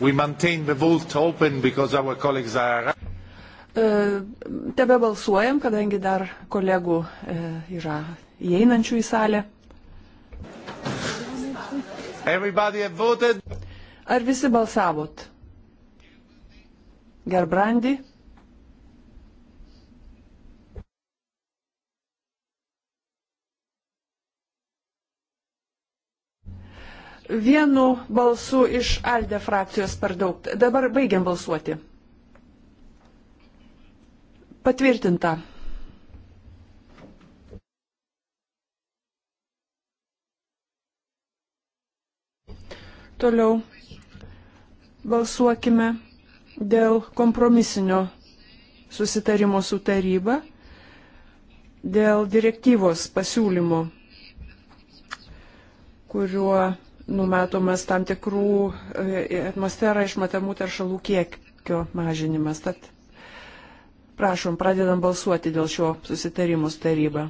We maintain the vote open because our colleagues are. E, Tebe balsuojam, kadangi dar kolegų e, yra įeinančių į salę. Ar visi balsavot? Gerbrandi? Vienu balsu iš Alde frakcijos per daug. Dabar baigiam balsuoti. Patvirtinta. Toliau balsuokime dėl kompromisinio susitarimo su taryba, dėl direktyvos pasiūlymo, kuriuo numatomas tam tikrų e, atmosferą išmatamų teršalų kiekio mažinimas. Tad prašom, pradedam balsuoti dėl šio susitarimus taryba.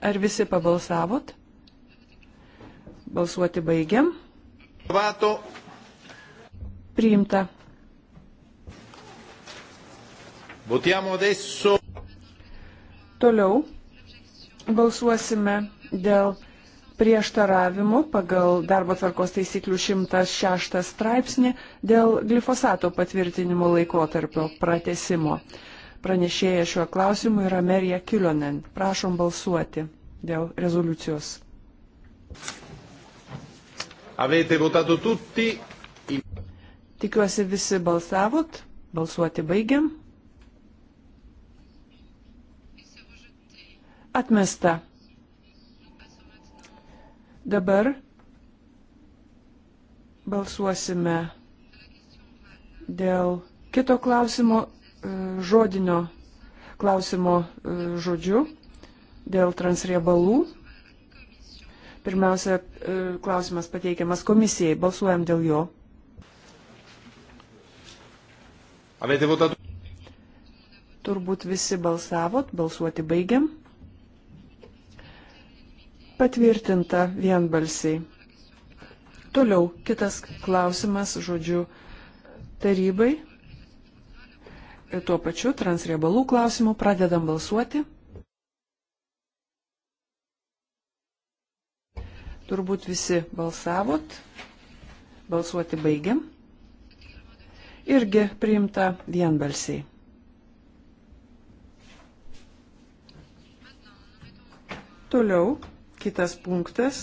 Ar visi pabalsavot? Balsuoti baigiam. Vato. Priimta. Votiamo adesso. Toliau balsuosime dėl prieštaravimų pagal darbo tvarkos taisyklių 106 straipsnį dėl glifosato patvirtinimo laikotarpio pratesimo. Pranešėja šiuo klausimu yra Merija Kilionen. Prašom balsuoti dėl rezoliucijos. Avete votato tutti? Tikiuosi visi balsavot. Balsuoti baigiam. Atmesta. Dabar balsuosime dėl kito klausimo e, žodinio klausimo e, žodžiu, dėl transriebalų. Pirmiausia, e, klausimas pateikiamas komisijai. Balsuojam dėl jo. Turbūt visi balsavot, balsuoti baigiam patvirtinta vienbalsiai. Toliau kitas klausimas žodžiu tarybai. Ir tuo pačiu transriebalų klausimu pradedam balsuoti. Turbūt visi balsavot. Balsuoti baigiam. Irgi priimta vienbalsiai. Toliau Kitas punktas.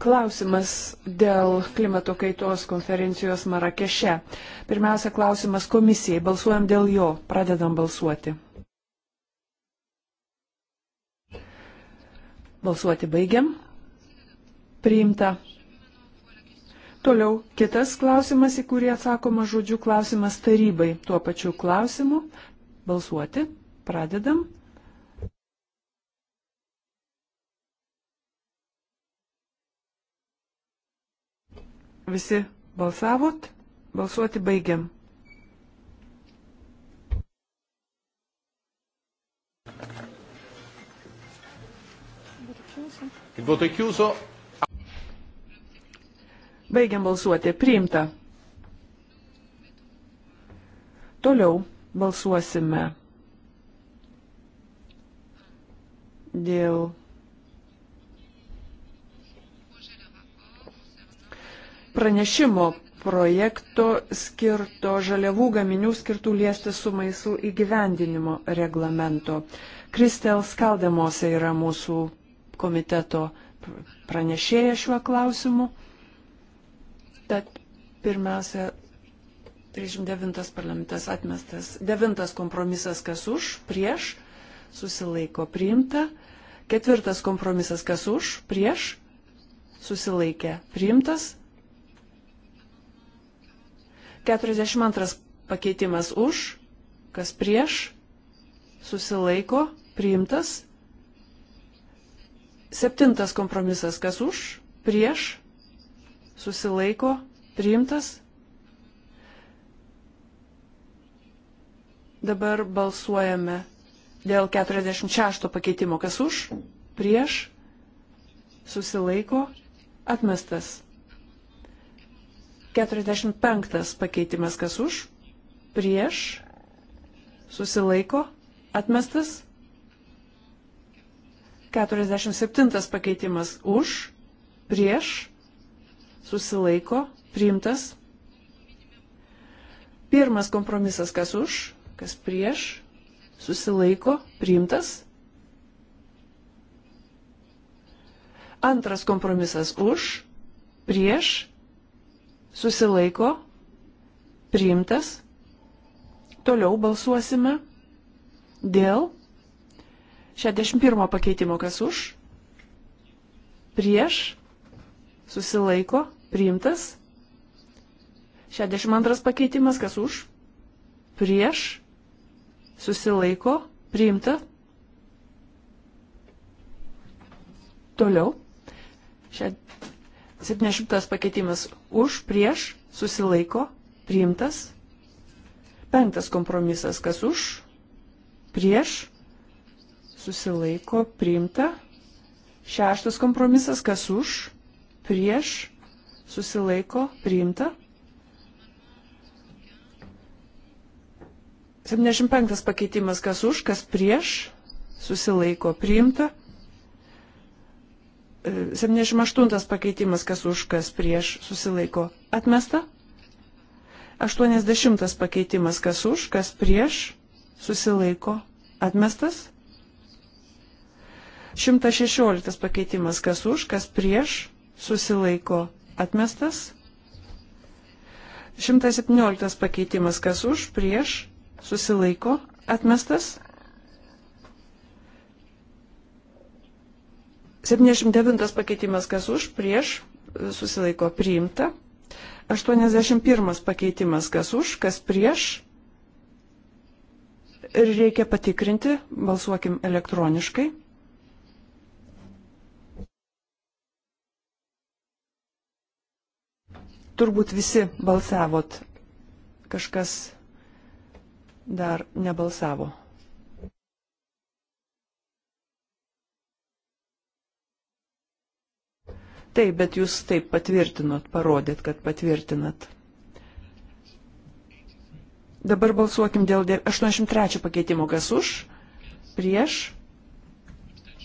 Klausimas dėl klimato kaitos konferencijos Marakeše. Pirmiausia, klausimas komisijai. Balsuojam dėl jo. Pradedam balsuoti. Balsuoti baigiam. Priimta. Toliau kitas klausimas, į kurį atsakoma žodžių klausimas tarybai. Tuo pačiu klausimu balsuoti. Pradedam. Visi balsavot, balsuoti baigiam. Il voto è chiuso. Baigiam balsuoti. Priimta. Toliau balsuosime dėl pranešimo projekto skirto žaliavų gaminių skirtų liesti su maisu įgyvendinimo reglamento. Kristel Skaldemose yra mūsų komiteto pranešėja šiuo klausimu. Tad pirmiausia, 39 parlamentas atmestas. 9 kompromisas kas už, prieš, susilaiko priimta. 4 kompromisas kas už, prieš, susilaikė priimtas. 42 pakeitimas už, kas prieš, susilaiko priimtas. 7 kompromisas kas už, prieš, susilaiko priimtas. Dabar balsuojame dėl 46 pakeitimo. Kas už? Prieš? Susilaiko? Atmestas. 45 pakeitimas. Kas už? Prieš? Susilaiko? Atmestas. 47 pakeitimas už, prieš, susilaiko, priimtas. Pirmas kompromisas kas už, kas prieš, susilaiko, priimtas. Antras kompromisas už, prieš, susilaiko, priimtas. Toliau balsuosime dėl 61 pakeitimo, kas už, prieš, susilaiko, priimtas. 62 pakeitimas, kas už, prieš, susilaiko, priimta. Toliau. 70 pakeitimas už, prieš, susilaiko, priimtas. Penktas kompromisas, kas už, prieš, susilaiko, priimta. Šeštas kompromisas, kas už, prieš, susilaiko, priimta. 75 pakeitimas, kas už, kas prieš, susilaiko priimta. 78 e, pakeitimas, kas už, kas prieš, susilaiko atmesta. 80 pakeitimas, kas už, kas prieš, susilaiko atmestas. 116 pakeitimas, kas už, kas prieš, susilaiko atmestas. 117 pakeitimas, kas už, prieš, susilaiko, atmestas. 79 pakeitimas kas už, prieš, susilaiko, priimta. 81 pakeitimas kas už, kas prieš. Ir reikia patikrinti, balsuokim elektroniškai. Turbūt visi balsavot kažkas dar nebalsavo. Taip, bet jūs taip patvirtinot, parodėt, kad patvirtinat. Dabar balsuokim dėl 83 pakeitimo. Kas už? Prieš?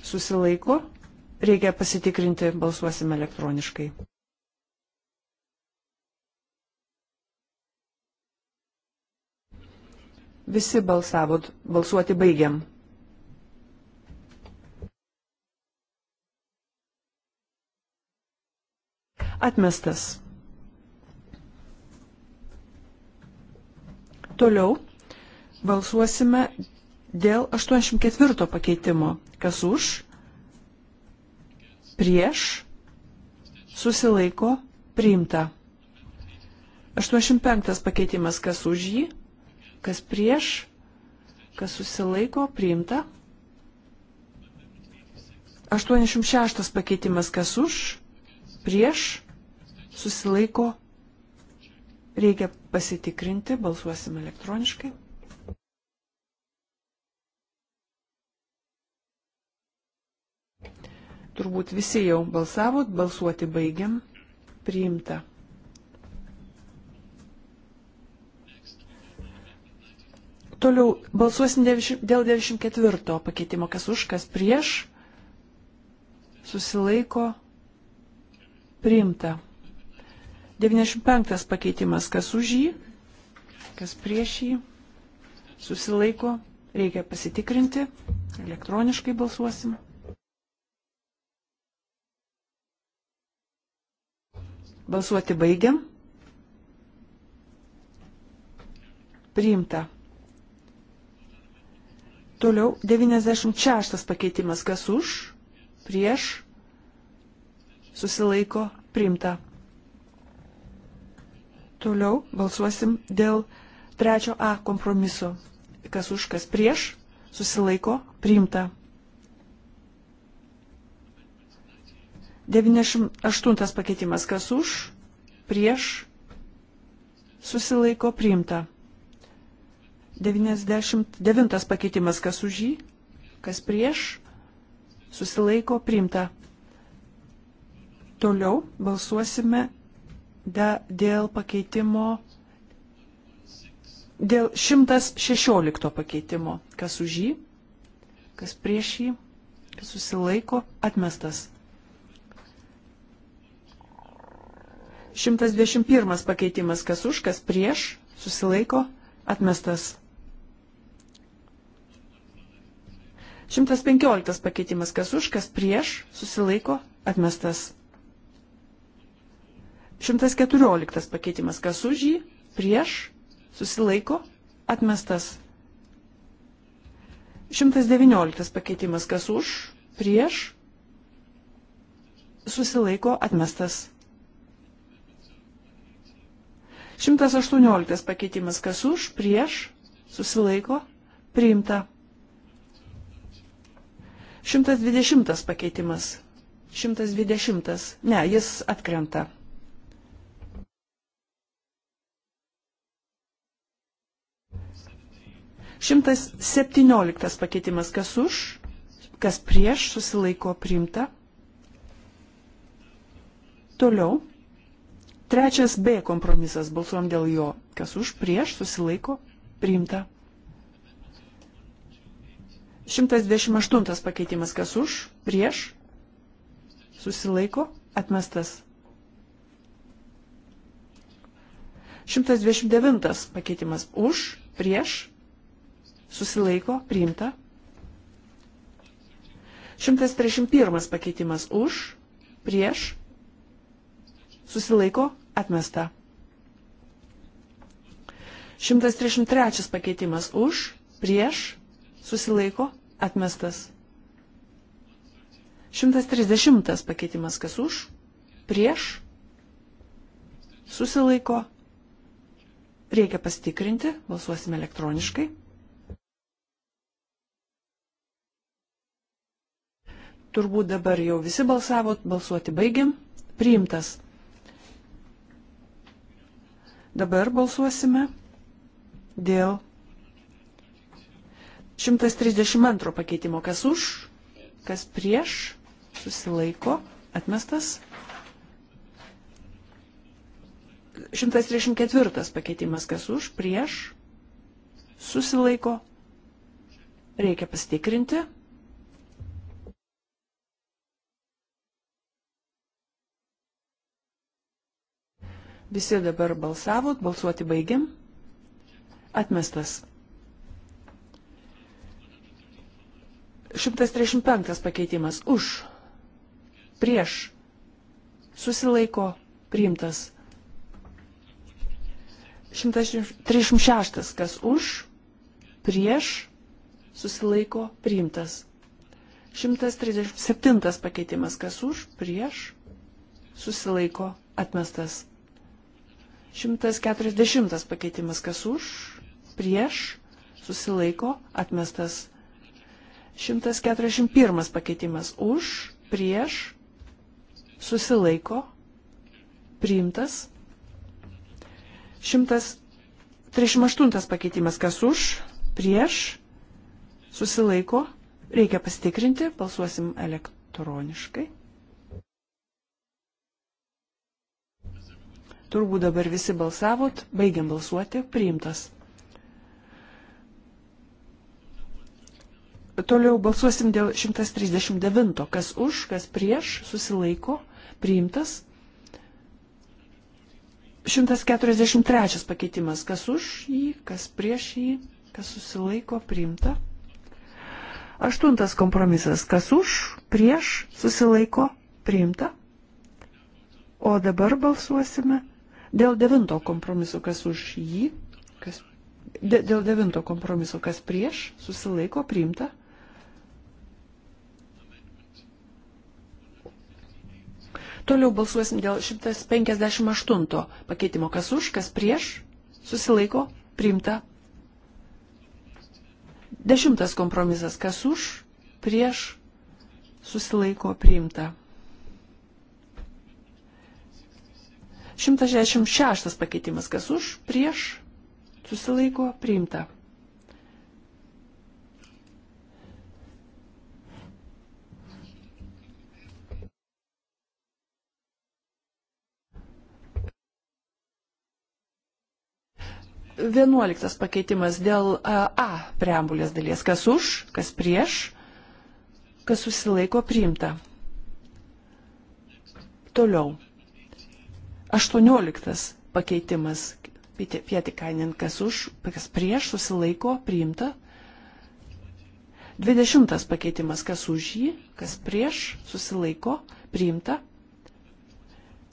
Susilaiko? Reikia pasitikrinti, balsuosim elektroniškai. Visi balsavot, balsuoti baigiam. Atmestas. Toliau balsuosime dėl 84 pakeitimo. Kas už, prieš, susilaiko, priimta. 85 pakeitimas, kas už jį, Kas prieš? Kas susilaiko? Priimta. 86 pakeitimas. Kas už? Prieš? Susilaiko? Reikia pasitikrinti. Balsuosim elektroniškai. Turbūt visi jau balsavot, balsuoti baigiam. Priimta. Toliau balsuosim dėl 94 pakeitimo, kas už, kas prieš, susilaiko, priimta. 95 pakeitimas, kas už jį, kas prieš jį, susilaiko, reikia pasitikrinti, elektroniškai balsuosim. Balsuoti baigiam. Priimta. Toliau 96 pakeitimas, kas už, prieš, susilaiko, primta. Toliau balsuosim dėl trečio A kompromiso, kas už, kas prieš, susilaiko, primta. 98 pakeitimas, kas už, prieš, susilaiko, primta. 99 pakeitimas, kas už jį, kas prieš, susilaiko priimta. Toliau balsuosime da, dėl pakeitimo, dėl 116 pakeitimo, kas už jį, kas prieš jį, kas susilaiko, atmestas. 121 pakeitimas, kas už, kas prieš, susilaiko, atmestas. 115 pakeitimas, kas už, kas prieš, susilaiko, atmestas. 114 pakeitimas, kas už jį, prieš, susilaiko, atmestas. 119 pakeitimas, kas už, prieš, susilaiko, atmestas. 118 pakeitimas, kas už, prieš, susilaiko, priimta. 120 pakeitimas. 120. Ne, jis atkrenta. Šimtas septynioliktas pakeitimas, kas už, kas prieš, susilaiko priimta. Toliau. Trečias B kompromisas, balsuom dėl jo, kas už, prieš, susilaiko priimta. 128 pakeitimas kas už, prieš, susilaiko, atmestas. 129 pakeitimas už, prieš, susilaiko, priimta. 131 pakeitimas už, prieš, susilaiko, atmesta. 133 pakeitimas už, prieš, susilaiko, atmestas. 130 pakeitimas kas už, prieš, susilaiko, reikia pastikrinti, balsuosime elektroniškai. Turbūt dabar jau visi balsavot, balsuoti baigiam, priimtas. Dabar balsuosime dėl 132 pakeitimo. Kas už, kas prieš, susilaiko, atmestas. 134 pakeitimas. Kas už, prieš, susilaiko. Reikia pasitikrinti. Visi dabar balsavot, balsuoti baigiam. Atmestas. 135 pakeitimas už, prieš, susilaiko, priimtas. 136 kas už, prieš, susilaiko, priimtas. 137 pakeitimas kas už, prieš, susilaiko, atmestas. 140 pakeitimas kas už, prieš, susilaiko, atmestas. 141 pakeitimas už, prieš, susilaiko, priimtas. 138 pakeitimas kas už, prieš, susilaiko, reikia pasitikrinti, balsuosim elektroniškai. Turbūt dabar visi balsavot, baigiam balsuoti, priimtas. Toliau balsuosim dėl 139. Kas už, kas prieš, susilaiko, priimtas. 143 pakeitimas. Kas už jį, kas prieš jį, kas susilaiko, priimta. Aštuntas kompromisas. Kas už, prieš, susilaiko, priimta. O dabar balsuosime dėl devinto kompromiso. Kas už jį, kas. Dėl devinto kompromiso, kas prieš, susilaiko, priimta. Toliau balsuosim dėl 158 pakeitimo. Kas už, kas prieš, susilaiko, priimta. Dešimtas kompromisas. Kas už, prieš, susilaiko, priimta. 166 pakeitimas. Kas už, prieš, susilaiko, priimta. 11 pakeitimas dėl e, A preambulės dalies. Kas už, kas prieš, kas susilaiko priimta. Toliau. 18 pakeitimas. Pietikainin, kas už, kas prieš, susilaiko priimta. 20 pakeitimas, kas už jį, kas prieš, susilaiko priimta.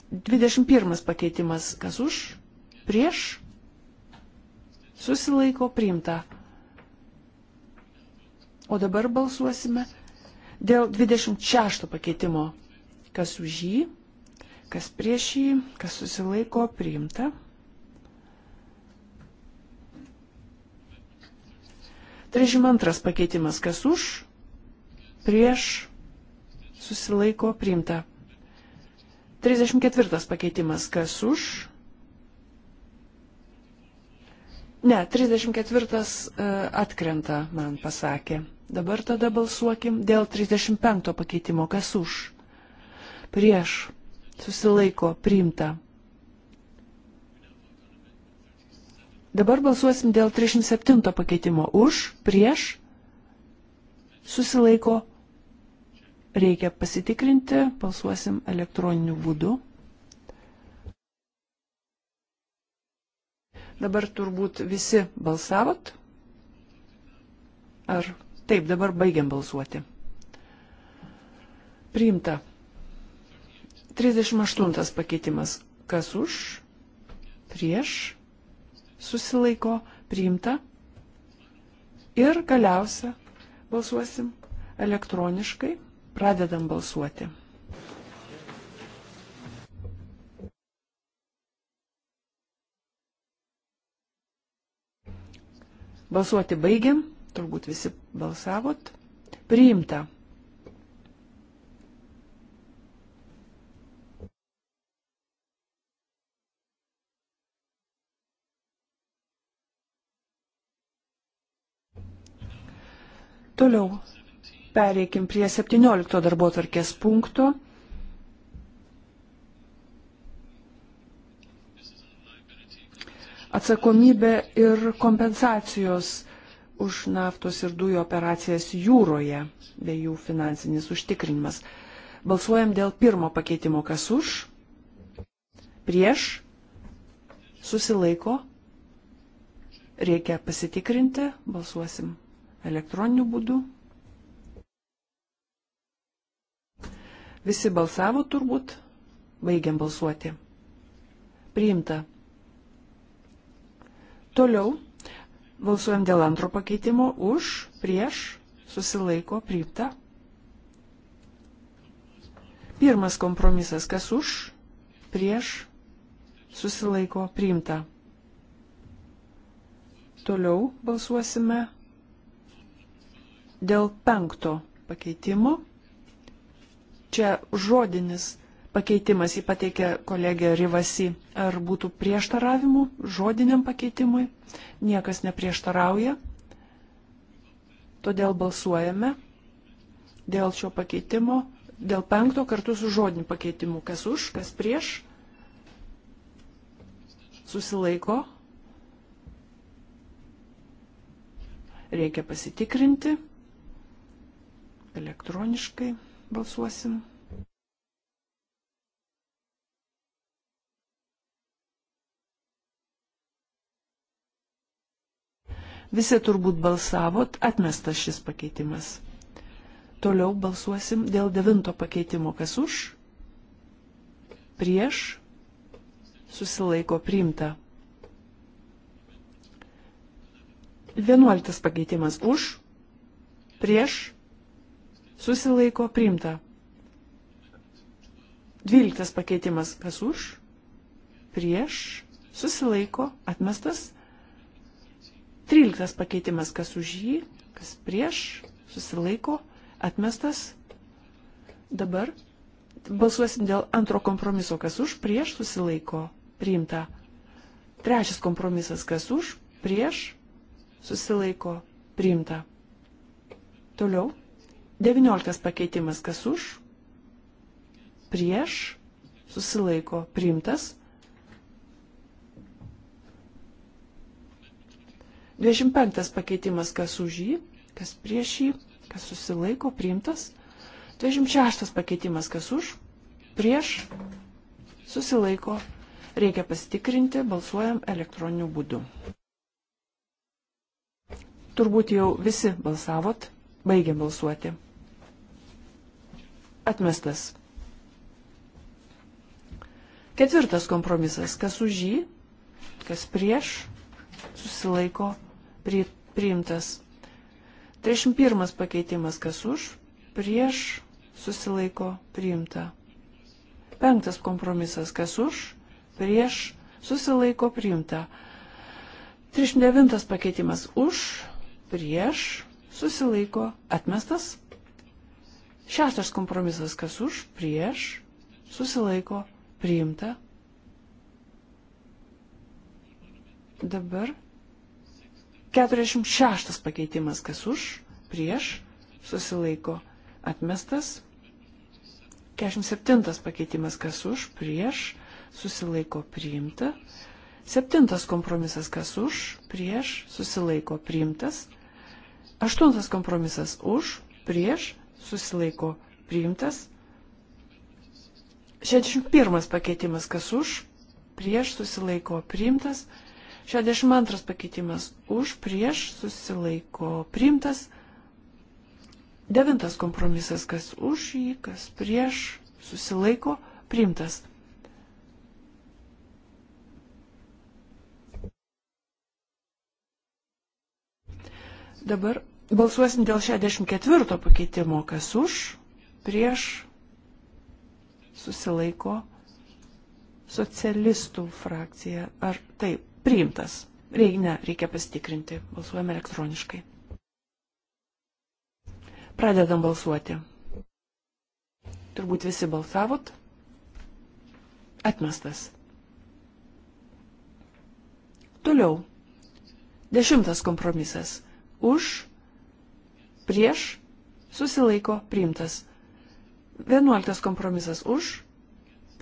21 pakeitimas, kas už, prieš, susilaiko priimta. O dabar balsuosime dėl 26 pakeitimo. Kas už jį, kas prieš jį, kas susilaiko priimta. Trisdešimt antras pakeitimas, kas už, prieš, susilaiko priimta. Trisdešimt ketvirtas pakeitimas, kas už, Ne, 34 e, atkrenta, man pasakė. Dabar tada balsuokim dėl 35 pakeitimo. Kas už? Prieš. Susilaiko. Priimta. Dabar balsuosim dėl 37 pakeitimo. Už, prieš, susilaiko. Reikia pasitikrinti, balsuosim elektroniniu būdu. Dabar turbūt visi balsavot? Ar taip, dabar baigiam balsuoti. Priimta. 38 pakeitimas. Kas už? Prieš? Susilaiko? Priimta? Ir galiausia balsuosim elektroniškai. Pradedam balsuoti. Balsuoti baigiam. Turbūt visi balsavot. Priimta. Toliau pereikim prie 17 darbo tvarkės punkto. atsakomybė ir kompensacijos už naftos ir dujų operacijas jūroje bei jų finansinis užtikrinimas. Balsuojam dėl pirmo pakeitimo, kas už, prieš, susilaiko, reikia pasitikrinti, balsuosim elektroniniu būdu. Visi balsavo turbūt, baigiam balsuoti. Priimta Toliau balsuojam dėl antro pakeitimo už, prieš, susilaiko, priimta. Pirmas kompromisas, kas už, prieš, susilaiko, priimta. Toliau balsuosime dėl penkto pakeitimo. Čia žodinis pakeitimas jį pateikė kolegė Rivasi. Ar būtų prieštaravimų žodiniam pakeitimui? Niekas neprieštarauja. Todėl balsuojame dėl šio pakeitimo, dėl penkto kartu su žodiniu pakeitimu. Kas už, kas prieš? Susilaiko. Reikia pasitikrinti. Elektroniškai balsuosim. Visi turbūt balsavot, atmestas šis pakeitimas. Toliau balsuosim dėl devinto pakeitimo. Kas už? Prieš? Susilaiko priimta. Vienuoliktas pakeitimas už, prieš, susilaiko priimta. Dvyliktas pakeitimas kas už, prieš, susilaiko atmestas. 13 pakeitimas, kas už jį, kas prieš, susilaiko, atmestas. Dabar balsuosim dėl antro kompromiso, kas už, prieš, susilaiko, priimta. Trečias kompromisas, kas už, prieš, susilaiko, priimta. Toliau. 19 pakeitimas, kas už, prieš, susilaiko, priimtas. 25 pakeitimas, kas už jį, kas prieš jį, kas susilaiko, priimtas. 26 pakeitimas, kas už, prieš, susilaiko, reikia pasitikrinti, balsuojam elektroniniu būdu. Turbūt jau visi balsavot, baigė balsuoti. Atmestas. Ketvirtas kompromisas, kas už jį, kas prieš, susilaiko, priimtas pri, priimtas. 31 pakeitimas kas už, prieš susilaiko priimta. Penktas kompromisas kas už, prieš susilaiko priimta. 39 pakeitimas už, prieš susilaiko atmestas. Šeštas kompromisas kas už, prieš susilaiko priimta. Dabar 46 pakeitimas, kas už, prieš, susilaiko, atmestas. 47 pakeitimas, kas už, prieš, susilaiko, priimta. 7 kompromisas, kas už, prieš, susilaiko, priimtas. 8 kompromisas, už, prieš, susilaiko, priimtas. 61 pakeitimas, kas už, prieš, susilaiko, priimtas. 62 pakeitimas už, prieš, susilaiko priimtas. Devintas kompromisas, kas už jį, kas prieš, susilaiko priimtas. Dabar balsuosim dėl 64 pakeitimo, kas už, prieš, susilaiko socialistų frakcija. Ar taip? priimtas. Reikia, ne, reikia pasitikrinti. Balsuojame elektroniškai. Pradedam balsuoti. Turbūt visi balsavot. Atmestas. Toliau. Dešimtas kompromisas. Už, prieš, susilaiko, priimtas. Vienuoliktas kompromisas. Už,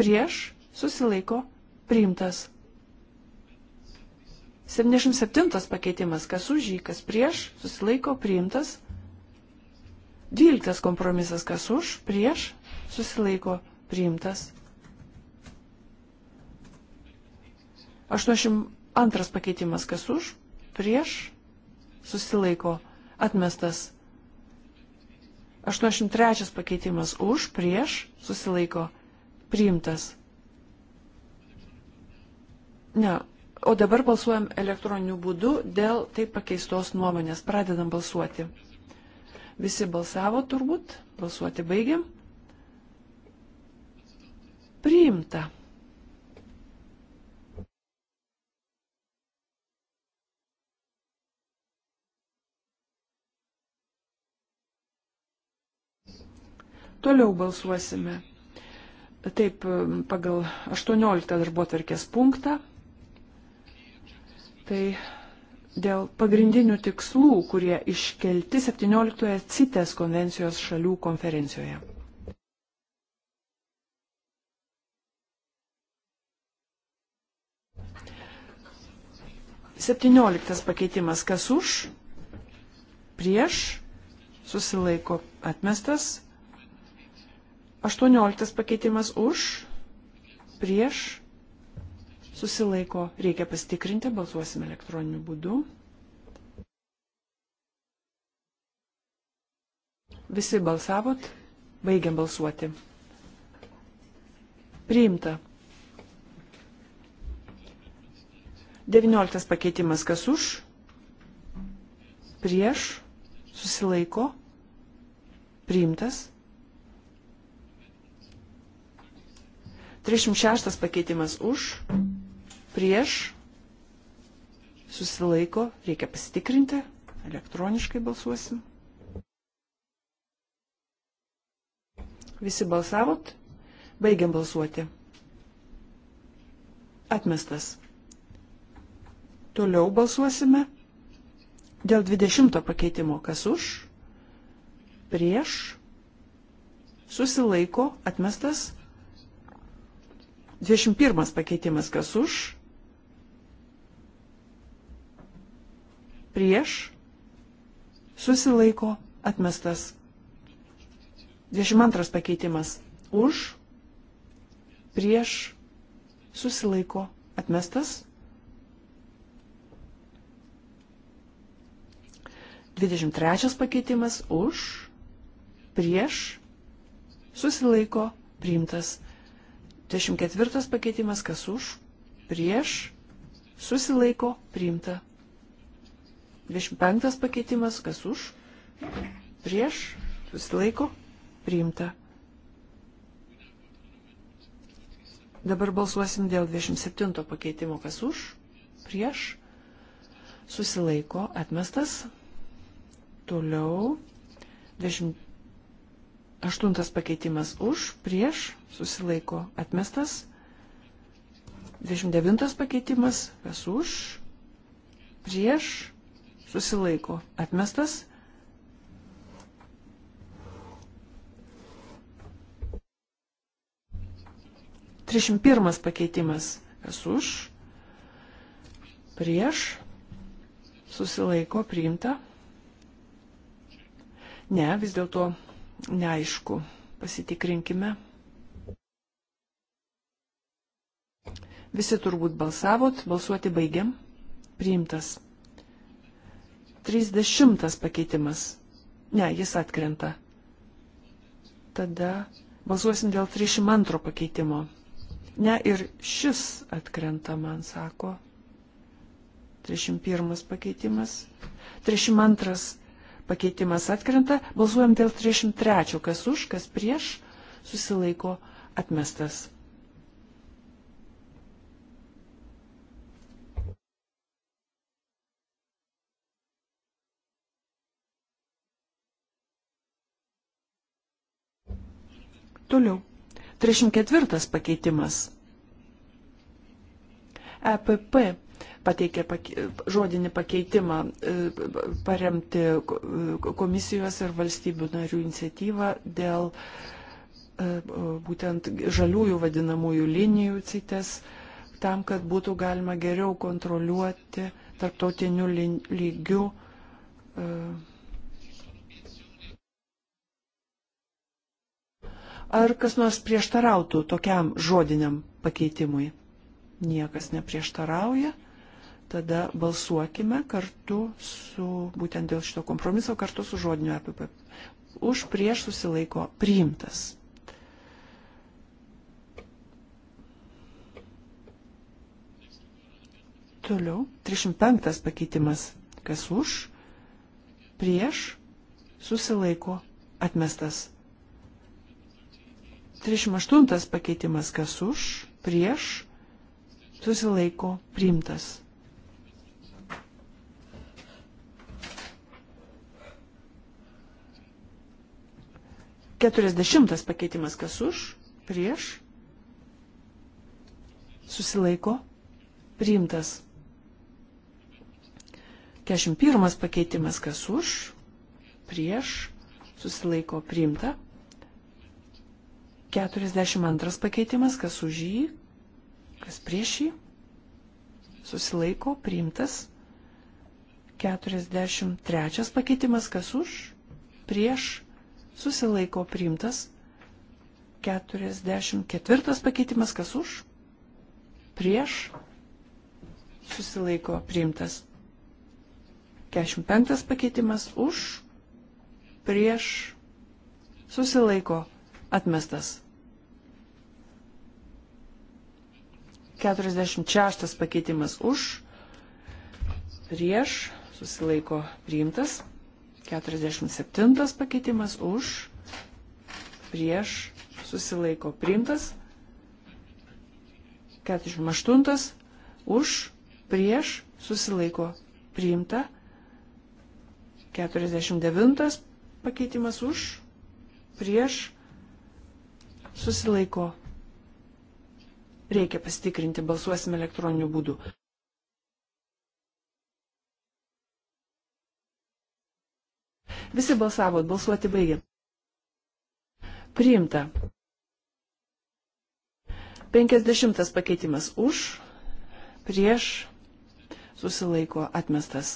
prieš, susilaiko, priimtas. 77 pakeitimas, kas už jį, kas prieš, susilaiko priimtas. 12 kompromisas, kas už, prieš, susilaiko priimtas. 82 pakeitimas, kas už, prieš, susilaiko atmestas. 83 pakeitimas už, prieš, susilaiko priimtas. Ne, O dabar balsuojam elektroniniu būdu dėl taip pakeistos nuomonės. Pradedam balsuoti. Visi balsavo turbūt. Balsuoti baigiam. Priimta. Toliau balsuosime. Taip, pagal 18 darbo tvarkės punktą Tai dėl pagrindinių tikslų, kurie iškelti 17-oje CITES konvencijos šalių konferencijoje. Septynioliktas pakeitimas. Kas už? Prieš? Susilaiko atmestas. Aštuonioliktas pakeitimas už? Prieš? susilaiko, reikia pasitikrinti, balsuosime elektroniniu būdu. Visi balsavot, baigiam balsuoti. Priimta. 19 pakeitimas kas už, prieš, susilaiko, priimtas. 36 pakeitimas už, prieš prieš, susilaiko, reikia pasitikrinti, elektroniškai balsuosim. Visi balsavot, baigiam balsuoti. Atmestas. Toliau balsuosime dėl 20 pakeitimo. Kas už? Prieš. Susilaiko. Atmestas. 21 pakeitimas. Kas už? prieš, susilaiko, atmestas. 22 pakeitimas už, prieš, susilaiko, atmestas. 23 pakeitimas už, prieš, susilaiko, priimtas. 24 pakeitimas kas už, prieš, susilaiko, priimta. 25 pakeitimas, kas už, prieš, susilaiko, priimta. Dabar balsuosim dėl 27 pakeitimo, kas už, prieš, susilaiko, atmestas. Toliau 28 pakeitimas už, prieš, susilaiko, atmestas. 29 pakeitimas, kas už, prieš, susilaiko atmestas. Trišim pirmas pakeitimas, kas už, prieš, susilaiko priimta. Ne, vis dėlto neaišku, pasitikrinkime. Visi turbūt balsavot, balsuoti baigiam. Priimtas. 30 pakeitimas. Ne, jis atkrenta. Tada balsuosim dėl 32 pakeitimo. Ne, ir šis atkrenta, man sako. 31 pakeitimas. 32 pakeitimas atkrenta. Balsuojam dėl 33, kas už, kas prieš, susilaiko atmestas. Toliau. 34 pakeitimas. EPP pateikė pake, žodinį pakeitimą e, paremti e, komisijos ir valstybių narių iniciatyvą dėl e, būtent žaliųjų vadinamųjų linijų cites, tam, kad būtų galima geriau kontroliuoti tarptautiniu lygiu uh, Ar kas nors prieštarautų tokiam žodiniam pakeitimui? Niekas neprieštarauja. Tada balsuokime kartu su, būtent dėl šito kompromiso, kartu su žodiniu APP. Už prieš susilaiko priimtas. Toliau, 305 pakeitimas. Kas už, prieš, susilaiko, atmestas. 38 pakeitimas kas už, prieš, susilaiko, priimtas. Keturiasdešimtas pakeitimas kas už, prieš, susilaiko, priimtas. Keturiasdešimt pirmas pakeitimas kas už, prieš, susilaiko, priimta. 42 pakeitimas, kas už jį, kas prieš jį, susilaiko, priimtas. 43 pakeitimas, kas už, prieš, susilaiko, priimtas. 44 pakeitimas, kas už, prieš, susilaiko, priimtas. 45 pakeitimas, už, prieš, susilaiko, priimtas Atmestas. 46 pakeitimas už, prieš, susilaiko priimtas. 47 pakeitimas už, prieš, susilaiko priimtas. 48 už, prieš, susilaiko priimta. 49 pakeitimas už, prieš, susilaiko. Reikia pasitikrinti, balsuosime elektroniniu būdu. Visi balsavot, balsuoti baigė. Priimta. 50 pakeitimas už, prieš, susilaiko atmestas.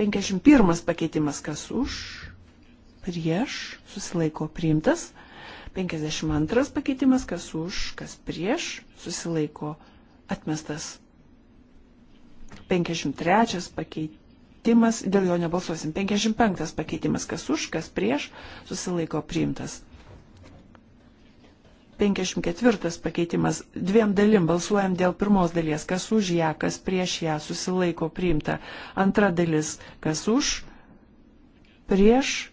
51 pakeitimas kas už, prieš, susilaiko priimtas. 52 pakeitimas, kas už, kas prieš, susilaiko atmestas. 53 pakeitimas, dėl jo nebalsuosim. 55 pakeitimas, kas už, kas prieš, susilaiko priimtas. 54 pakeitimas, dviem dalim balsuojam dėl pirmos dalies, kas už ją, kas prieš ją, susilaiko priimta. Antra dalis, kas už, prieš,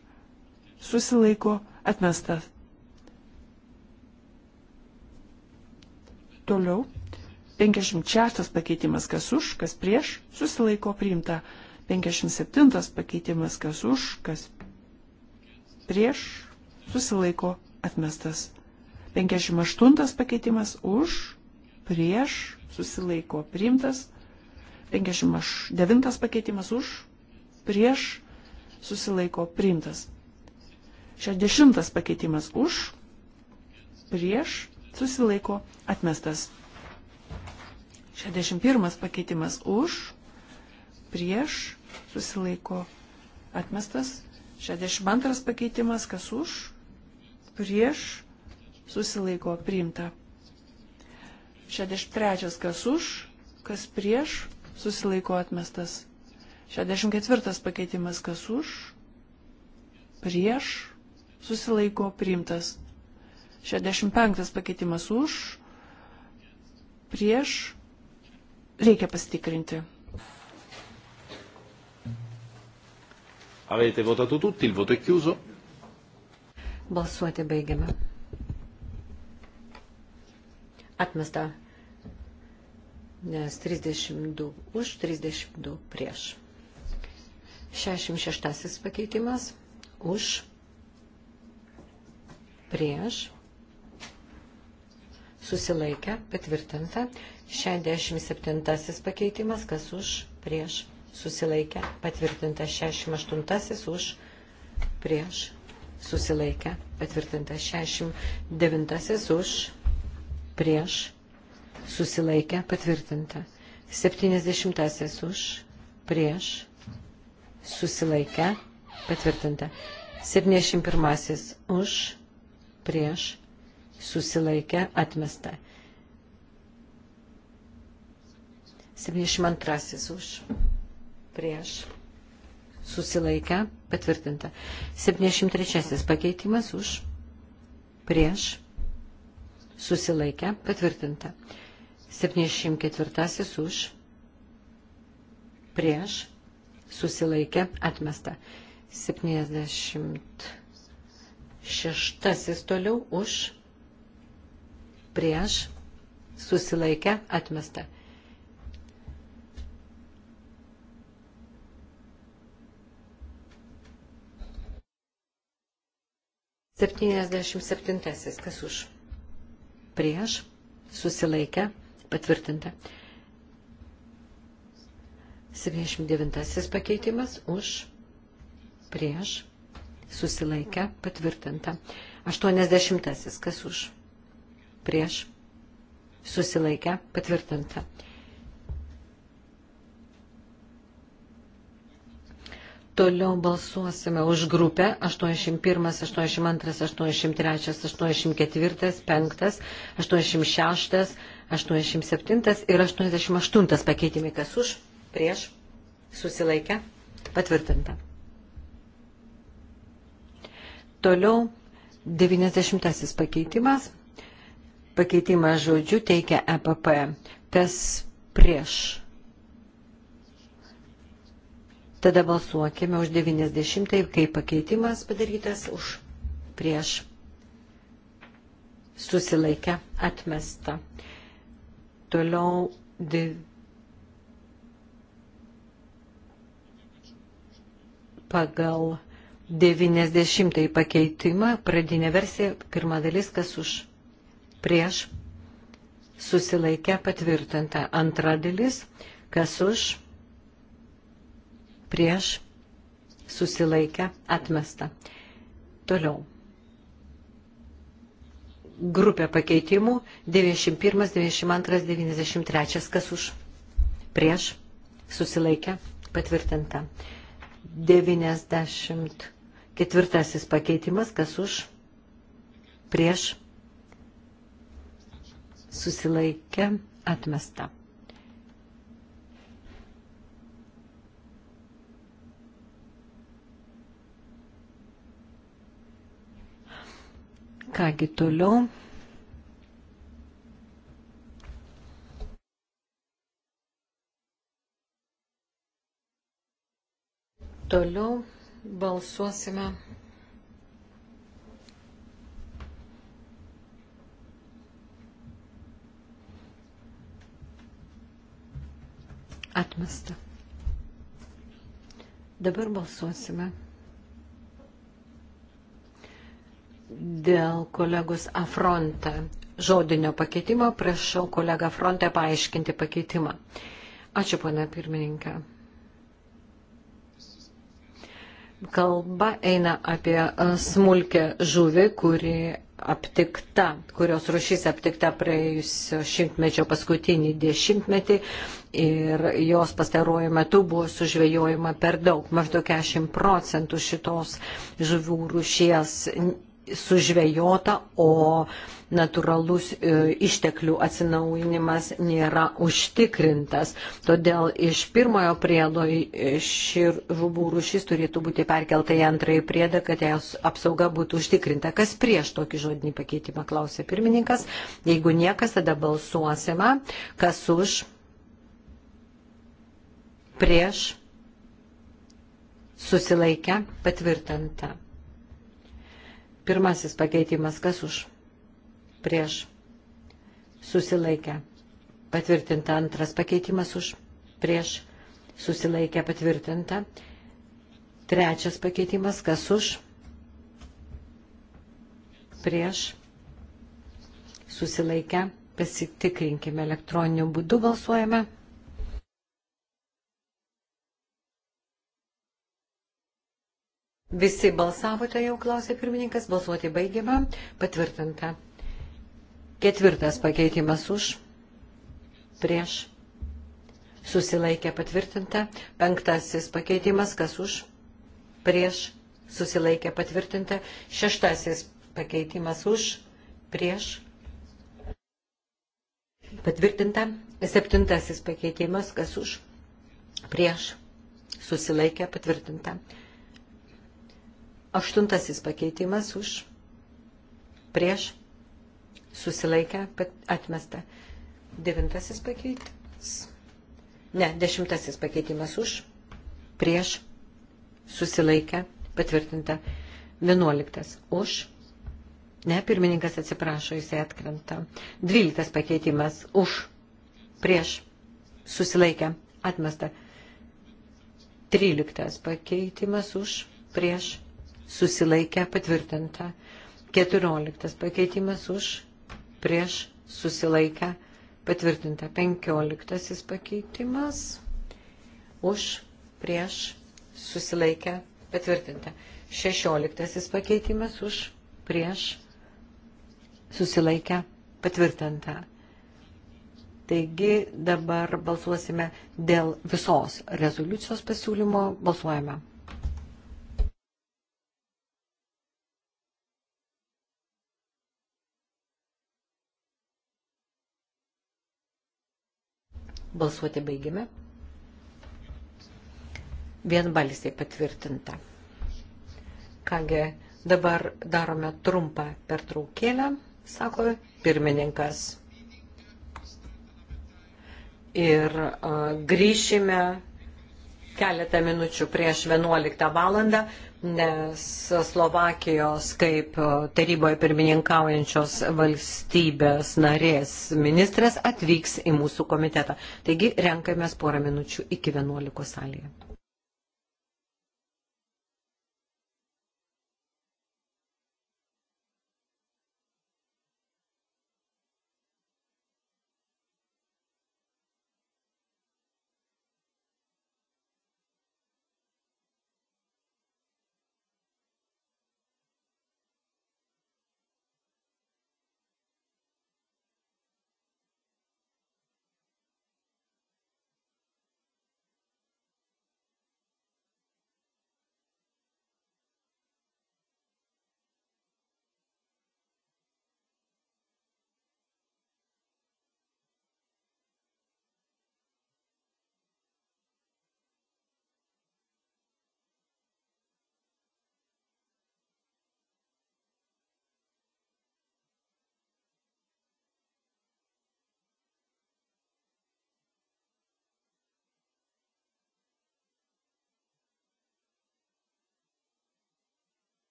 susilaiko atmestas. Toliau. 56 pakeitimas kas už, kas prieš, susilaiko priimta. 57 pakeitimas kas už, kas prieš, susilaiko atmestas. 58 pakeitimas už, prieš, susilaiko priimtas. 59 pakeitimas už, prieš, susilaiko priimtas. 60 pakeitimas už, prieš, susilaiko atmestas. 61 pakeitimas už, prieš, susilaiko atmestas. 62 pakeitimas kas už, prieš, susilaiko priimta. 63 kas už, kas prieš, susilaiko atmestas. 64 pakeitimas kas už, prieš, susilaiko priimtas. 65 pakeitimas už, prieš, reikia pasitikrinti. Avete votato tutti, il voto è chiuso. Balsuoti baigiame. Atmesta. Nes 32 už, 32 prieš. 66 pakeitimas už, prieš, susilaikę, patvirtinta. 67 pakeitimas, kas už, prieš, susilaikę, patvirtinta. 68 už, prieš, susilaikę, patvirtinta. 69 už, prieš, susilaikę, patvirtinta. 70 už, prieš, susilaikę, patvirtinta. 71 už, prieš, susilaikė atmesta. 72 už prieš susilaikę patvirtinta. 73 pakeitimas už prieš susilaikę patvirtinta. 74 už prieš susilaikę atmesta. 76 toliau už prieš, susilaikę, atmesta. Septyniasdešimt septintasis, kas už? Prieš, susilaikę, patvirtinta. 79 pakeitimas už, prieš, susilaikę, patvirtinta. 80 kas už, prieš susilaikę patvirtinta. Toliau balsuosime už grupę 81, 82, 83, 84, 5, 86, 87 ir 88 pakeitimai, kas už, prieš, susilaikę, patvirtinta. Toliau 90 pakeitimas pakeitimą žodžiu teikia EPP. Kas prieš? Tada balsuokime už 90, kai pakeitimas padarytas už prieš susilaikę atmestą. Toliau div... pagal 90 pakeitimą, pradinė versija, pirma dalis, kas už prieš susilaikę patvirtinta. Antra dalis, kas už, prieš susilaikę atmesta. Toliau. Grupė pakeitimų 91, 92, 93, kas už, prieš susilaikę patvirtinta. 94 pakeitimas, kas už, prieš susilaikę susilaikė, atmesta. Kągi toliau. Toliau balsuosime Atmesta. Dabar balsuosime dėl kolegos Afronta žodinio pakeitimo. Prašau kolegą Afrontą paaiškinti pakeitimą. Ačiū, pana pirmininkė. Kalba eina apie smulkę žuvį, kuri aptikta, kurios rušys aptikta praėjusio šimtmečio paskutinį dešimtmetį ir jos pastaruoju metu buvo sužvėjojama per daug, maždaug 40 procentų šitos žuvų rušies sužvejota, o natūralus e, išteklių atsinaujinimas nėra užtikrintas. Todėl iš pirmojo priedo ši žuvų rušis turėtų būti perkelta į antrąjį priedą, kad jos apsauga būtų užtikrinta. Kas prieš tokį žodinį pakeitimą, klausė pirmininkas. Jeigu niekas, tada balsuosime. Kas už? Prieš? Susilaikę? Patvirtinta. Pirmasis pakeitimas, kas už, prieš, susilaikę, patvirtinta. Antras pakeitimas už, prieš, susilaikę, patvirtinta. Trečias pakeitimas, kas už, prieš, susilaikę, pasitikrinkime elektroniniu būdu balsuojame. Visi balsavote jau, klausė pirmininkas, balsuoti baigiama, patvirtinta. Ketvirtas pakeitimas už, prieš, susilaikė patvirtinta. Penktasis pakeitimas, kas už, prieš, susilaikė patvirtinta. Šeštasis pakeitimas už, prieš, patvirtinta. Septintasis pakeitimas, kas už, prieš, susilaikė patvirtinta. Aštuntasis pakeitimas už prieš susilaikę atmesta. Devintasis pakeitimas. Ne, dešimtasis pakeitimas už prieš susilaikę patvirtinta. Vienuoliktas už. Ne, pirmininkas atsiprašo, jisai atkrenta. Dvyliktas pakeitimas už prieš susilaikę atmesta. Tryliktas pakeitimas už prieš susilaikę patvirtinta. 14 pakeitimas už, prieš susilaikę patvirtinta. 15 pakeitimas už, prieš susilaikę patvirtinta. 16 pakeitimas už, prieš susilaikę patvirtinta. Taigi dabar balsuosime dėl visos rezoliucijos pasiūlymo. Balsuojame. Balsuoti baigime. Vienbalsiai patvirtinta. Kągi, dabar darome trumpą pertraukėlę, sako pirmininkas. Ir a, grįšime keletą minučių prieš 11 valandą, nes Slovakijos kaip e, taryboje pirmininkaujančios valstybės narės ministras atvyks į mūsų komitetą. Taigi renkamės porą minučių iki 11 salėje.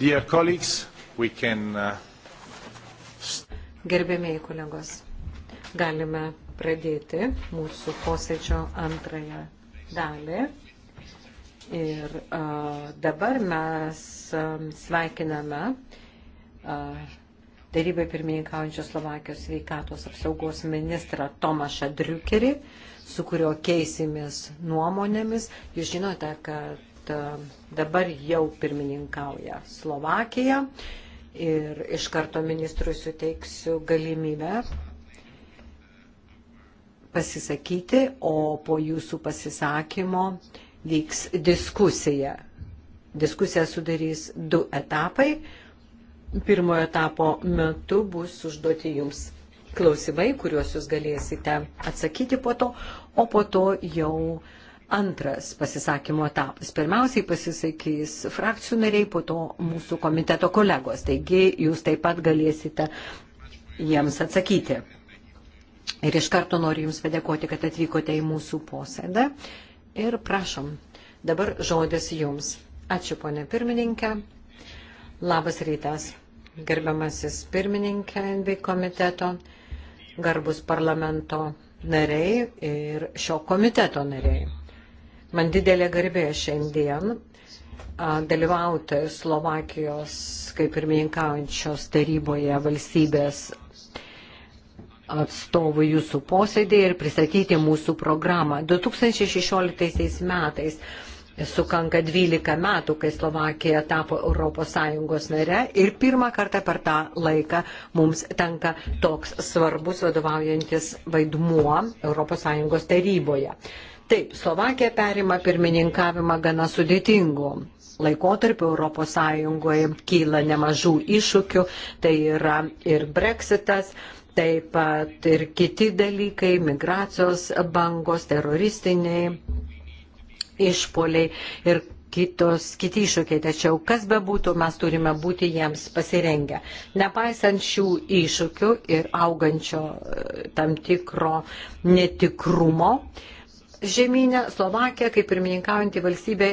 Dear colleagues, we can. Uh, Gerbėmiai kolegos, galime pradėti mūsų posėdžio antrąją dalį. Ir uh, dabar mes um, sveikiname uh, darybai pirmininkaujančios Slovakijos sveikatos apsaugos ministrą Tomašą Driukerį, su kurio keisimės nuomonėmis. Jūs žinote, kad E, dabar jau pirmininkauja Slovakija ir iš karto ministrui suteiksiu galimybę pasisakyti, o po jūsų pasisakymo vyks diskusija. Diskusiją sudarys du etapai. Pirmojo etapo metu bus užduoti jums klausimai, kuriuos jūs galėsite atsakyti po to, o po to jau antras pasisakymo etapas. Pirmiausiai pasisakys frakcijų nariai, po to mūsų komiteto kolegos. Taigi jūs taip pat galėsite jiems atsakyti. Ir iš karto noriu Jums padėkoti, kad atvykote į mūsų posėdą. Ir prašom, dabar žodis Jums. Ačiū, ponė pirmininkė. Labas rytas, gerbiamasis pirmininkė bei komiteto, garbus parlamento nariai ir šio komiteto nariai. Man didelė garbė šiandien dalyvauti Slovakijos, kaip ir mininkaujančios taryboje valstybės atstovų jūsų posėdį ir pristatyti mūsų programą. 2016 metais sukanka 12 metų, kai Slovakija tapo ES nare ir pirmą kartą per tą laiką mums tenka toks svarbus vadovaujantis vaidmuo ES taryboje. Taip, Slovakija perima pirmininkavimą gana sudėtingu. Laikotarpiu Europos Sąjungoje kyla nemažų iššūkių, tai yra ir breksitas, taip pat ir kiti dalykai, migracijos bangos, teroristiniai išpoliai ir kitos, kiti iššūkiai. Tačiau kas be būtų, mes turime būti jiems pasirengę. Nepaisant šių iššūkių ir augančio e, tam tikro netikrumo, uh, žemynę Slovakija, kaip pirmininkaujantį valstybę,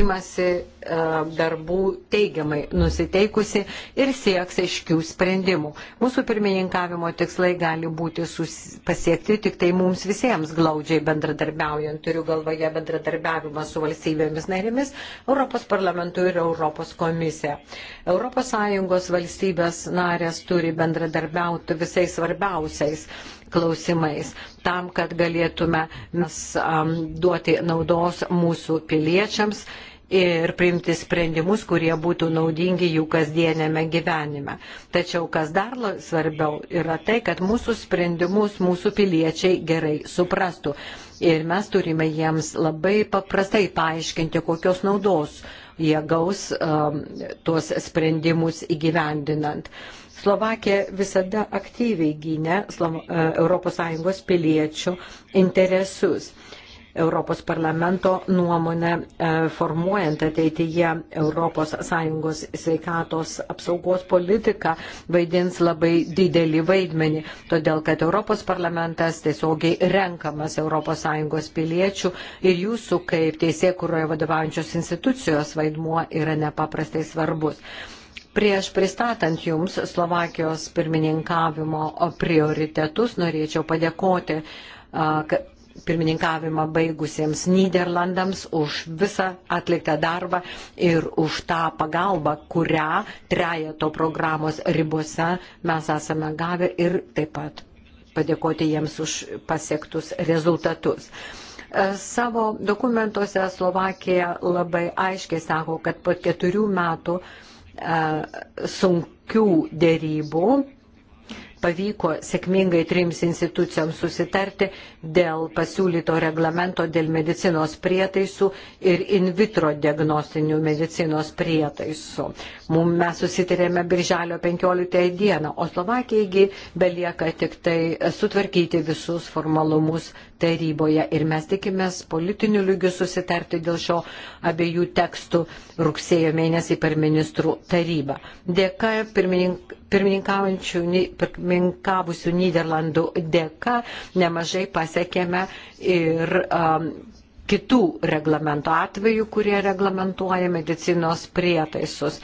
imasi E, darbų teigiamai nusiteikusi ir sieks aiškių sprendimų. Mūsų pirmininkavimo tikslai gali būti pasiekti tik tai mums visiems glaudžiai bendradarbiaujant, turiu galvoje bendradarbiavimą su valstybėmis narėmis, Europos parlamentu ir Europos komisija. ES valstybės narės turi bendradarbiauti visais svarbiausiais klausimais, tam, kad galėtume mes, um, duoti naudos mūsų piliečiams ir priimti sprendimus, kurie būtų naudingi jų kasdienėme gyvenime. Tačiau kas dar svarbiau yra tai, kad mūsų sprendimus mūsų piliečiai gerai suprastų. Ir mes turime jiems labai paprastai paaiškinti, kokios naudos jie gaus um, tuos sprendimus įgyvendinant. Slovakija visada aktyviai gynė ES piliečių interesus. Europos parlamento nuomonę e, formuojant ateityje ES sveikatos apsaugos politiką vaidins labai didelį vaidmenį, todėl kad Europos parlamentas tiesiogiai renkamas ES piliečių ir jūsų kaip teisėkuroje vadovaujančios institucijos vaidmuo yra nepaprastai svarbus. Prieš pristatant Jums Slovakijos pirmininkavimo prioritetus norėčiau padėkoti pirmininkavimą baigusiems Niderlandams už visą atliktą darbą ir už tą pagalbą, kurią trejato programos ribose mes esame gavę ir taip pat padėkoti jiems už pasiektus rezultatus. E, savo dokumentuose Slovakija labai aiškiai sako, kad po keturių metų e, sunkių dėrybų pavyko sėkmingai trims institucijoms susitarti dėl pasiūlyto reglamento dėl medicinos prietaisų ir in vitro diagnostinių medicinos prietaisų. Mums mes susitarėme birželio 15 dieną, o Slovakijai belieka tik tai sutvarkyti visus formalumus taryboje ir mes tikimės politinių lygių susitarti dėl šio abiejų tekstų rugsėjo mėnesį per ministrų tarybą. Dėka pirmininkų pirmininkavusių Niderlandų dėka nemažai pasiekėme ir um, kitų reglamento atvejų, kurie reglamentuoja medicinos prietaisus.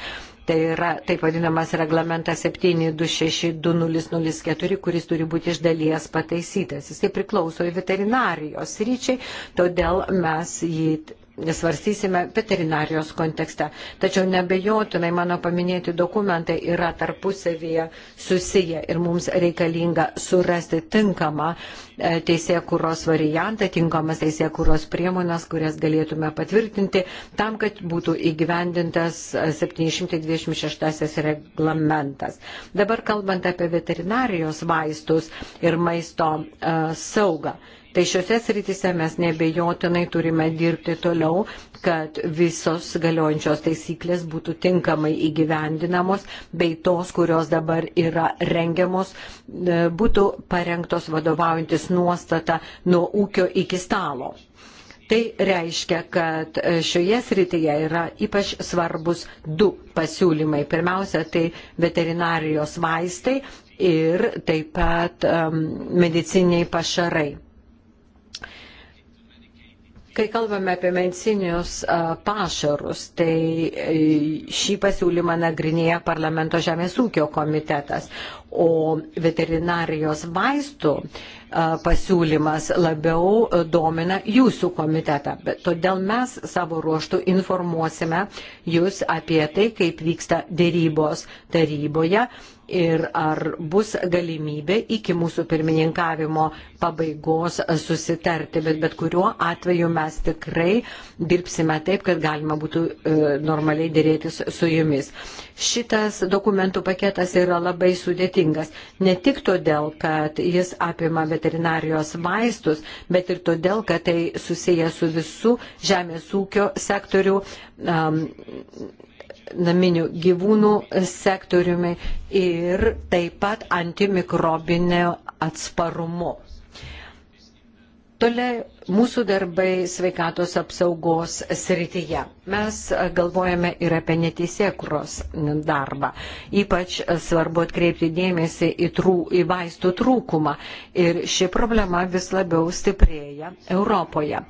Tai yra taip vadinamas reglamentas 7262004, kuris turi būti iš dalies pataisytas. Jisai priklauso į veterinarijos ryčiai, todėl mes jį svarstysime veterinarijos kontekste. Tačiau nebejotinai mano paminėti dokumentai yra tarpusavyje susiję ir mums reikalinga surasti tinkamą e, teisėkūros variantą, tinkamas teisėkūros priemonės, kurias galėtume patvirtinti tam, kad būtų įgyvendintas 726 e, reglamentas. Dabar kalbant apie veterinarijos vaistus ir maisto uh, saugą. Uh, Tai šiuose srityse mes nebejotinai turime dirbti toliau, kad visos galiojančios taisyklės būtų tinkamai įgyvendinamos, bei tos, kurios dabar yra rengiamos, e, būtų parengtos vadovaujantis nuostata nuo ūkio iki stalo. Tai reiškia, kad e, šioje srityje yra ypač svarbus du pasiūlymai. Pirmiausia, tai veterinarijos vaistai ir taip pat um, mediciniai pašarai. Kai kalbame apie medicinius pašarus, tai e, šį pasiūlymą nagrinėja parlamento žemės ūkio komitetas, o veterinarijos vaistų pasiūlymas labiau e, domina jūsų komitetą. Bet todėl mes savo ruoštų informuosime jūs apie tai, kaip vyksta dėrybos taryboje ir ar bus galimybė iki mūsų pirmininkavimo pabaigos susitarti, bet bet kuriuo atveju mes tikrai dirbsime taip, kad galima būtų e, normaliai dėrėtis su jumis. Šitas dokumentų paketas yra labai sudėtingas, ne tik todėl, kad jis apima veterinarijos vaistus, bet ir todėl, kad tai susiję su visų žemės ūkio sektorių um, naminių gyvūnų sektoriumi ir taip pat antimikrobinio atsparumu. Toliau mūsų darbai sveikatos apsaugos srityje. Mes e, galvojame ir apie neteisėkuros darbą. Ypač e, svarbu atkreipti dėmesį į, trū, į vaistų trūkumą. Ir ši problema vis labiau stiprėja Europoje.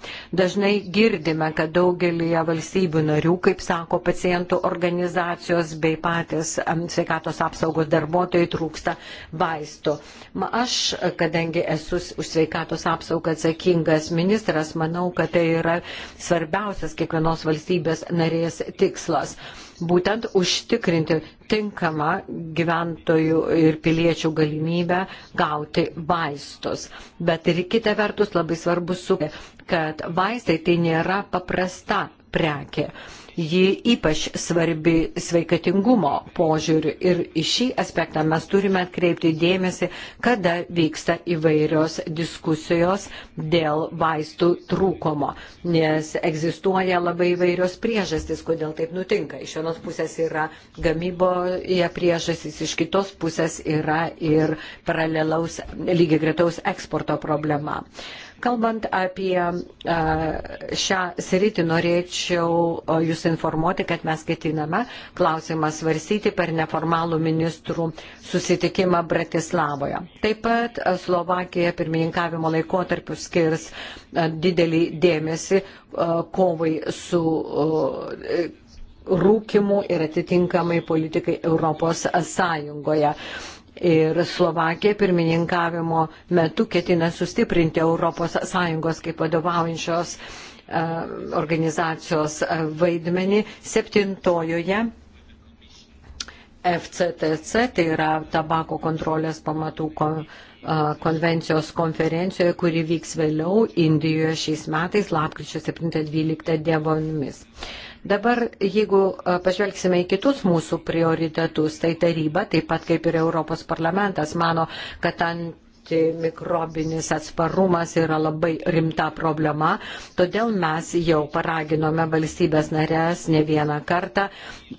Dažnai girdime, kad daugelįje valstybių narių, kaip sako pacientų organizacijos bei patys e, sveikatos apsaugos darbuotojai, trūksta vaistų. Ma, aš, kadangi esu už sveikatos apsaugą atsakingas, atsakingas ministras, manau, kad tai yra svarbiausias kiekvienos valstybės narės tikslas būtent užtikrinti tinkamą gyventojų ir piliečių galimybę gauti vaistus. Bet ir kita vertus labai svarbu suvokti, kad vaistai tai nėra paprasta prekė ji ypač svarbi sveikatingumo požiūriu ir į šį aspektą mes turime atkreipti dėmesį, kada vyksta įvairios diskusijos dėl vaistų trūkumo, nes egzistuoja labai įvairios priežastys, kodėl taip nutinka. Iš vienos pusės yra gamyboje priežastys, iš kitos pusės yra ir paralelaus lygiai gretaus eksporto problema. Uh, Kalbant apie šią sritį, norėčiau Jūs informuoti, kad mes ketiname klausimą svarstyti per neformalų ministrų susitikimą Bratislavoje. Taip pat Slovakija pirmininkavimo laikotarpiu skirs didelį dėmesį kovai su rūkimu ir atitinkamai politikai Europos Sąjungoje ir Slovakija pirmininkavimo metu ketina sustiprinti ES kaip vadovaujančios e, organizacijos e, vaidmenį septintojoje FCTC, tai yra tabako kontrolės pamatų e, konvencijos konferencijoje, kuri vyks vėliau Indijoje šiais metais, lapkričio 7-12 dienomis. Dabar, jeigu pažvelgsime į kitus mūsų prioritetus, tai taryba, taip pat kaip ir Europos parlamentas, mano, kad tam antimikrobinis atsparumas yra labai rimta problema, todėl mes jau paraginome valstybės narės ne vieną kartą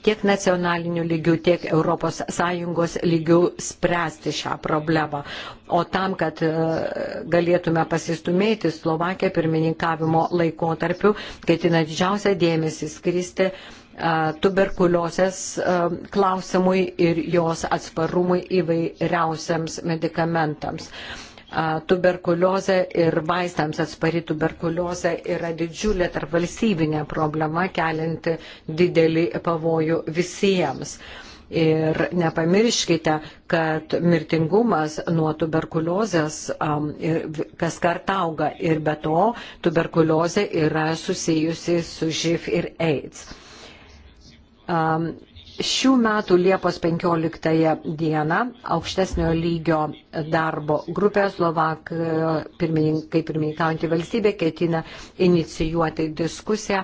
tiek nacionalinių lygių, tiek ES lygių spręsti šią problemą. O tam, kad e, galėtume pasistumėti Slovakiją pirmininkavimo laikotarpiu, ketina didžiausią dėmesį skristi tuberkuliozės klausimui ir jos atsparumui įvairiausiams medikamentams tuberkuliozė ir vaistams atspari tuberkuliozė yra didžiulė tarpvalstybinė problema, kelinti didelį pavojų visiems. Ir nepamirškite, kad mirtingumas nuo tuberkuliozės um, kas kart auga ir be to tuberkuliozė yra susijusi su živ ir AIDS um, Šių metų Liepos 15 dieną aukštesnio lygio darbo grupė Slovak, pirmininkai, kaip pirmininkaujantį valstybę, ketina inicijuoti diskusiją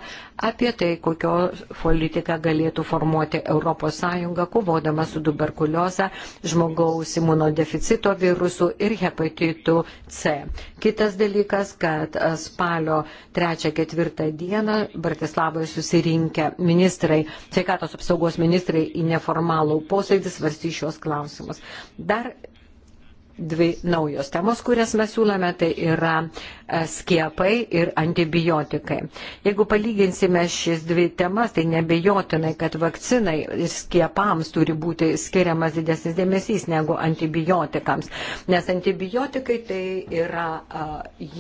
apie tai, kokio politiką galėtų formuoti ES, kovodama su tuberkulioza, žmogaus imunodeficito virusu ir hepatitu C. Kitas dalykas, kad spalio 3-4 dieną Bratislavoje susirinkę ministrai, sveikatos apsaugos ministrai, ministrai į neformalų posėdį svarstys šios klausimus. Dar dvi naujos temos, kurias mes siūlome, tai yra e, skiepai ir antibiotikai. Jeigu palyginsime šis dvi temas, tai nebejotinai, kad vakcinai ir skiepams turi būti skiriamas didesnis dėmesys negu antibiotikams, nes antibiotikai tai yra e,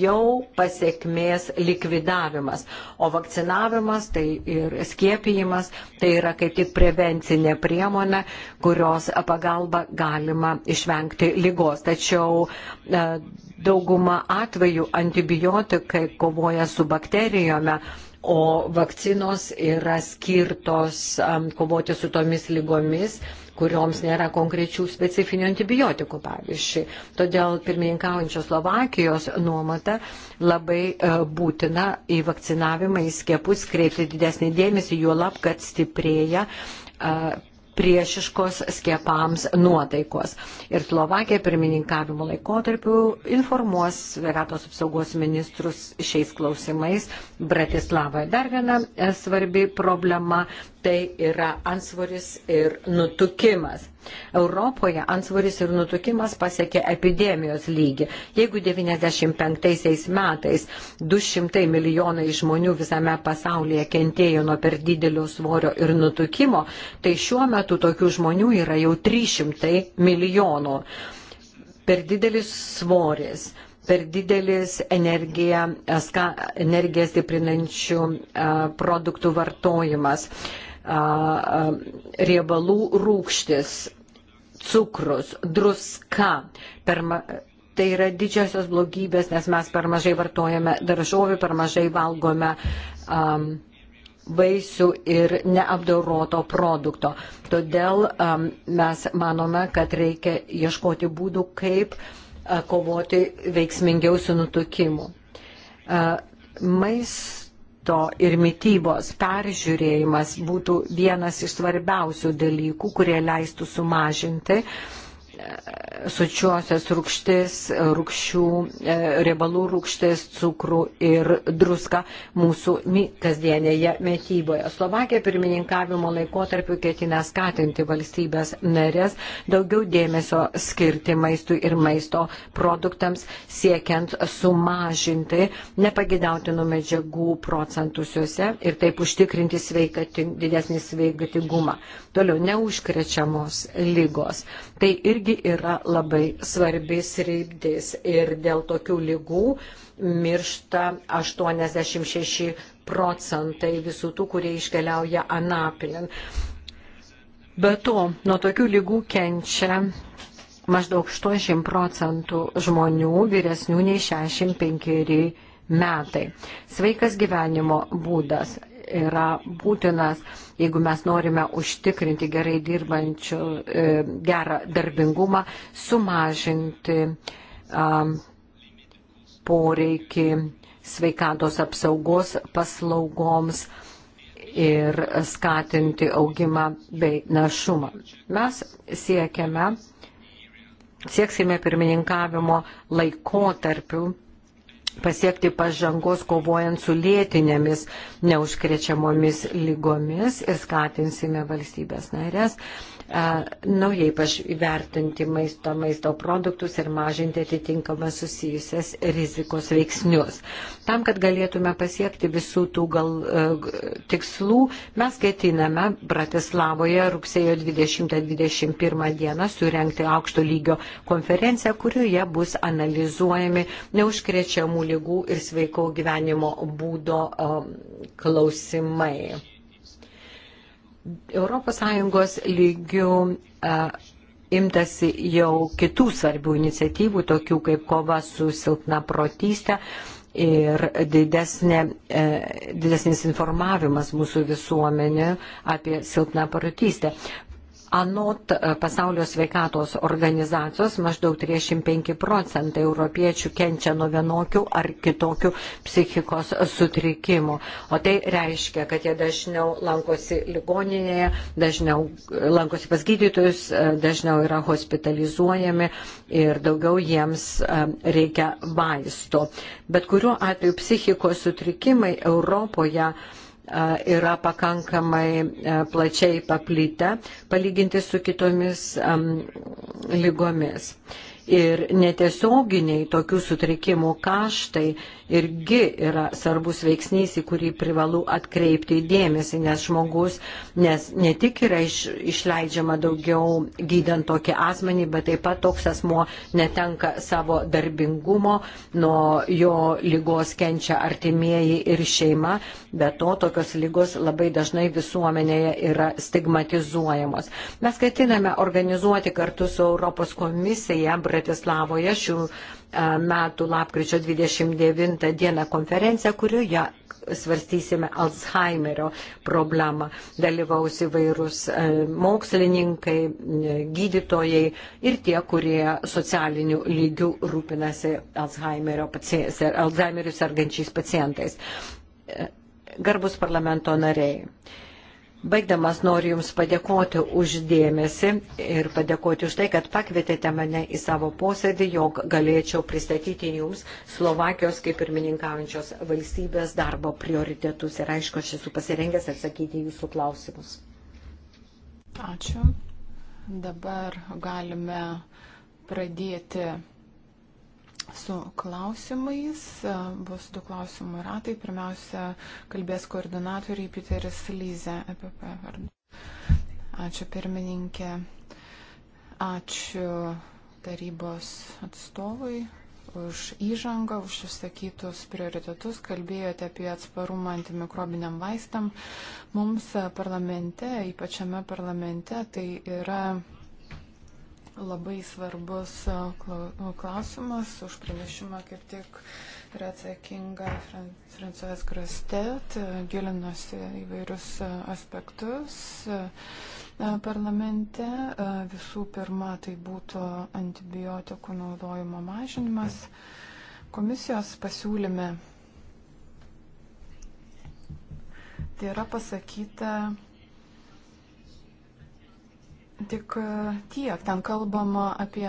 jau pasiekmės likvidavimas, o vakcinavimas tai ir skiepijimas tai yra kaip tik prevencinė priemonė, kurios pagalba galima išvengti lygos tačiau e, dauguma atvejų antibiotikai kovoja su bakterijome, o vakcinos yra skirtos e, kovoti su tomis lygomis kurioms nėra konkrečių specifinių antibiotikų, pavyzdžiui. Todėl pirmininkaujančios Slovakijos nuomata labai e, būtina į vakcinavimą, į skiepus kreipti didesnį dėmesį, juolab, kad stiprėja priešiškos skiepams nuotaikos. Ir Slovakija pirmininkavimo laikotarpiu informuos sveikatos apsaugos ministrus šiais klausimais Bratislavoje. Dar viena e, svarbi problema tai yra ansvoris ir nutukimas. Europoje ansvoris ir nutukimas pasiekė epidemijos lygį. Jeigu 95 metais 200 milijonai žmonių visame pasaulyje kentėjo nuo per didelio svorio ir nutukimo, tai šiuo metu tokių žmonių yra jau 300 milijonų. Per didelis svoris, per didelis energiją, energiją stiprinančių produktų vartojimas riebalų rūkštis, cukrus, druska. Per, tai yra didžiosios blogybės, nes mes per mažai vartojame daržovių, per mažai valgome. Um, vaisių ir neapdoroto produkto. Todėl um, mes manome, kad reikia ieškoti būdų, kaip uh, kovoti veiksmingiau su nutukimu. Uh, mais, diabeto ir mytybos peržiūrėjimas būtų vienas iš svarbiausių dalykų, kurie leistų sumažinti sučiosios rūkštis, rūkščių, e, riebalų rūkštis, cukrų ir druską mūsų kasdienėje metyboje. Slovakija pirmininkavimo laikotarpiu ketina skatinti valstybės narės daugiau dėmesio skirti maistui ir maisto produktams, siekiant sumažinti nepagidautinų medžiagų procentus juose ir taip užtikrinti sveikatin, didesnį sveikatingumą. Toliau neužkrečiamos lygos. Tai irgi irgi yra labai svarbis rybdis ir dėl tokių lygų miršta 86 procentai visų tų, kurie iškeliauja anapilin. Be to, nuo tokių lygų kenčia maždaug 80 procentų žmonių vyresnių nei 65 metai. Sveikas gyvenimo būdas yra būtinas, jeigu mes norime užtikrinti gerai dirbančių, e, gerą darbingumą, sumažinti um, poreikį sveikatos apsaugos paslaugoms ir skatinti augimą bei našumą. Mes siekiame, sieksime pirmininkavimo laikotarpių pasiekti pažangos kovojant su lėtinėmis neužkrečiamomis lygomis ir skatinsime valstybės narės naujai įvertinti maisto, maisto produktus ir mažinti atitinkamas susijusias rizikos veiksnius. Tam, kad galėtume pasiekti visų tų gal, e, tikslų, mes ketiname Bratislavoje rugsėjo 20-21 dieną surenkti aukšto lygio konferenciją, kurioje bus analizuojami neužkrečiamų lygų ir sveiko gyvenimo būdo klausimai. ES lygių e, imtasi jau kitų svarbių iniciatyvų, tokių kaip kova su silpna protystė ir didesnė, e, didesnis informavimas mūsų visuomenė apie silpną protystę. Anot e, pasaulio sveikatos organizacijos maždaug 35 procentai europiečių kenčia nuo vienokių ar kitokių psichikos sutrikimų. O tai reiškia, kad jie dažniau lankosi ligoninėje, dažniau e, lankosi pas gydytojus, e, dažniau yra hospitalizuojami ir daugiau jiems reikia vaisto. Bet kuriuo atveju psichikos sutrikimai Europoje yra pakankamai plačiai paplytę, palyginti su kitomis lygomis ir netiesioginiai tokių sutrikimų kaštai irgi yra svarbus veiksnys, į kurį privalu atkreipti dėmesį, nes žmogus, nes ne tik yra iš, išleidžiama daugiau gydant tokį asmenį, bet taip pat toks asmo netenka savo darbingumo, nuo jo lygos kenčia artimieji ir šeima, bet to tokios lygos labai dažnai visuomenėje yra stigmatizuojamos. Mes ketiname organizuoti kartu su Europos komisija Bratislavoje šių e, metų lapkričio 29 dieną konferenciją, kurioje svarstysime Alzheimerio problemą. Dalyvaus įvairūs e, mokslininkai, e, gydytojai ir tie, kurie socialinių lygių rūpinasi Alzheimerio, Alzheimerio sergančiais pacientais. Garbus parlamento nariai. Baigdamas noriu Jums padėkoti uždėmesi ir padėkoti už tai, kad pakvietėte mane į savo posėdį, jog galėčiau pristatyti Jums Slovakijos kaip pirmininkaujančios valstybės darbo prioritetus. Ir aišku, aš esu pasirengęs atsakyti Jūsų klausimus. Ačiū. Dabar galime pradėti su klausimais. Bus du klausimų ratai. Pirmiausia, kalbės koordinatoriai Piteris Lyze apie pavardą. Ačiū pirmininkė. Ačiū tarybos atstovui už įžangą, už išsakytus prioritetus, kalbėjote apie atsparumą antimikrobiniam vaistam. Mums parlamente, ypač šiame parlamente, tai yra labai svarbus klausimas. Už pranešimą kaip tik yra atsakinga Francojas Grostet, gilinosi įvairius aspektus parlamente. Visų pirma, tai būtų antibiotikų naudojimo mažinimas. Komisijos pasiūlyme tai yra pasakyta tik e, tiek. Ten kalbama apie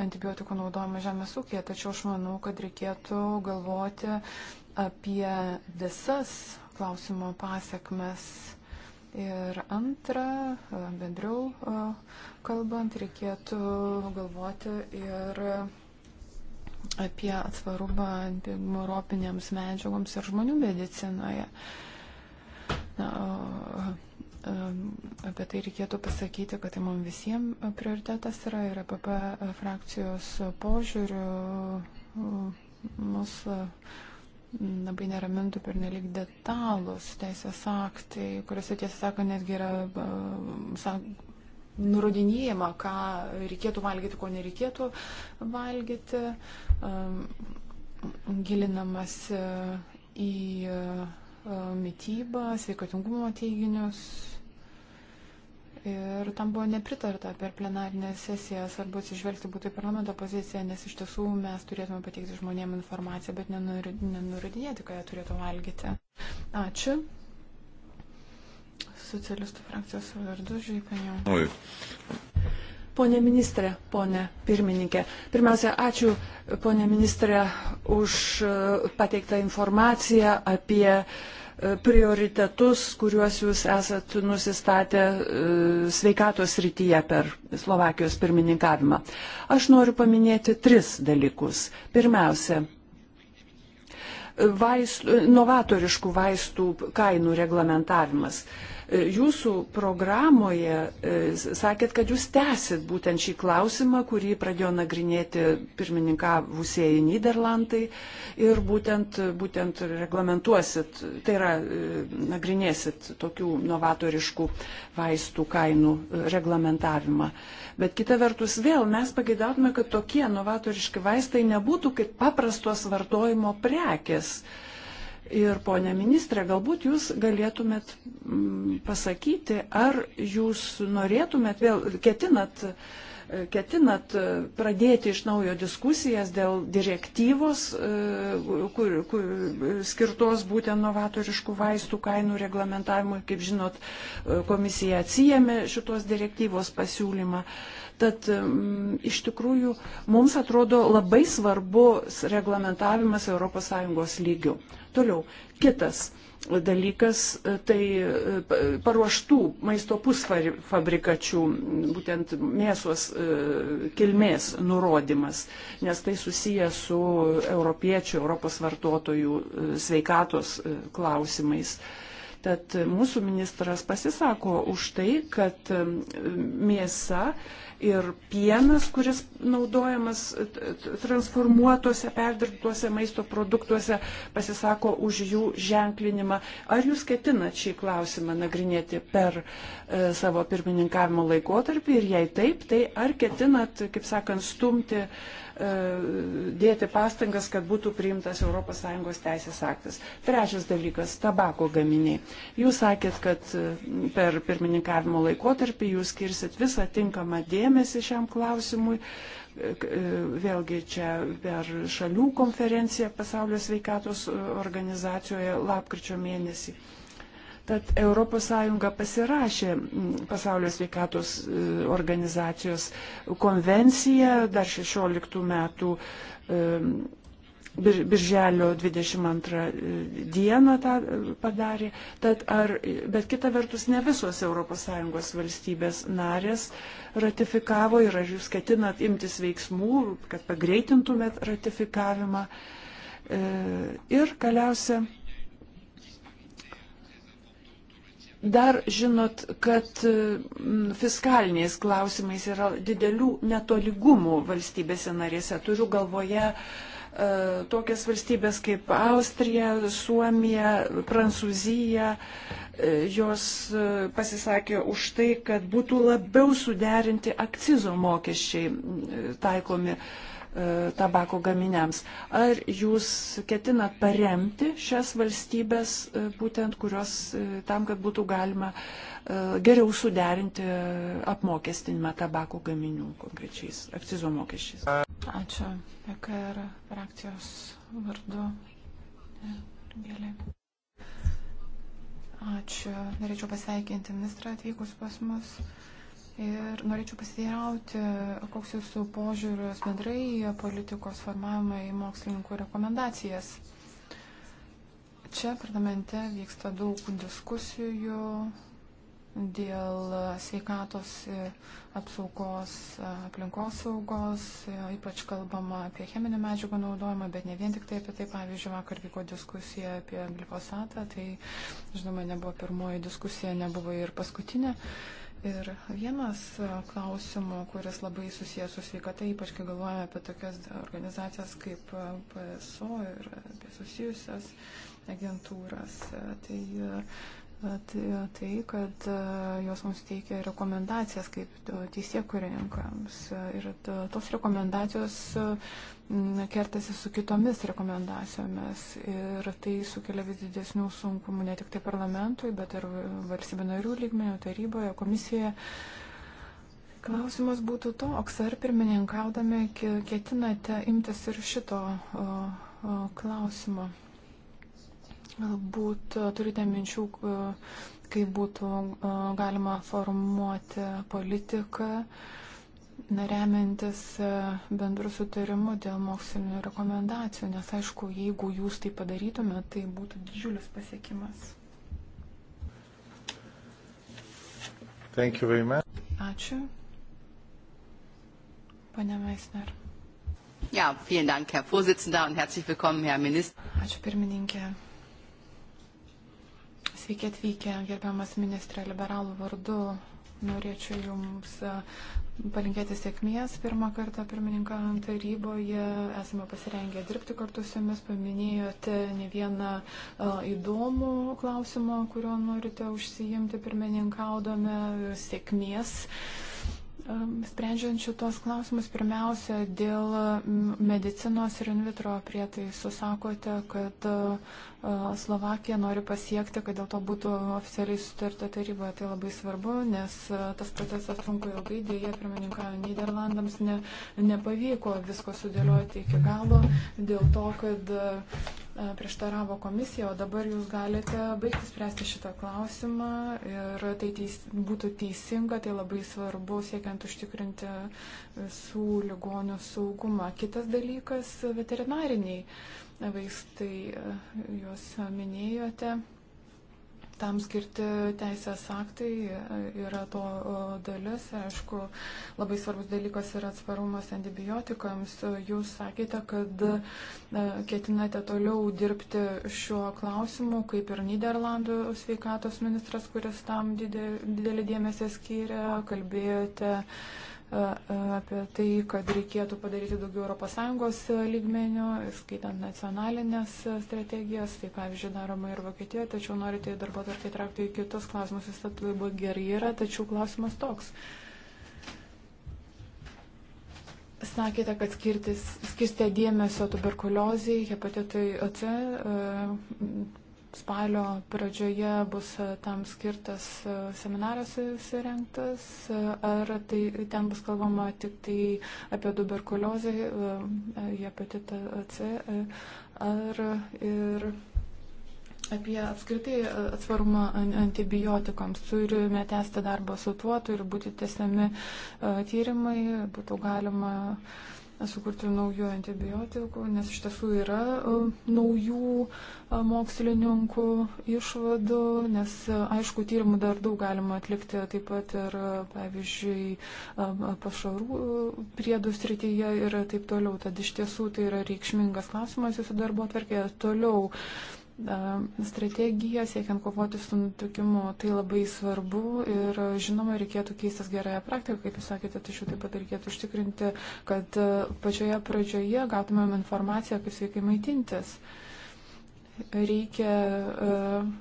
antibiotikų naudojimą žemės ūkėje, tačiau aš manau, kad reikėtų galvoti apie visas klausimo pasiekmes. Ir antra, e, bendriau e, kalbant, reikėtų galvoti ir apie atsvarumą europinėms medžiagoms ir žmonių medicinoje. Na, o, apie tai reikėtų pasakyti, kad tai mums visiems prioritetas yra ir APP frakcijos požiūrių mus labai neramintų per nelik detalus teisės aktai, kuriuose tiesą sakant netgi yra sak, nurodinėjama, ką reikėtų valgyti, ko nereikėtų valgyti, gilinamas į e, mytybą, sveikatingumo teiginius ir tam buvo nepritarta per plenarinę sesiją. Svarbu atsižvelgti būtų į parlamento poziciją, nes iš tiesų mes turėtume pateikti žmonėm informaciją, bet nenurodinėti, ką jie turėtų valgyti. Ačiū. Socialistų frakcijos vardu Žypanio. Pone ministrė, pone pirmininkė, pirmiausia, ačiū pone ministrė už pateiktą informaciją apie uh, prioritetus, kuriuos jūs esat nusistatę e, sveikatos rytyje per Slovakijos pirmininkavimą. Aš noriu paminėti tris dalykus. Pirmiausia, vaist, novatoriškų vaistų kainų reglamentavimas. E, jūsų programoje e, sakėt, kad jūs tęsit būtent šį klausimą, kurį pradėjo nagrinėti pirmininkavusieji Niderlandai ir būtent, būtent reglamentuosit, tai yra e, nagrinėsit tokių novatoriškų vaistų kainų reglamentavimą. Bet kita vertus vėl mes pageidautume, kad tokie novatoriški vaistai nebūtų kaip paprastos vartojimo prekės. Ir ponė ministrė, galbūt jūs galėtumėt mm, pasakyti, ar jūs norėtumėt vėl, ketinat, e, ketinat e, pradėti iš naujo diskusijas dėl direktyvos, e, kur, kur, skirtos būtent novatoriškų vaistų kainų reglamentavimui. Kaip žinot, komisija atsijėmė šitos direktyvos pasiūlymą. Tad mm, iš tikrųjų mums atrodo labai svarbus reglamentavimas ES lygių. Toliau, kitas dalykas e, tai e, paruoštų maisto pusfabrikačių, būtent mėsos e, kilmės nurodymas, nes tai susiję su europiečių, Europos vartotojų sveikatos klausimais. Tad mūsų ministras pasisako už tai, kad um, mėsa ir pienas, kuris naudojamas transformuotose, perdirbtuose maisto produktuose, pasisako už jų ženklinimą. Ar jūs ketinat šį klausimą nagrinėti per e, savo pirmininkavimo laikotarpį ir jei taip, tai ar ketinat, kaip sakant, stumti e, E, dėti pastangas, kad būtų priimtas ES teisės aktas. Trečias dalykas - tabako gaminiai. Jūs sakėt, kad e, per pirmininkavimo laikotarpį jūs skirsit visą tinkamą dėmesį šiam klausimui. E, vėlgi čia per šalių konferenciją pasaulio sveikatos organizacijoje lapkričio mėnesį. Uh, Tad ES pasirašė Pasaulio sveikatos e, organizacijos konvenciją dar 16 metų e, birželio 22 e, dieną tą padarė. Tad ar, bet kita vertus ne visos ES valstybės narės ratifikavo ir ar jūs ketinat imtis veiksmų, kad pagreitintumėt ratifikavimą. Ir galiausia Dar žinot, kad mm, fiskaliniais klausimais yra didelių netoligumų valstybėse narėse. Turiu galvoje e, tokias valstybės kaip Austrija, Suomija, Prancūzija, e, jos e, pasisakė už tai, kad būtų labiau suderinti akcizo mokesčiai taikomi uh, E, tabako gaminiams. Ar jūs ketinat paremti šias valstybės, e, būtent kurios e, tam, kad būtų galima geriau suderinti apmokestinimą tabako gaminių konkrečiais akcizo mokesčiais? Ačiū. PKR reakcijos vardu. Gėlė. Ačiū. Norėčiau pasveikinti ministrą atvykus pas mus. Ir norėčiau pasiteirauti, koks jūsų požiūris bendrai politikos formavimą į mokslininkų rekomendacijas. Čia parlamente vyksta daug diskusijų dėl sveikatos apsaugos, aplinkos saugos, ypač kalbama apie cheminių medžiagų naudojimą, bet ne vien tik tai apie tai. Pavyzdžiui, vakar vyko diskusija apie glifosatą, tai, žinoma, nebuvo pirmoji diskusija, nebuvo ir paskutinė. Uh, Ir vienas e, klausimų, kuris labai susijęs su sveikata, ypač kai galvojame apie tokias organizacijas kaip e, PSO ir e, apie susijusias agentūras, tai bet e, tai, kad e, jos mums teikia rekomendacijas kaip e, teisėkurininkams. Ir tos rekomendacijos kertasi su kitomis rekomendacijomis. Ir tai sukelia vis didesnių sunkumų ne tik tai parlamentui, bet ir valstybė narių lygmenio taryboje, komisijoje. Klausimas būtų toks, ar pirmininkaudami ketinate imtis ir šito klausimo. Galbūt e, turite minčių, e, kaip būtų e, galima formuoti politiką, remiantis bendru sutarimu dėl mokslinio rekomendacijų, nes aišku, jeigu jūs tai padarytumėte, tai būtų didžiulis pasiekimas. Ačiū. Pane Meisner. Ja, vielen Dank, Herr Vorsitzender, und herzlich willkommen, Herr Minister. Ačiū pirmininkė. Sveiki atvykę, gerbiamas ministrė, liberalų vardu. Norėčiau Jums e, palinkėti sėkmės pirmą kartą pirmininkavant taryboje. Esame pasirengę dirbti kartu su jumis. Paminėjote ne vieną a, e, įdomų klausimą, kuriuo norite užsijimti pirmininkaudami. Sėkmės. A, Um, Sprendžiant šitos klausimus, pirmiausia, dėl medicinos ir in vitro prietaisų sakote, kad uh, Slovakija nori pasiekti, kad dėl to būtų oficialiai sutarta taryba. Tai labai svarbu, nes uh, tas procesas trunka ilgai, dėja, pirmininkavę Niderlandams ne, nepavyko visko sudėlioti iki galo, dėl to, kad E, prieštaravo komisija, o dabar jūs galite baigti spręsti šitą klausimą ir tai teis, būtų teisinga, tai labai svarbu siekiant užtikrinti visų ligonių saugumą. Kitas dalykas - veterinariniai vaistai, e, juos minėjote tam skirti teisės aktai e, yra to dalis. Aišku, labai svarbus dalykas yra atsparumas antibiotikams. Jūs sakėte, kad e, ketinate toliau dirbti šiuo klausimu, kaip ir Niderlandų sveikatos ministras, kuris tam didelį dėmesį skyrė. Kalbėjote. Uh, apie tai, kad reikėtų padaryti daugiau ES lygmenio, skaitant nacionalinės strategijas, tai pavyzdžiui daroma ir Vokietijoje, tačiau norite į darbo tarkai traukti į kitus klausimus, jis tad labai gerai yra, tačiau klausimas toks. Sakėte, kad skirtis, skirstė dėmesio tuberkuliozijai, hepatitai C, Spalio pradžioje bus e, tam skirtas e, seminaras įsirengtas, e, ar tai, ten bus kalbama tik tai apie tuberkuliozę, hepatitą C, ar ir apie apskritai atsvarumą antibiotikams. Turime tęsti darbą su tuo, turi būti tęsiami tyrimai, būtų galima uh, sukurti naujų antibiotikų, nes iš tiesų yra e, naujų e, mokslininkų išvadų, nes e, aišku, tyrimų dar daug galima atlikti taip pat ir, pavyzdžiui, pašarų priedų srityje ir taip toliau. Tad iš tiesų tai yra reikšmingas klausimas jūsų darbo atverkėje. Toliau strategiją siekiant kovoti su nutukimu. Tai labai svarbu ir žinoma, reikėtų keistis gerąją praktiką, kaip jūs sakėte, tačiau taip pat reikėtų užtikrinti, kad pačioje pradžioje gautumėm informaciją, kaip sveikai maitintis. Reikia uh,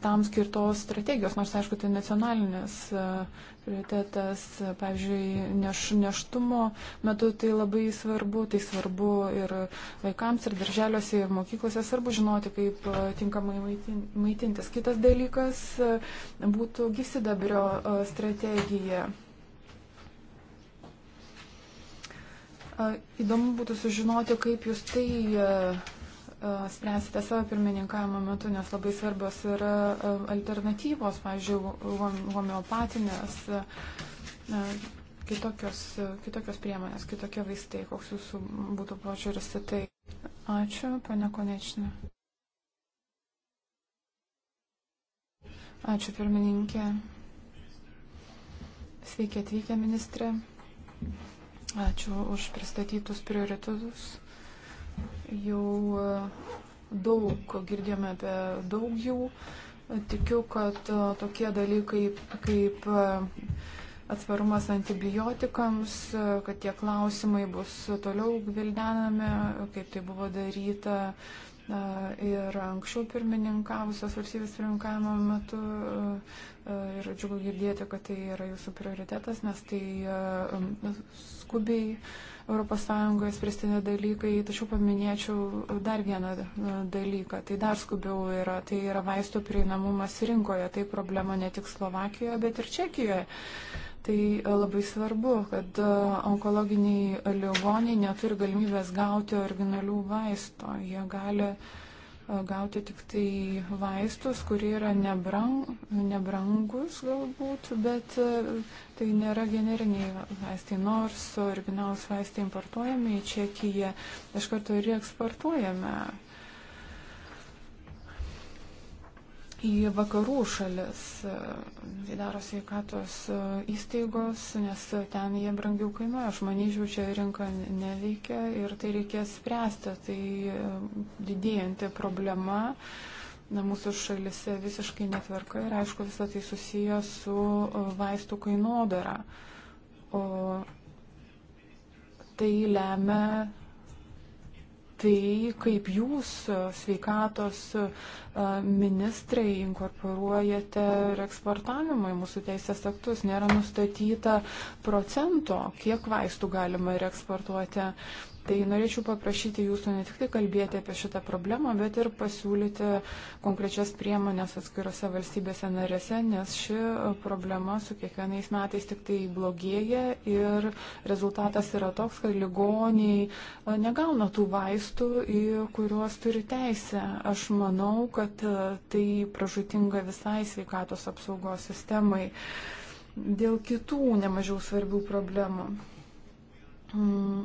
tam skirtos strategijos, nors aišku, tai nacionalinis e, prioritetas, pavyzdžiui, neš, neštumo metu tai labai svarbu, tai svarbu ir vaikams, ir darželiuose, ir mokyklose svarbu žinoti, kaip e, tinkamai maitintis. Kitas dalykas e, būtų gysidabrio strategija. Įdomu būtų sužinoti, kaip jūs tai E, spręsite savo pirmininkavimo metu, nes labai svarbios yra e, alternatyvos, pavyzdžiui, homeopatinės, e, kitokios, kitokios priemonės, kitokie vaistai, koks jūsų būtų požiūris į tai. Ačiū, pane Konečinė. Ačiū, pirmininkė. Sveiki atvykę, ministrė. Ačiū už pristatytus prioritetus. Jau e, daug girdėjome apie daug jų. Tikiu, kad e, tokie dalykai kaip e, atsparumas antibiotikams, kad tie klausimai bus toliau gvildenami, kaip tai buvo daryta ir anksčiau pirmininkavusios valstybės pirmininkavimo metu. Ir džiugu girdėti, kad tai yra jūsų prioritetas, nes tai skubiai ES spręstini dalykai, tačiau paminėčiau dar vieną dalyką, tai dar skubiau yra, tai yra vaistų prieinamumas rinkoje, tai problema ne tik Slovakijoje, bet ir Čekijoje. Tai e, labai svarbu, kad e, onkologiniai ligoniai neturi galimybės gauti originalių vaistų, jie gali uh, gauti tik tai vaistus, kurie yra nebrang, nebrangus galbūt, bet e, tai nėra generiniai vaistai, nors originalus vaistai importuojami į Čekiją, iš karto ir eksportuojame į vakarų šalis. Tai daro sveikatos įstaigos, nes ten jie brangiau kainuoja. Aš manyčiau, čia rinka neveikia ir tai reikės spręsti. Tai e, didėjanti problema. Na, mūsų šalise visiškai netvarka ir aišku visą tai susiję su e, vaistų kainodara. O tai lemia tai, kaip jūs sveikatos ministrai inkorporuojate ir eksportavimą į mūsų teisės aktus. Nėra nustatyta procento, kiek vaistų galima ir eksportuoti Tai norėčiau paprašyti jūsų ne tik tai kalbėti apie šitą problemą, bet ir pasiūlyti konkrečias priemonės atskirose valstybėse narėse, nes ši problema su kiekvienais metais tik tai blogėja ir rezultatas yra toks, kad ligoniai negauna tų vaistų, į kuriuos turi teisę. Aš manau, kad tai pražutinga visai sveikatos apsaugos sistemai. Dėl kitų nemažiau svarbių problemų. Mm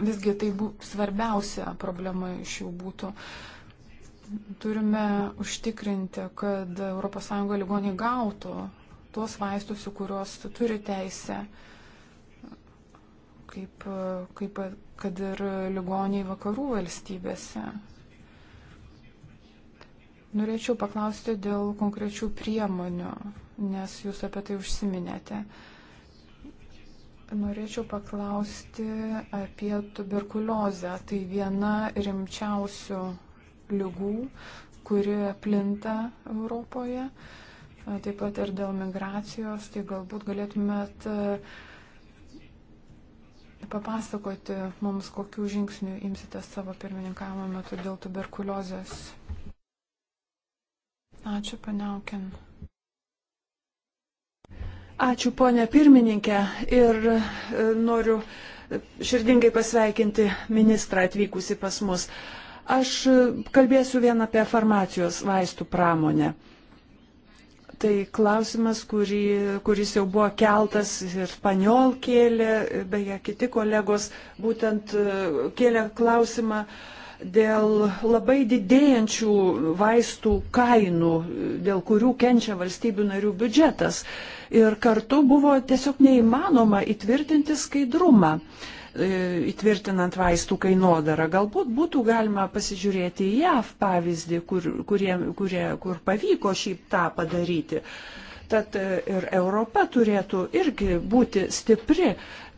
Visgi tai bū, svarbiausia problema iš jų būtų. Turime užtikrinti, kad ES ligoniai gautų tuos vaistus, į kuriuos turi teisę, kaip, kaip kad ir ligoniai vakarų valstybėse. Norėčiau paklausti dėl konkrečių priemonių, nes jūs apie tai užsiminėte. Uh, Norėčiau paklausti apie tuberkuliozę. Tai viena rimčiausių lygų, kuri plinta Europoje, taip pat ir dėl migracijos. Tai galbūt galėtumėt e, papasakoti mums, kokių žingsnių imsite savo pirmininkavimo metu dėl tuberkuliozės. Ačiū, paniaukin. Ačiū, ponė pirmininkė, ir e, noriu širdingai pasveikinti ministrą atvykusi pas mus. Aš e, kalbėsiu vien apie farmacijos vaistų pramonę. Tai klausimas, kurį, kuris jau buvo keltas ir Spaniol kėlė, beje, kiti kolegos būtent e, kėlė klausimą dėl labai didėjančių vaistų kainų, dėl kurių kenčia valstybių narių biudžetas ir kartu buvo tiesiog neįmanoma įtvirtinti skaidrumą e, įtvirtinant vaistų kainodarą. Galbūt būtų galima pasižiūrėti į JAV pavyzdį, kur, kurie, kurie, kur pavyko šį tą padaryti. Tad e, ir Europa turėtų irgi būti stipri,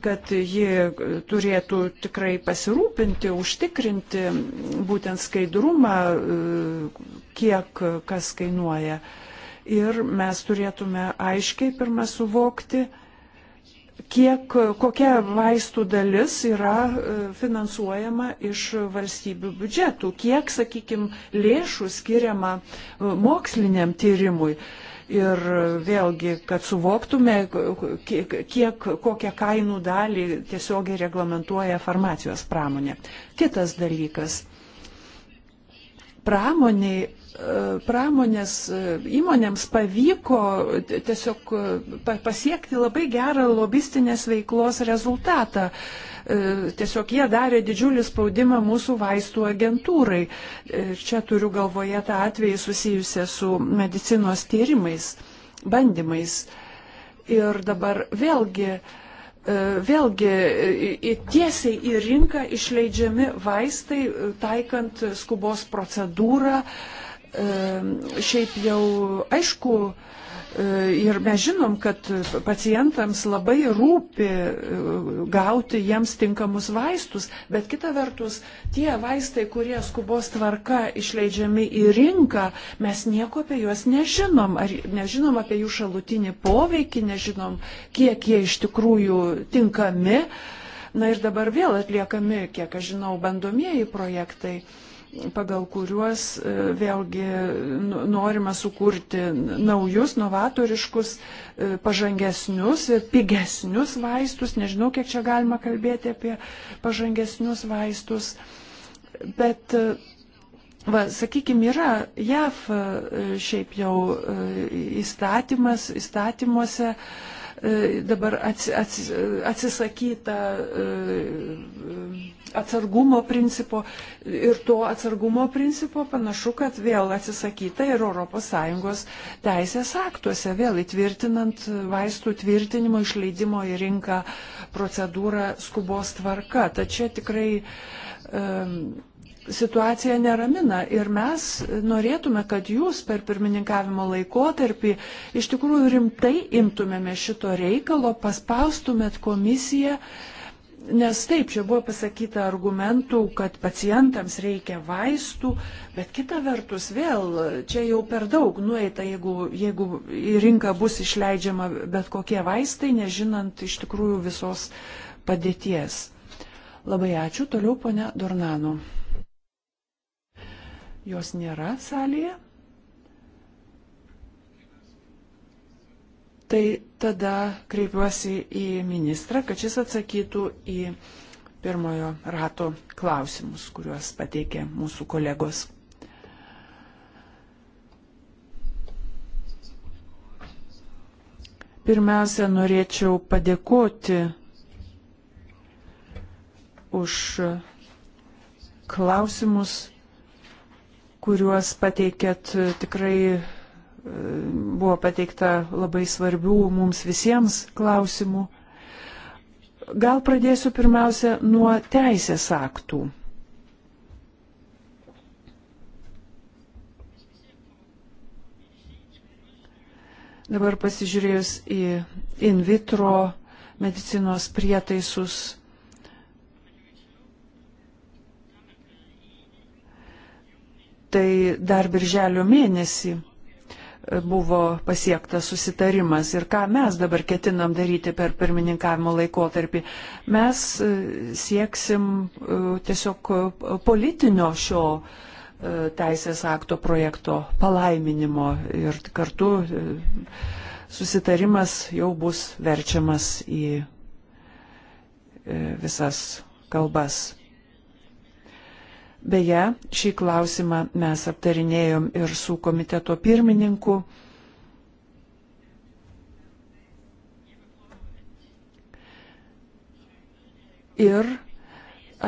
kad ji turėtų tikrai pasirūpinti, užtikrinti būtent skaidrumą, e, kiek kas kainuoja ir mes turėtume aiškiai pirmą suvokti, kiek, kokia vaistų dalis yra e, finansuojama iš valstybių biudžetų, kiek, sakykime, lėšų skiriama e, moksliniam tyrimui. Ir vėlgi, kad suvoktume, kiek, kiek, kokią kainų dalį tiesiogiai reglamentuoja farmacijos pramonė. Kitas dalykas. Pramoniai pramonės e, įmonėms pavyko tiesiog e, pasiekti labai gerą lobistinės veiklos rezultatą. E, tiesiog jie darė didžiulį spaudimą mūsų vaistų agentūrai. Ir čia turiu galvoje tą atvejį susijusią su medicinos tyrimais, bandymais. Ir dabar vėlgi vėlgi tiesiai į rinką išleidžiami vaistai, taikant skubos procedūrą, uh, Ehm, šiaip jau aišku, e, Ir mes žinom, kad pacientams labai rūpi e, gauti jiems tinkamus vaistus, bet kita vertus, tie vaistai, kurie skubos tvarka išleidžiami į rinką, mes nieko apie juos nežinom. Ar nežinom apie jų šalutinį poveikį, nežinom, kiek jie iš tikrųjų tinkami. Na ir dabar vėl atliekami, kiek aš žinau, bandomieji projektai. Uh, pagal kuriuos e, vėlgi norima sukurti naujus, novatoriškus, e, pažangesnius ir pigesnius vaistus. Nežinau, kiek čia galima kalbėti apie pažangesnius vaistus. Bet e, Va, sakykime, yra JAV šiaip jau įstatymas, įstatymuose dabar ats, ats, atsisakyta atsargumo principo ir to atsargumo principo panašu, kad vėl atsisakyta ir ES teisės aktuose, vėl įtvirtinant vaistų tvirtinimo išleidimo į rinką procedūrą skubos tvarka. Tačiau tikrai um, situacija neramina ir mes norėtume, kad jūs per pirmininkavimo laikotarpį iš tikrųjų rimtai imtumėme šito reikalo, paspaustumėt komisiją Nes taip, čia buvo pasakyta argumentų, kad pacientams reikia vaistų, bet kita vertus vėl čia jau per daug nueita, jeigu, jeigu į rinką bus išleidžiama bet kokie vaistai, nežinant iš tikrųjų visos padėties. Labai ačiū, toliau ponia Dornanu. Jos nėra salėje. Tai tada kreipiuosi į ministrą, kad šis atsakytų į pirmojo rato klausimus, kuriuos pateikė mūsų kolegos. Pirmiausia, norėčiau padėkoti už klausimus, kuriuos pateikėt tikrai buvo pateikta labai svarbių mums visiems klausimų. Gal pradėsiu pirmiausia nuo teisės aktų. Dabar pasižiūrėjus į in vitro medicinos prietaisus, tai dar birželio mėnesį buvo pasiektas susitarimas ir ką mes dabar ketinam daryti per pirmininkavimo laikotarpį. Mes e, sieksim e, tiesiog e, politinio šio teisės akto projekto palaiminimo ir kartu susitarimas jau bus verčiamas į visas kalbas. Beje, šį klausimą mes aptarinėjom ir su komiteto pirmininku. Ir,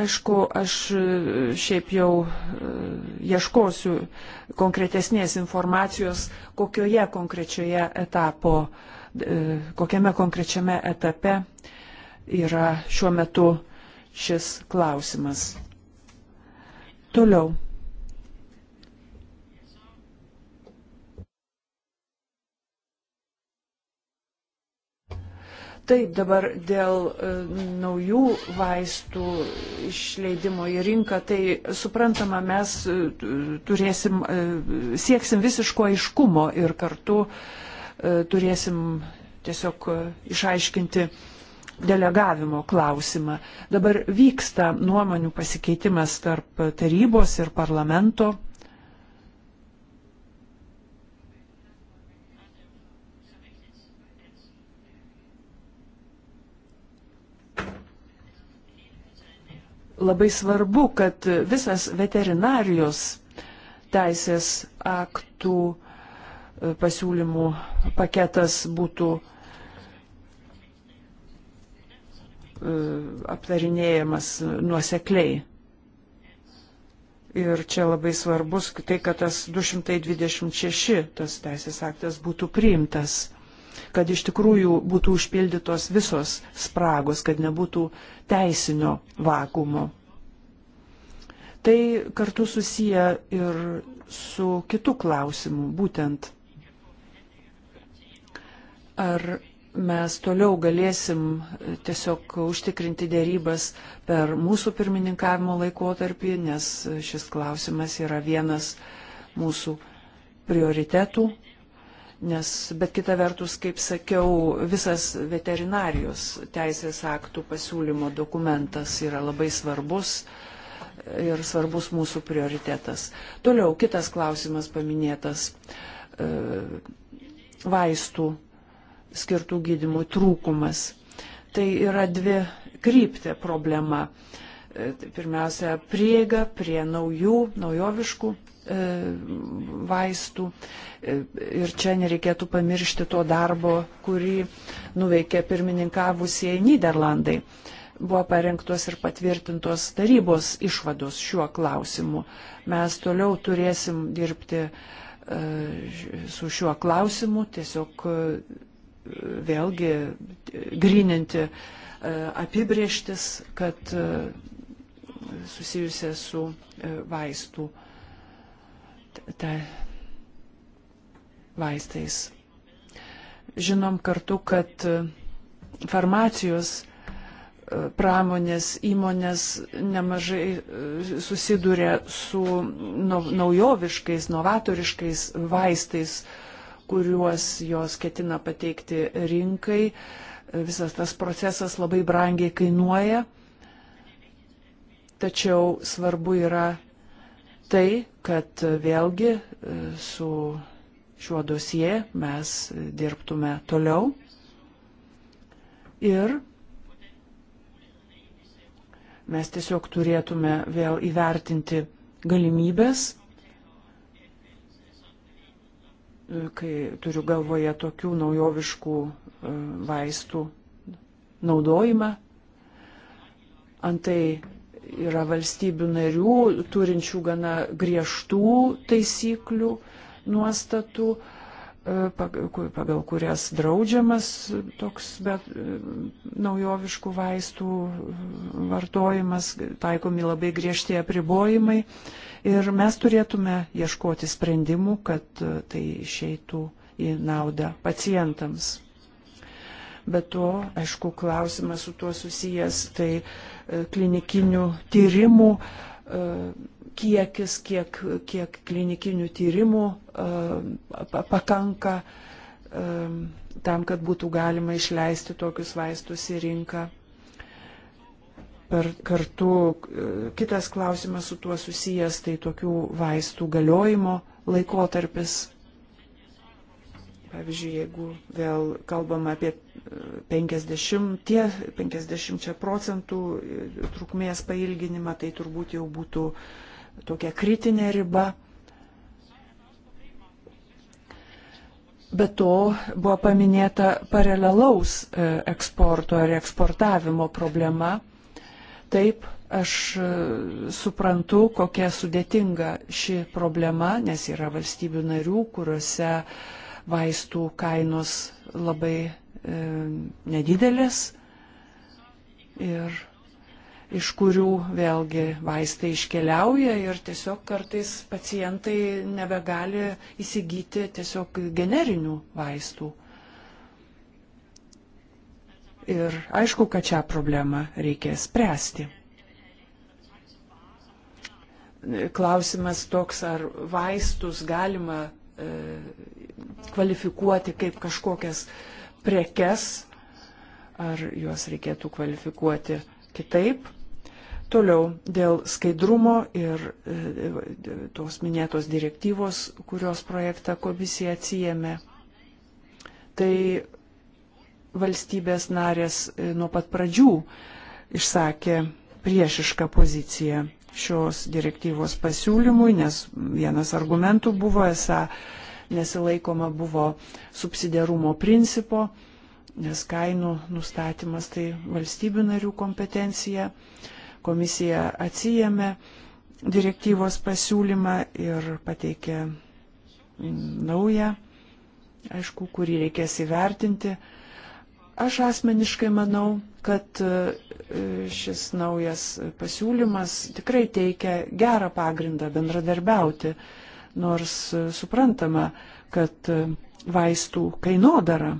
aišku, aš šiaip jau e, ieškosiu konkretesnės informacijos, kokioje konkrečioje etapo, e, kokiame konkrečiame etape yra šiuo metu šis klausimas. Toliau. Taip, dabar dėl e, naujų vaistų išleidimo į rinką, tai suprantama, mes e, turėsim, e, sieksim visiško aiškumo ir kartu turėsim tiesiog išaiškinti delegavimo klausimą. Dabar vyksta nuomonių pasikeitimas tarp tarybos ir parlamento. Labai svarbu, kad visas veterinarijos teisės aktų e, pasiūlymų paketas būtų uh, E, aptarinėjamas nuosekliai. Ir čia labai svarbus tai, kad tas 226 tas teisės aktas būtų priimtas, kad iš tikrųjų būtų užpildytos visos spragos, kad nebūtų teisinio vakumo. Tai kartu susiję ir su kitu klausimu, būtent ar mes toliau galėsim tiesiog užtikrinti dėrybas per mūsų pirmininkavimo laikotarpį, nes šis klausimas yra vienas mūsų prioritetų. Nes, bet kita vertus, kaip sakiau, visas veterinarijos teisės aktų pasiūlymo dokumentas yra labai svarbus ir svarbus mūsų prioritetas. Toliau kitas klausimas paminėtas e, - vaistų skirtų gydimui trūkumas. Tai yra dvi kryptė problema. E, tai pirmiausia, prieiga prie naujų, naujoviškų e, vaistų. E, ir čia nereikėtų pamiršti to darbo, kurį nuveikė pirmininkavusieji Niderlandai. Buvo parengtos ir patvirtintos tarybos išvados šiuo klausimu. Mes toliau turėsim dirbti su šiuo klausimu, tiesiog vėlgi grininti e, apibrieštis, kad e, susijusia su e, vaistų, ta, vaistais. Žinom kartu, kad farmacijos pramonės įmonės nemažai susiduria su naujoviškais, novatoriškais vaistais, kuriuos jos ketina pateikti rinkai. Visas tas procesas labai brangiai kainuoja, tačiau svarbu yra tai, kad vėlgi e, su šiuo dosie mes dirbtume toliau ir mes tiesiog turėtume vėl įvertinti galimybės E, kai turiu galvoje tokių naujoviškų e, vaistų naudojimą. Antai yra valstybių narių turinčių gana griežtų taisyklių, nuostatų, E, pagal kurias draudžiamas toks bet, e, naujoviškų vaistų vartojimas, taikomi labai griežti apribojimai. Ir mes turėtume ieškoti sprendimų, kad e, tai išeitų į naudą pacientams. Bet to, aišku, klausimas su tuo susijęs, tai klinikinių tyrimų kiekis, kiek, kiek klinikinių tyrimų e, pakanka e, tam, kad būtų galima išleisti tokius vaistus į rinką. Per kartu e, kitas klausimas su tuo susijęs, tai tokių vaistų galiojimo laikotarpis. Pavyzdžiui, jeigu vėl kalbam apie 50, 50 procentų trukmės pailginimą, tai turbūt jau būtų uh, tokia kritinė riba. Be to buvo paminėta paralelaus e, eksporto ar eksportavimo problema. Taip, aš e, suprantu, kokia sudėtinga ši problema, nes yra valstybių narių, kuriuose vaistų kainos labai e, nedidelės ir iš kurių vėlgi vaistai iškeliauja ir tiesiog kartais pacientai nebegali įsigyti tiesiog generinių vaistų. Ir aišku, kad šią problemą reikia spręsti. Klausimas toks, ar vaistus galima e, kvalifikuoti kaip kažkokias prekes, ar juos reikėtų kvalifikuoti kitaip. Toliau dėl skaidrumo ir e, e, tos minėtos direktyvos, kurios projektą komisija atsijėmė. Tai valstybės narės e, nuo pat pradžių išsakė priešišką poziciją šios direktyvos pasiūlymui, nes vienas argumentų buvo, esą nesilaikoma buvo subsidiarumo principo, nes kainų nustatymas tai valstybių narių kompetencija. Uh, Komisija atsijėmė direktyvos pasiūlymą ir pateikė naują, aišku, kurį reikės įvertinti. Aš asmeniškai manau, kad e, šis naujas pasiūlymas tikrai teikia gerą pagrindą bendradarbiauti, nors e, suprantama, kad e, vaistų kainodara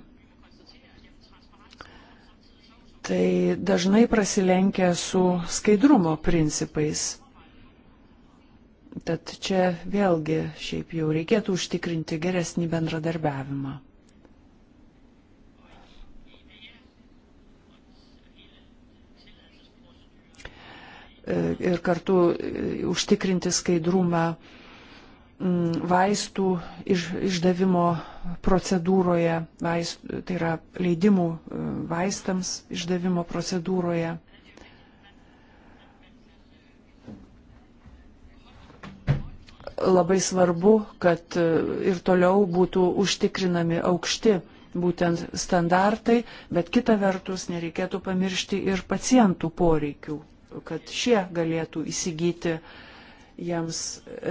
tai dažnai prasilenkia su skaidrumo principais. Tad čia vėlgi šiaip jau reikėtų užtikrinti geresnį bendradarbiavimą. Ir kartu užtikrinti skaidrumą Mm, vaistų iš, išdavimo procedūroje, vaist, tai yra leidimų e, vaistams išdavimo procedūroje. Labai svarbu, kad e, ir toliau būtų užtikrinami aukšti būtent standartai, bet kita vertus nereikėtų pamiršti ir pacientų poreikių, kad šie galėtų įsigyti uh, jiems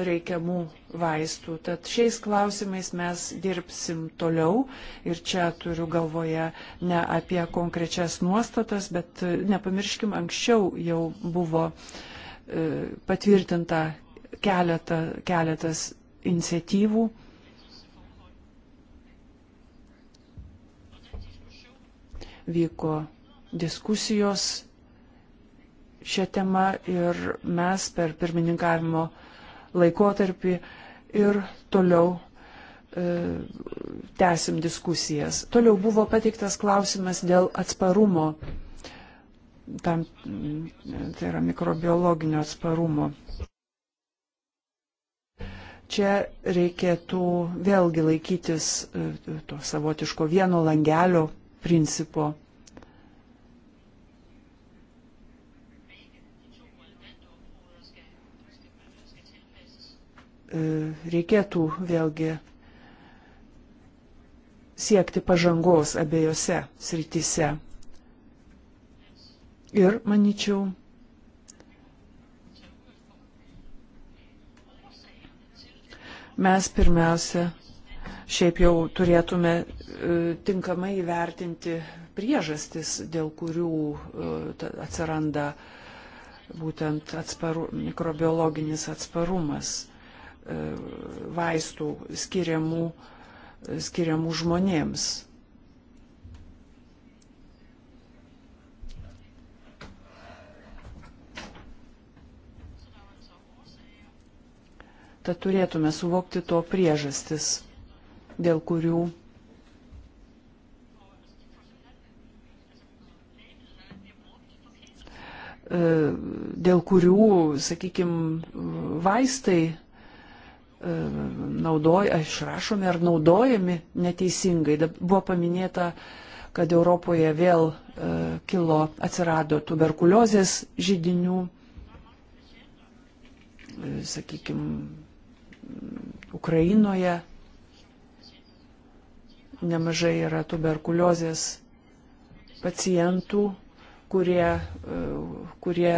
reikiamų vaistų. Tad šiais klausimais mes dirbsim toliau ir čia turiu galvoje ne apie konkrečias nuostatas, bet e, nepamirškim, anksčiau jau buvo e, patvirtinta keletą, keletas iniciatyvų. Vyko diskusijos šią temą ir mes per pirmininkavimo laikotarpį ir toliau e, tęsim diskusijas. Toliau buvo pateiktas klausimas dėl atsparumo, tam, tai yra mikrobiologinio atsparumo. Čia reikėtų vėlgi laikytis e, to savotiško vieno langelio principo. E, reikėtų vėlgi siekti pažangos abiejose srityse. Ir, manyčiau, mes pirmiausia šiaip jau turėtume e, tinkamai įvertinti priežastis, dėl kurių e, atsiranda būtent atsparu, mikrobiologinis atsparumas vaistų skiriamų, skiriamų žmonėms. Tad turėtume suvokti to priežastis, dėl kurių dėl kurių, sakykime, vaistai E, naudoj, išrašomi ar naudojami neteisingai. Buvo paminėta, kad Europoje vėl e, kilo, atsirado tuberkuliozės žydinių, e, sakykime, Ukrainoje nemažai yra tuberkuliozės pacientų, kurie, kurie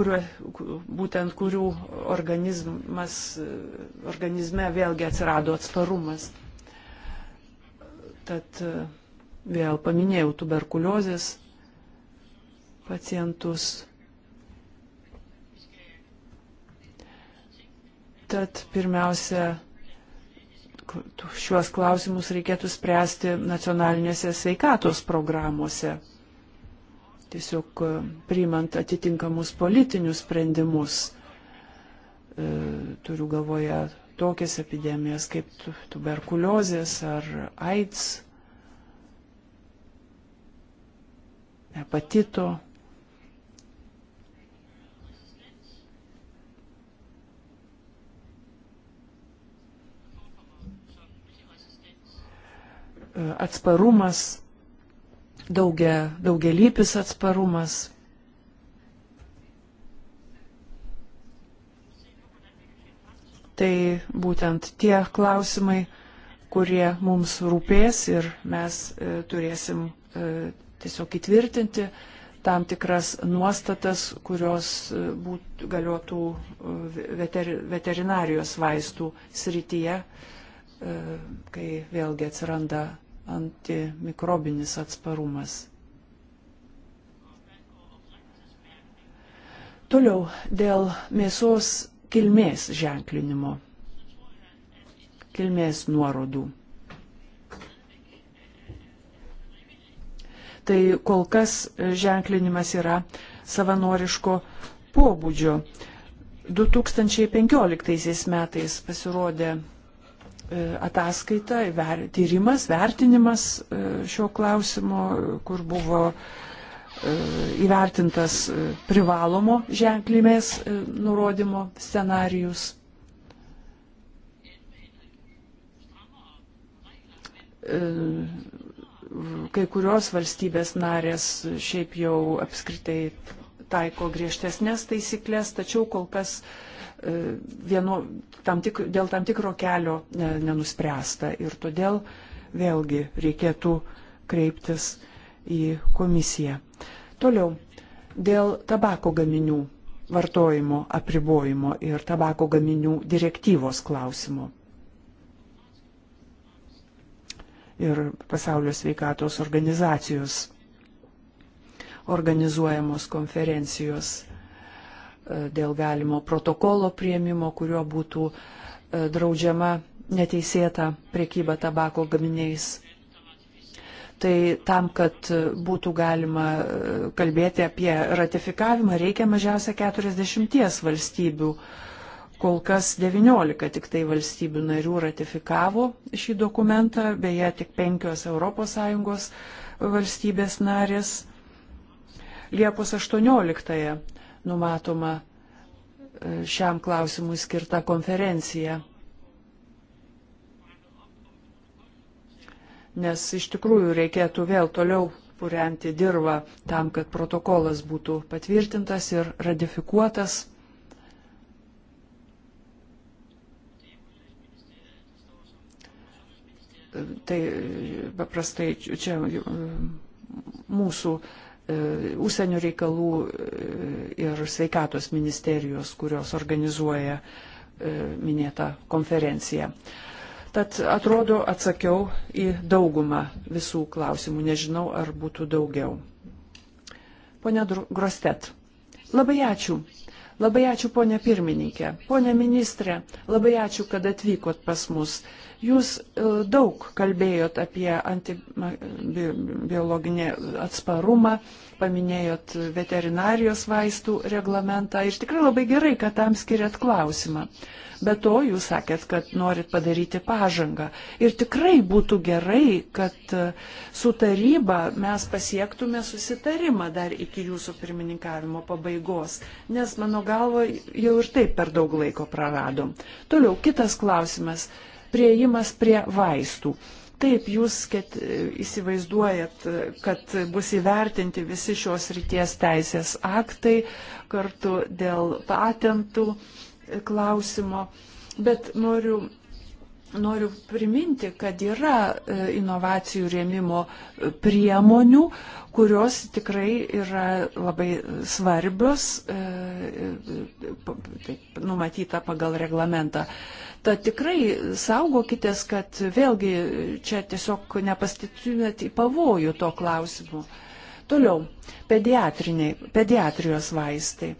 kurio, būtent kurių organizmas, organizme vėlgi atsirado atsparumas. Tad vėl paminėjau tuberkuliozės pacientus. Tad pirmiausia, šiuos klausimus reikėtų spręsti nacionalinėse sveikatos programuose tiesiog e, priimant atitinkamus politinius sprendimus. E, turiu galvoje tokias epidemijas kaip tuberkuliozės ar AIDS, hepatito. E, atsparumas daugia, daugialypis atsparumas. Tai būtent tie klausimai, kurie mums rūpės ir mes e, turėsim e, tiesiog įtvirtinti tam tikras nuostatas, kurios e, būt, galėtų e, veter, veterinarijos vaistų srityje, e, kai vėlgi atsiranda antimikrobinis atsparumas. Toliau dėl mėsos kilmės ženklinimo, kilmės nuorodų. Tai kol kas ženklinimas yra savanoriško pobūdžio. 2015 metais pasirodė E, ataskaita, ver, tyrimas, vertinimas e, šio klausimo, kur buvo e, įvertintas privalomo ženklymės nurodymo scenarijus. Kai kurios valstybės narės šiaip jau apskritai taiko griežtesnės taisyklės, tačiau kol kas uh, E, vienu, tam tik, dėl tam tikro kelio e, nenuspręsta. Ir todėl vėlgi reikėtų kreiptis į komisiją. Toliau, dėl tabako gaminių vartojimo apribojimo ir tabako gaminių direktyvos klausimo. Ir pasaulio sveikatos organizacijos organizuojamos konferencijos E, dėl galimo protokolo prieimimo, kuriuo būtų e, draudžiama neteisėta priekyba tabako gaminiais. Tai tam, kad būtų galima e, kalbėti apie ratifikavimą, reikia mažiausia 40 valstybių. Kol kas 19 tik tai valstybių narių ratifikavo šį dokumentą, beje, tik 5 ES valstybės narės. Liepos 18 numatoma e, šiam klausimui skirta konferencija. Nes iš tikrųjų reikėtų vėl toliau purenti dirbą tam, kad protokolas būtų patvirtintas ir ratifikuotas. Tai paprastai čia e, mūsų E, užsienio reikalų e, ir sveikatos ministerijos, kurios organizuoja e, minėtą konferenciją. Tad atrodo atsakiau į daugumą visų klausimų, nežinau ar būtų daugiau. Pone Grostet, labai ačiū. Labai ačiū, ponė pirmininkė. Pone ministrė, labai ačiū, kad atvykot pas mus. Uh, Jūs e, daug kalbėjot apie antibiologinį atsparumą, paminėjot veterinarijos vaistų reglamentą ir tikrai labai gerai, kad tam skiriat klausimą. Be to, jūs sakėt, kad norit padaryti pažangą. Ir tikrai būtų gerai, kad e, su taryba mes pasiektume susitarimą dar iki jūsų pirmininkavimo pabaigos, nes mano galvo jau ir taip per daug laiko praradom. Toliau kitas klausimas prieimas prie vaistų. Taip, jūs ket, įsivaizduojat, kad bus įvertinti visi šios ryties teisės aktai kartu dėl patentų klausimo, bet noriu noriu priminti, kad yra e, inovacijų rėmimo priemonių, kurios tikrai yra labai svarbios, e, e, taip numatyta pagal reglamentą. Tad tikrai saugokitės, kad vėlgi čia tiesiog nepastitutumėt į pavojų to klausimu. Toliau, pediatrijos vaistai.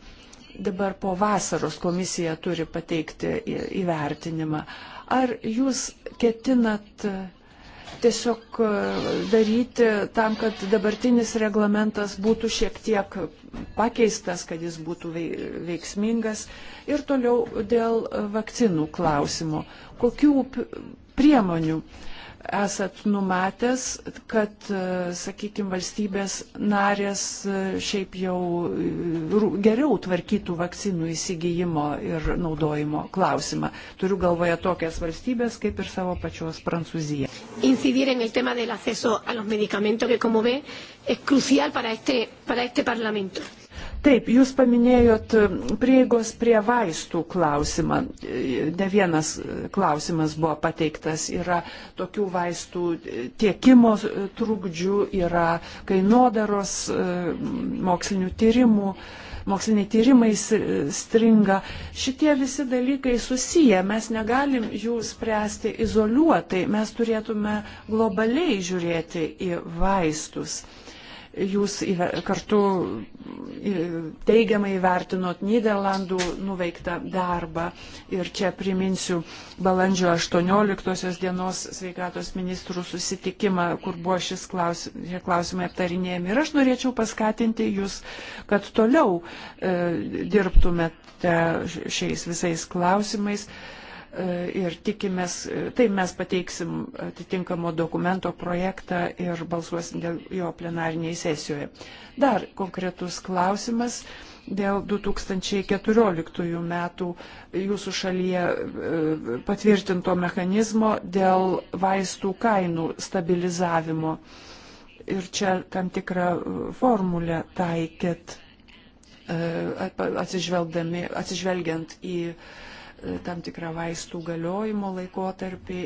Dabar po vasaros komisija turi pateikti įvertinimą. Ar jūs ketinat tiesiog e, daryti tam, kad dabartinis reglamentas būtų šiek tiek pakeistas, kad jis būtų veiksmingas. Ir toliau dėl vakcinų klausimo. Kokių priemonių esat numatęs, kad, e, sakykime, valstybės narės e, šiaip jau e, geriau tvarkytų vakcinų įsigijimo ir naudojimo klausimą. Turiu galvoje tokias valstybės kaip ir savo pačios Prancūziją. Incidir en el tema del acceso a los medicamentos, que como ve, es crucial para este, para este Parlamento. Taip, jūs paminėjot e, prieigos prie vaistų klausimą. E, ne vienas e, klausimas buvo pateiktas. Yra tokių vaistų tiekimo trūkdžių, yra kainodaros mokslinių tyrimų moksliniai tyrimai stringa. Šitie visi dalykai susiję, mes negalim jų spręsti izoliuotai, mes turėtume globaliai žiūrėti į vaistus jūs kartu teigiamai vertinot Niderlandų nuveiktą darbą. Ir čia priminsiu balandžio 18 dienos sveikatos ministrų susitikimą, kur buvo šis klausim, klausimai aptarinėjami. Ir aš norėčiau paskatinti jūs, kad toliau e, dirbtumėte šiais visais klausimais. E, E, ir tikimės, e, tai mes pateiksim atitinkamo dokumento projektą ir balsuosim dėl jo plenariniai sesijoje. Dar konkretus klausimas dėl 2014 metų jūsų šalyje e, patvirtinto mechanizmo dėl vaistų kainų stabilizavimo. Ir čia tam tikrą formulę taikėt atsižvelgiant į uh, tam tikrą vaistų galiojimo laikotarpį,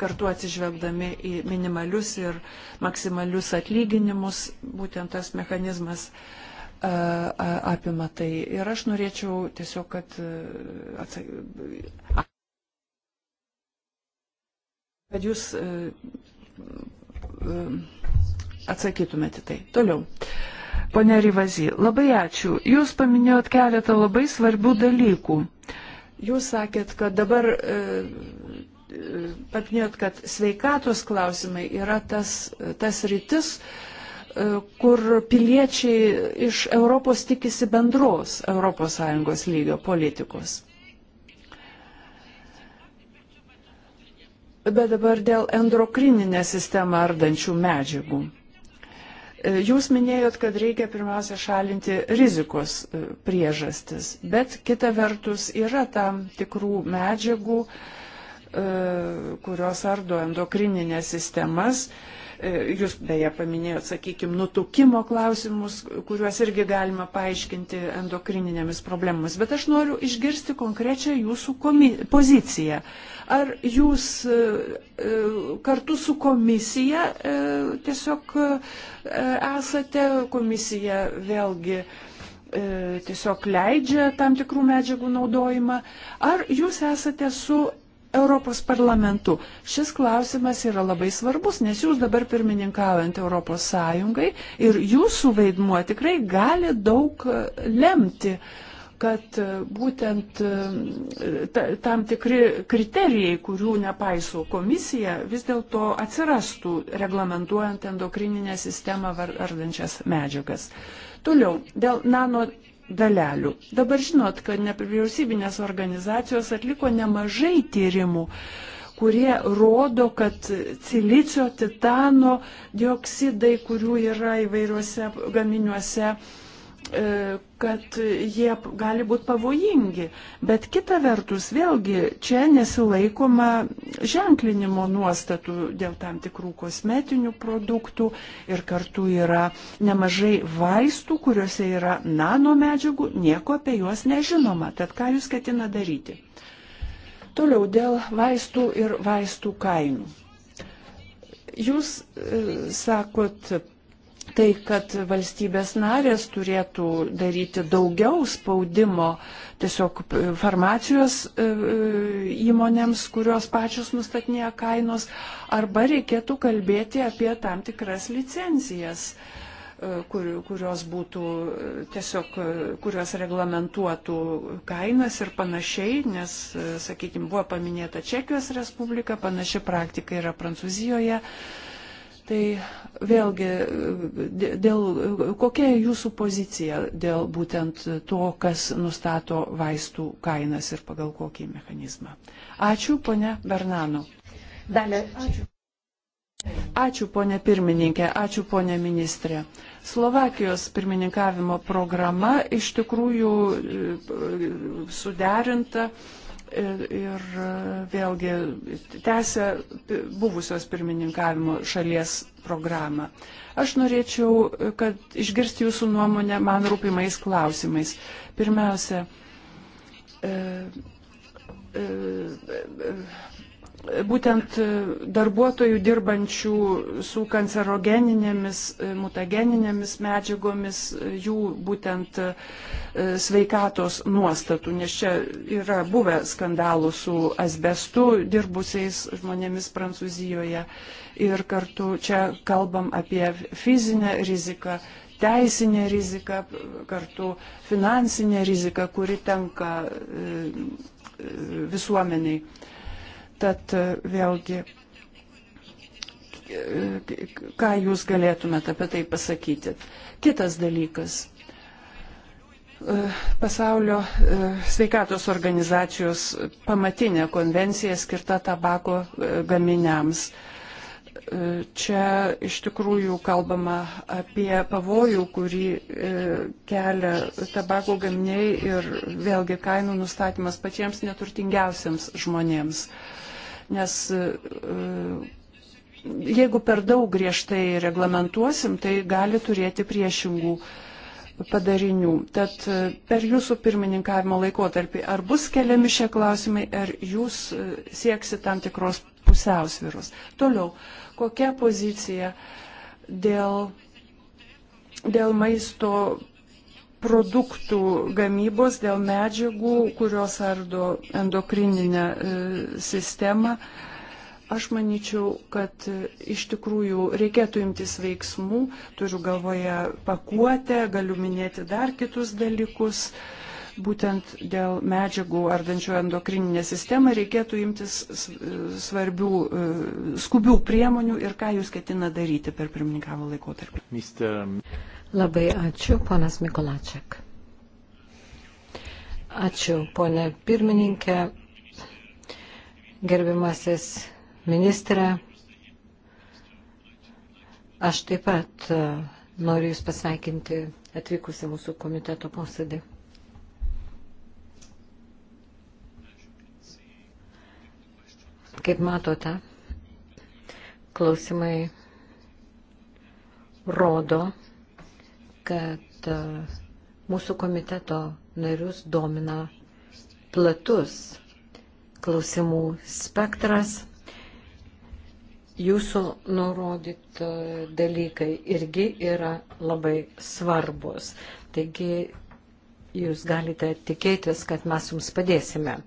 kartu atsižvelgdami į minimalius ir maksimalius atlyginimus, būtent tas mechanizmas apima tai. Ir aš norėčiau tiesiog, kad atsak... kad jūs atsakytumėte tai. Toliau. Pone Rivazy, labai ačiū. Jūs paminėjot keletą labai svarbių dalykų. Uh, Jūs sakėt, kad dabar e, e, paminėjot, kad sveikatos klausimai yra tas, tas rytis, e, kur piliečiai iš Europos tikisi bendros ES lygio politikos. Bet dabar dėl endokrininę sistemą ardančių medžiagų. Jūs minėjot, kad reikia pirmiausia šalinti rizikos e, priežastis, bet kita vertus yra tam tikrų medžiagų, e, kurios ardo endokrininės sistemas, E, jūs beje paminėjot, sakykime, nutukimo klausimus, kuriuos irgi galima paaiškinti endokrininėmis problemomis. Bet aš noriu išgirsti konkrečią jūsų poziciją. Ar jūs e, e, kartu su komisija tiesiog esate, komisija vėlgi tiesiog leidžia tam tikrų medžiagų naudojimą, ar jūs esate su Europos parlamentu. Šis klausimas yra labai svarbus, nes jūs dabar pirmininkaujant Europos Sąjungai ir jūsų vaidmuo tikrai gali daug e, lemti kad e, būtent e, tam tikri kriterijai, kurių nepaiso komisija, vis dėlto atsirastų reglamentuojant endokrininę sistemą vardančias medžiagas. Toliau, dėl nano dalelių. Dabar žinot, kad neprivyriausybinės organizacijos atliko nemažai tyrimų kurie rodo, kad silicio titano dioksidai, kurių yra įvairiuose gaminiuose, uh, E, kad jie gali būti pavojingi. Bet kita vertus, vėlgi, čia nesilaikoma ženklinimo nuostatų dėl tam tikrų kosmetinių produktų ir kartu yra nemažai vaistų, kuriuose yra nanomedžiagų, nieko apie juos nežinoma. Tad ką jūs ketina daryti? Toliau dėl vaistų ir vaistų kainų. Jūs e, sakot, tai, kad valstybės narės turėtų daryti daugiau spaudimo tiesiog farmacijos e, e, įmonėms, kurios pačios nustatinėja kainos, arba reikėtų kalbėti apie tam tikras licencijas, e, kur, kurios būtų tiesiog, kurios reglamentuotų kainas ir panašiai, nes, sakykime, buvo paminėta Čekijos Respublika, panaši praktika yra Prancūzijoje. Tai vėlgi, dėl, kokia jūsų pozicija dėl būtent to, kas nustato vaistų kainas ir pagal kokį mechanizmą? Ačiū, ponia Bernanu. Dalė, ačiū. Ačiū, ponė pirmininkė, ačiū, ponė ministrė. Slovakijos pirmininkavimo programa iš tikrųjų e, suderinta ir vėlgi tęsia buvusios pirmininkavimo šalies programą. Aš norėčiau, kad išgirsti jūsų nuomonę man rūpimais klausimais. Pirmiausia, e, e, būtent e, darbuotojų dirbančių su kancerogeninėmis, e, mutageninėmis medžiagomis, e, jų būtent sveikatos nuostatų, nes čia yra buvę skandalų su asbestu dirbusiais žmonėmis Prancūzijoje ir kartu čia kalbam apie fizinę riziką teisinė rizika, kartu finansinė rizika, kuri tenka visuomeniai. Tad e, vėlgi, ką jūs galėtumėte apie tai pasakyti? Kitas dalykas. E, Pasaulio e, sveikatos organizacijos pamatinė konvencija skirta tabako gaminiams čia iš tikrųjų kalbama apie pavojų, kurį kelia tabako gaminiai ir vėlgi kainų nustatymas pačiems neturtingiausiams žmonėms. Uh, nes e, jeigu per daug griežtai reglamentuosim, tai gali turėti priešingų padarinių. Tad e, per jūsų pirmininkavimo laikotarpį ar bus keliami šie klausimai, ar jūs e, sieksite tam tikros pusiausvirus. Toliau, kokia pozicija dėl, dėl maisto produktų gamybos, dėl medžiagų, kurios ardo endokrininę e, sistemą. Aš manyčiau, kad e, iš tikrųjų reikėtų imtis veiksmų, turiu galvoje pakuotę, galiu minėti dar kitus dalykus. Būtent dėl medžiagų ardančių endokrininę sistemą reikėtų imtis svarbių, e, skubių priemonių ir ką jūs ketina daryti per pirmininkavo laikotarpį. Mister... Labai ačiū, ponas Mikolačiak. Ačiū, ponė pirmininkė, gerbimasis ministrė. Aš taip pat e, noriu Jūs pasveikinti atvykusią mūsų komiteto posėdį. Kaip matote, klausimai rodo, kad e, mūsų komiteto narius domina platus klausimų spektras, jūsų nurodyti e, dalykai irgi yra labai svarbus. Taigi jūs galite tikėtis, kad mes jums padėsime.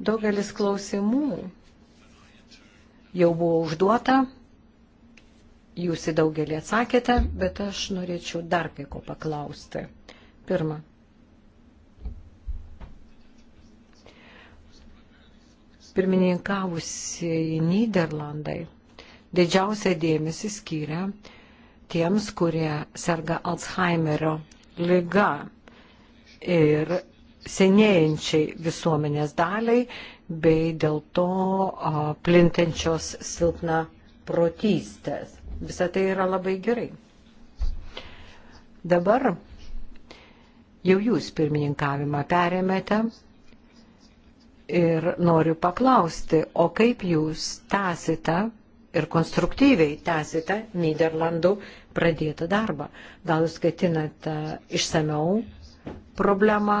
Daugelis klausimų jau buvo užduota Jūs į daugelį atsakėte, bet aš norėčiau dar kai ko paklausti. Pirma. Pirmininkavusiai Niderlandai didžiausia dėmesį skyrė tiems, kurie serga Alzheimerio lyga ir senėjančiai visuomenės daliai bei dėl to plintančios silpna protystės. Visą tai yra labai gerai. Dabar jau jūs pirmininkavimą perėmėte ir noriu paklausti, o kaip jūs tęsite ir konstruktyviai tęsite Niderlandų pradėtą darbą? Gal jūs ketinate išsameu problemą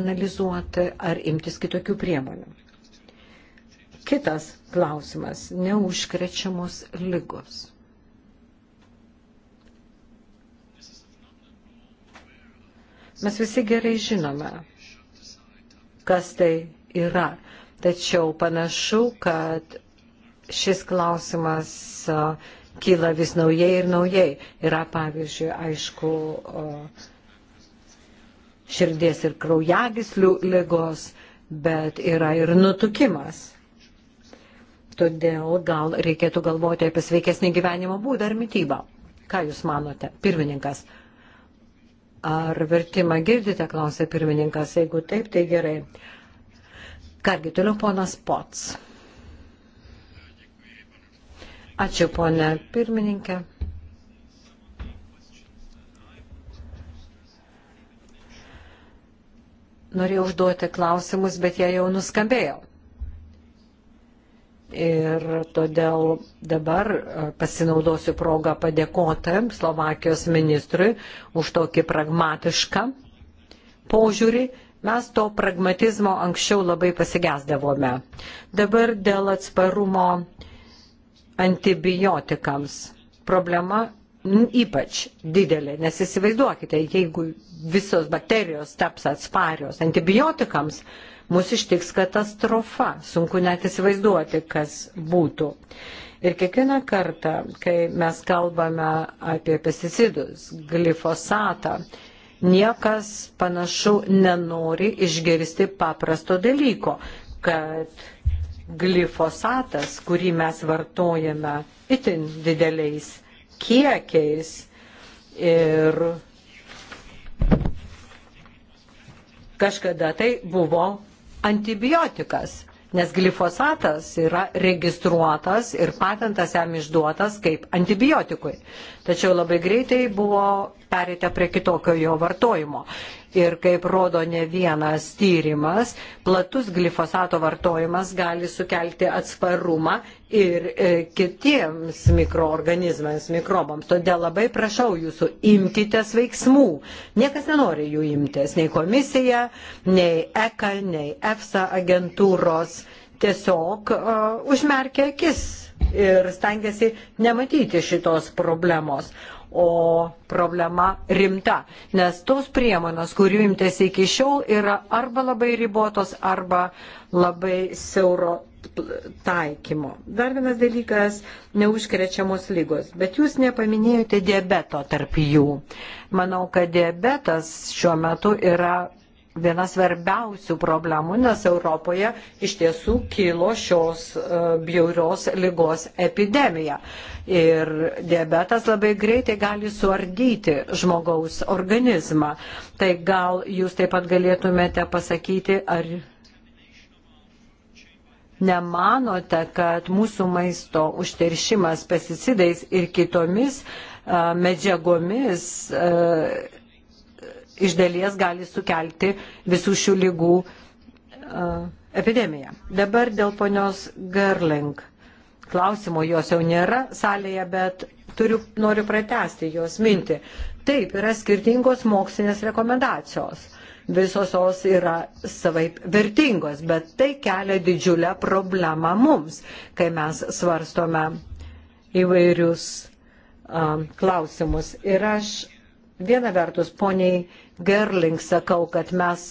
analizuoti ar imtis kitokių priemonių? Kitas klausimas - neužkrečiamos lygos. Mes visi gerai žinome, kas tai yra. Tačiau panašu, kad šis klausimas kyla vis naujai ir naujai. Yra, pavyzdžiui, aišku, širdies ir kraujagislių lygos, bet yra ir nutukimas. Todėl gal reikėtų galvoti apie sveikesnį gyvenimo būdą ar mytybą. Ką Jūs manote, pirmininkas? Ar vertimą girdite, klausė pirmininkas. Jeigu taip, tai gerai. Kągi, toliau ponas Pots. Ačiū, ponė pirmininkė. Norėjau užduoti klausimus, bet jie jau nuskambėjo. Ir todėl dabar e, pasinaudosiu progą padėkoti Slovakijos ministrui už tokį pragmatišką požiūrį. Mes to pragmatizmo anksčiau labai pasigesdavome. Dabar dėl atsparumo antibiotikams problema ypač didelė, nes įsivaizduokite, jeigu visos bakterijos taps atsparios antibiotikams, mus ištiks katastrofa. Sunku net įsivaizduoti, kas būtų. Ir kiekvieną kartą, kai mes kalbame apie pesticidus, glifosatą, niekas panašu nenori išgirsti paprasto dalyko, kad glifosatas, kurį mes vartojame itin dideliais kiekiais ir kažkada tai buvo antibiotikas, nes glifosatas yra registruotas ir patentas jam išduotas kaip antibiotikui. Tačiau labai greitai buvo perėta prie kitokio jo vartojimo ir kaip rodo ne vienas tyrimas, platus glifosato vartojimas gali sukelti atsparumą ir e, kitiems mikroorganizmams, mikrobams. Todėl labai prašau jūsų, imkitės veiksmų. Niekas nenori jų imtis, nei komisija, nei ECA, nei EFSA agentūros. Tiesiog uh, e, užmerkia akis ir stengiasi nematyti šitos problemos o problema rimta, nes tos priemonės, kurių imtės iki šiol, yra arba labai ribotos, arba labai siauro taikymo. Dar vienas dalykas - neužkrečiamos lygos, bet jūs nepaminėjote diabeto tarp jų. Manau, kad diabetas šiuo metu yra viena svarbiausių problemų, nes Europoje iš tiesų kilo šios e, bjaurios lygos epidemija. Ir diabetas labai greitai gali suardyti žmogaus organizmą. Tai gal jūs taip pat galėtumėte pasakyti, ar nemanote, kad mūsų maisto užteršimas pesticidais ir kitomis e, medžiagomis e, iš dalies gali sukelti visų šių lygų uh, e, epidemiją. Dabar dėl ponios Gerling. Klausimo jos jau nėra salėje, bet turiu, noriu pratesti jos mintį. Taip, yra skirtingos mokslinės rekomendacijos. Visos jos yra savaip vertingos, bet tai kelia didžiulę problemą mums, kai mes svarstome įvairius um, klausimus. Ir aš Viena vertus, poniai Gerling sakau, kad mes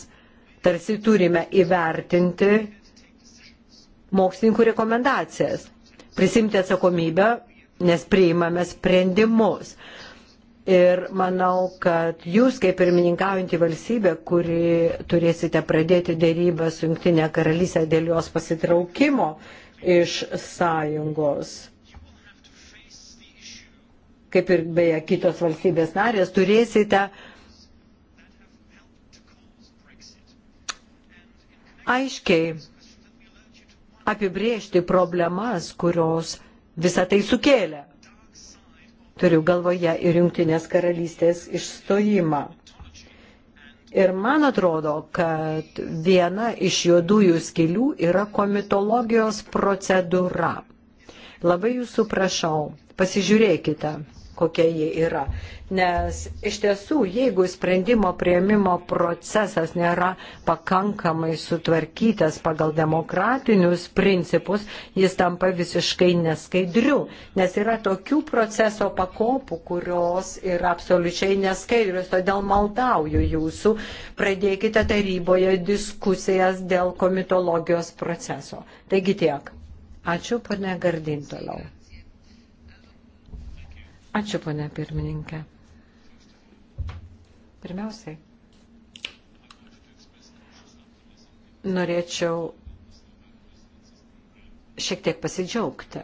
tarsi turime įvertinti mokslininkų rekomendacijas, prisimti atsakomybę, nes priimame sprendimus. Ir manau, kad jūs, kaip pirmininkaujantį valstybę, kuri turėsite pradėti dėrybę su Junktinė karalystė dėl jos pasitraukimo iš sąjungos, kaip ir beje kitos valstybės narės, turėsite uh, aiškiai apibriežti problemas, kurios visą tai sukėlė. Turiu galvoje ir Junktinės karalystės išstojimą. Ir man atrodo, kad viena iš juodųjų skilių yra komitologijos procedūra. Labai jūsų prašau, pasižiūrėkite kokia ji yra. Nes iš tiesų, jeigu sprendimo prieimimo procesas nėra pakankamai sutvarkytas pagal demokratinius principus, jis tampa visiškai neskaidriu. Nes yra tokių proceso pakopų, kurios yra absoliučiai neskaidrius. Todėl maldauju jūsų, pradėkite taryboje diskusijas dėl komitologijos proceso. Taigi tiek. Ačiū, pane Gardin, toliau. Ačiū, ponė pirmininkė. Pirmiausiai, norėčiau šiek tiek pasidžiaugti,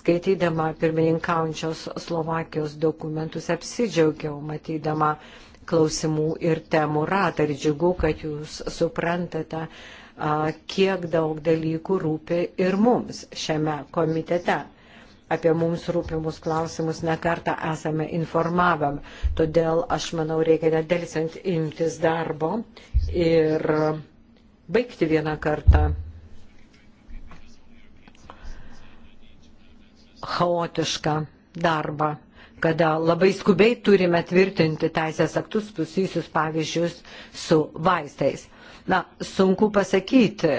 skaitydama pirmininkaujančios Slovakijos dokumentus apsidžiaugiau, matydama klausimų ir temų ratą ir džiugu, kad jūs suprantate, kiek daug dalykų rūpi ir mums šiame komitete apie mums rūpimus klausimus nekartą esame informavę. Todėl aš manau, reikia nedelsiant imtis darbo ir baigti vieną kartą chaotišką darbą kada labai skubiai turime tvirtinti teisės aktus susijusius pavyzdžius su vaistais. Na, sunku pasakyti,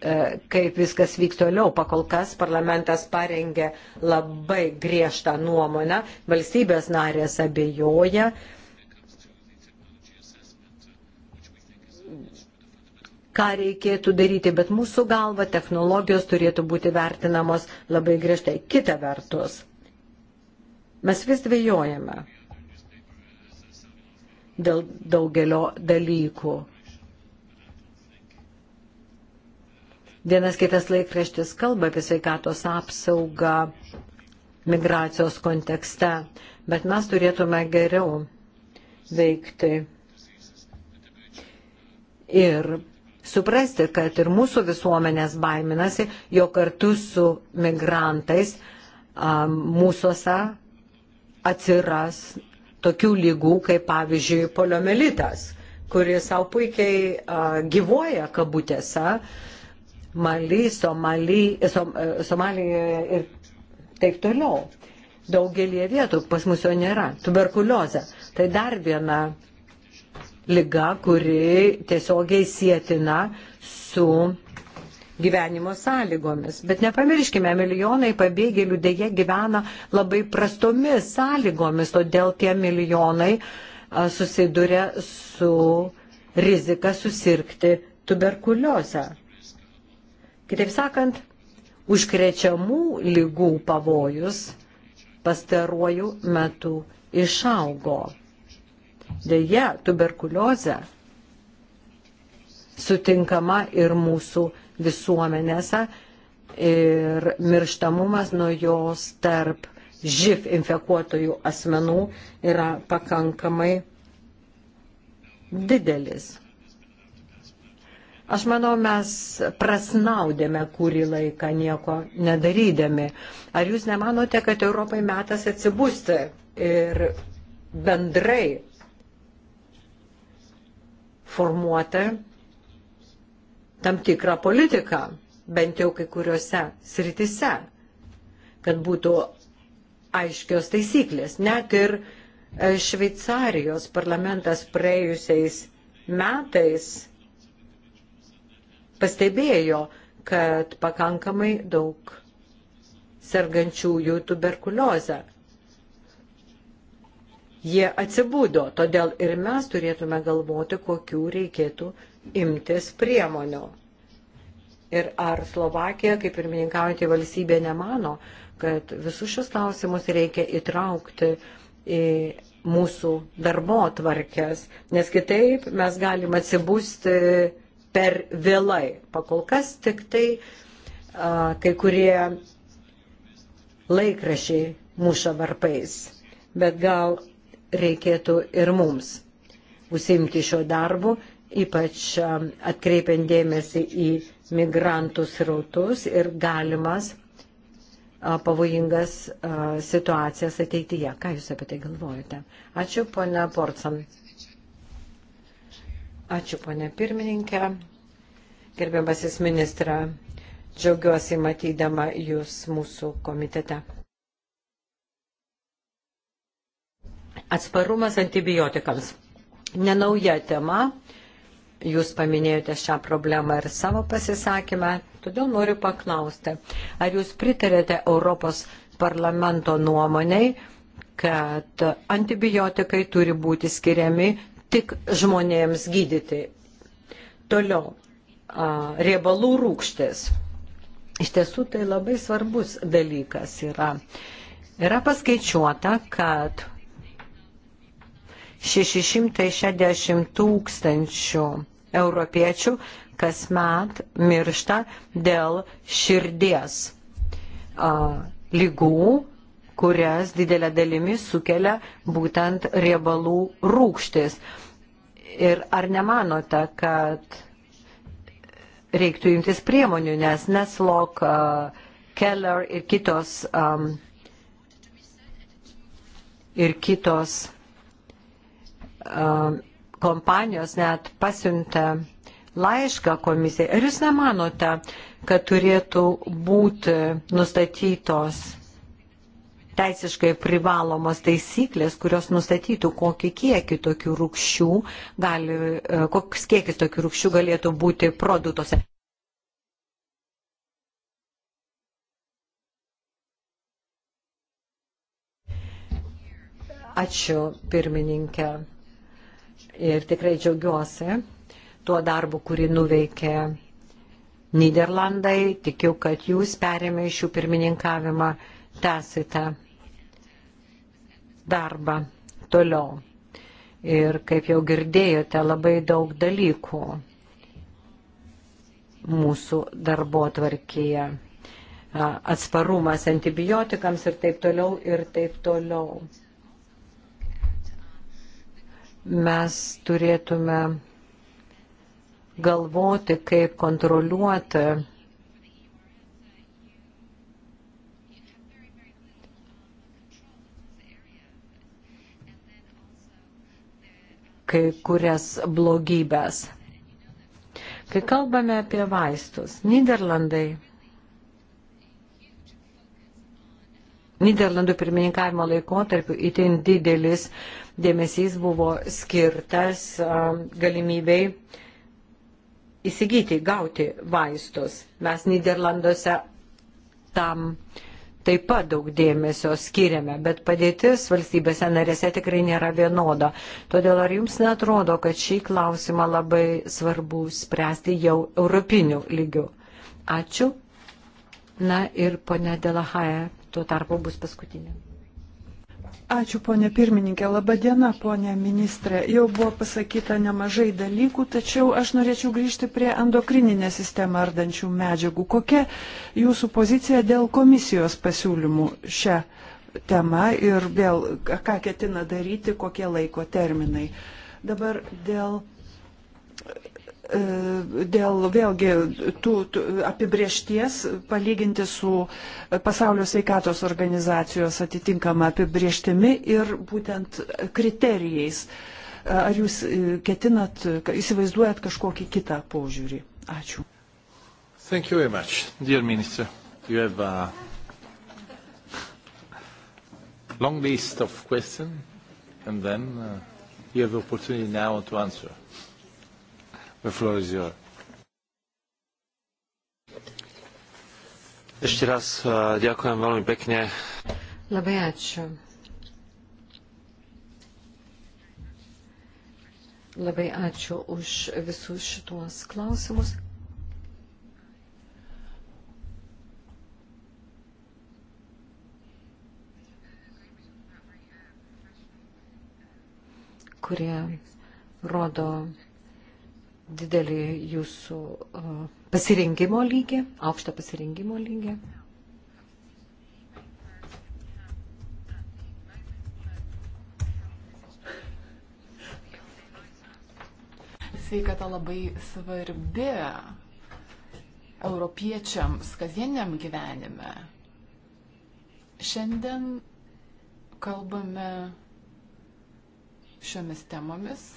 E, kaip viskas vyks toliau. Pakol kas parlamentas parengė labai griežtą nuomonę, valstybės narės abejoja. ką reikėtų daryti, bet mūsų galva technologijos turėtų būti vertinamos labai griežtai. Kita vertus, mes vis dvėjojame dėl daugelio dalykų Vienas kitas laikraštis kalba apie sveikatos apsaugą migracijos kontekste, bet mes turėtume geriau veikti ir suprasti, kad ir mūsų visuomenės baiminasi, jo kartu su migrantais mūsųse atsiras tokių lygų, kaip pavyzdžiui poliomelitas, kuris savo puikiai gyvoja kabutėse, Mali, Somali, Som, e, Somalijoje ir taip toliau. Daugelie vietų pas mus jo nėra. Tuberkuliozė. Tai dar viena lyga, kuri tiesiogiai sėtina su gyvenimo sąlygomis. Bet nepamirškime, milijonai pabėgėlių dėje gyvena labai prastomis sąlygomis, todėl tie milijonai susiduria su rizika susirgti tuberkuliozę. Kitaip sakant, užkrečiamų lygų pavojus pastaruoju metu išaugo. Deja, tuberkuliozė sutinkama ir mūsų visuomenėse ir mirštamumas nuo jos tarp živ infekuotojų asmenų yra pakankamai didelis. Aš manau, mes prasnaudėme kurį laiką nieko nedarydami. Ar jūs nemanote, kad Europai metas atsibusti ir bendrai formuoti tam tikrą politiką, bent jau kai kuriuose sritise, kad būtų aiškios taisyklės. Net ir e, Šveicarijos parlamentas praėjusiais metais pastebėjo, kad pakankamai daug sergančiųjų tuberkuliozę. Jie atsibūdo, todėl ir mes turėtume galvoti, kokių reikėtų imtis priemonių. Ir ar Slovakija, kaip ir mininkaujantį valstybė, nemano, kad visus šios klausimus reikia įtraukti į mūsų darbo tvarkės, nes kitaip mes galim atsibūsti per vėlai. Pakol kas tik tai a, kai kurie laikrašiai muša varpais, bet gal reikėtų ir mums užsimti šio darbu, ypač atkreipiant dėmesį į migrantų srautus ir galimas pavojingas situacijas ateityje. Ką Jūs apie tai galvojate? Ačiū, ponia Porcam. Ačiū, ponė pirmininkė. Gerbiamasis ministra, džiaugiuosi matydama Jūs mūsų komitete. Atsparumas antibiotikams. Nenauja tema. Jūs paminėjote šią problemą ir savo pasisakymę, todėl noriu paklausti, ar jūs pritarėte Europos parlamento nuomoniai, kad antibiotikai turi būti skiriami tik žmonėms gydyti. Toliau, riebalų rūkštės. Iš tiesų tai labai svarbus dalykas yra. Yra paskaičiuota, kad 660 tūkstančių europiečių kasmet miršta dėl širdies a, lygų kurias didelė dalimi sukelia būtent riebalų rūkštis. Ir ar nemanote, kad reiktų imtis priemonių, nes Neslok, Keller ir kitos, um, ir kitos um, kompanijos net pasiuntė laišką komisijai. Ar jūs nemanote, kad turėtų būti nustatytos teisiškai privalomos taisyklės, kurios nustatytų, kokį kiekį tokių rūkščių gali, e, koks kiekis tokių rūkščių galėtų būti produktuose. Ačiū pirmininkė ir tikrai džiaugiuosi tuo darbu, kurį nuveikė Niderlandai. Tikiu, kad jūs perėmė iš jų pirmininkavimą, tęsite darbą toliau. Ir kaip jau girdėjote, labai daug dalykų mūsų darbo tvarkyje. Atsparumas antibiotikams ir taip toliau, ir taip toliau. Mes turėtume galvoti, kaip kontroliuoti kai kurias blogybės. Kai kalbame apie vaistus, Niderlandai. Niderlandų pirmininkavimo laikotarpiu itin didelis dėmesys buvo skirtas galimybei įsigyti, gauti vaistus. Mes Niderlanduose tam uh, taip pat daug dėmesio skiriame, bet padėtis valstybėse narėse tikrai nėra vienoda. Todėl ar jums netrodo, kad šį klausimą labai svarbu spręsti jau europiniu lygiu? Ačiū. Na ir ponia Delahaja, tuo tarpu bus paskutinė. Ačiū, ponė pirmininkė. Labadiena, ponė ministrė. Jau buvo pasakyta nemažai dalykų, tačiau aš norėčiau grįžti prie endokrininę sistemą ardančių medžiagų. Kokia jūsų pozicija dėl komisijos pasiūlymų šią temą ir vėl ką ketina daryti, kokie laiko terminai? Dabar dėl E, dėl vėlgi tų, tų apibriešties palyginti su pasaulio sveikatos organizacijos atitinkama apibrieštimi ir būtent kriterijais. Ar jūs e, ketinat, įsivaizduojat kažkokį kitą požiūrį? Ačiū. Thank you very much, dear minister. You have a long list of questions and then uh, you have the opportunity now to answer. The floor is yours. Ešte raz eh, ďakujem veľmi pekne. Labai ačiū. Labai ačiū už visus šituos klausimus. kurie rodo didelį jūsų pasirinkimo lygį, aukštą pasirinkimo lygį. Sveikata labai svarbi europiečiams kasdieniam gyvenime. Šiandien kalbame šiomis temomis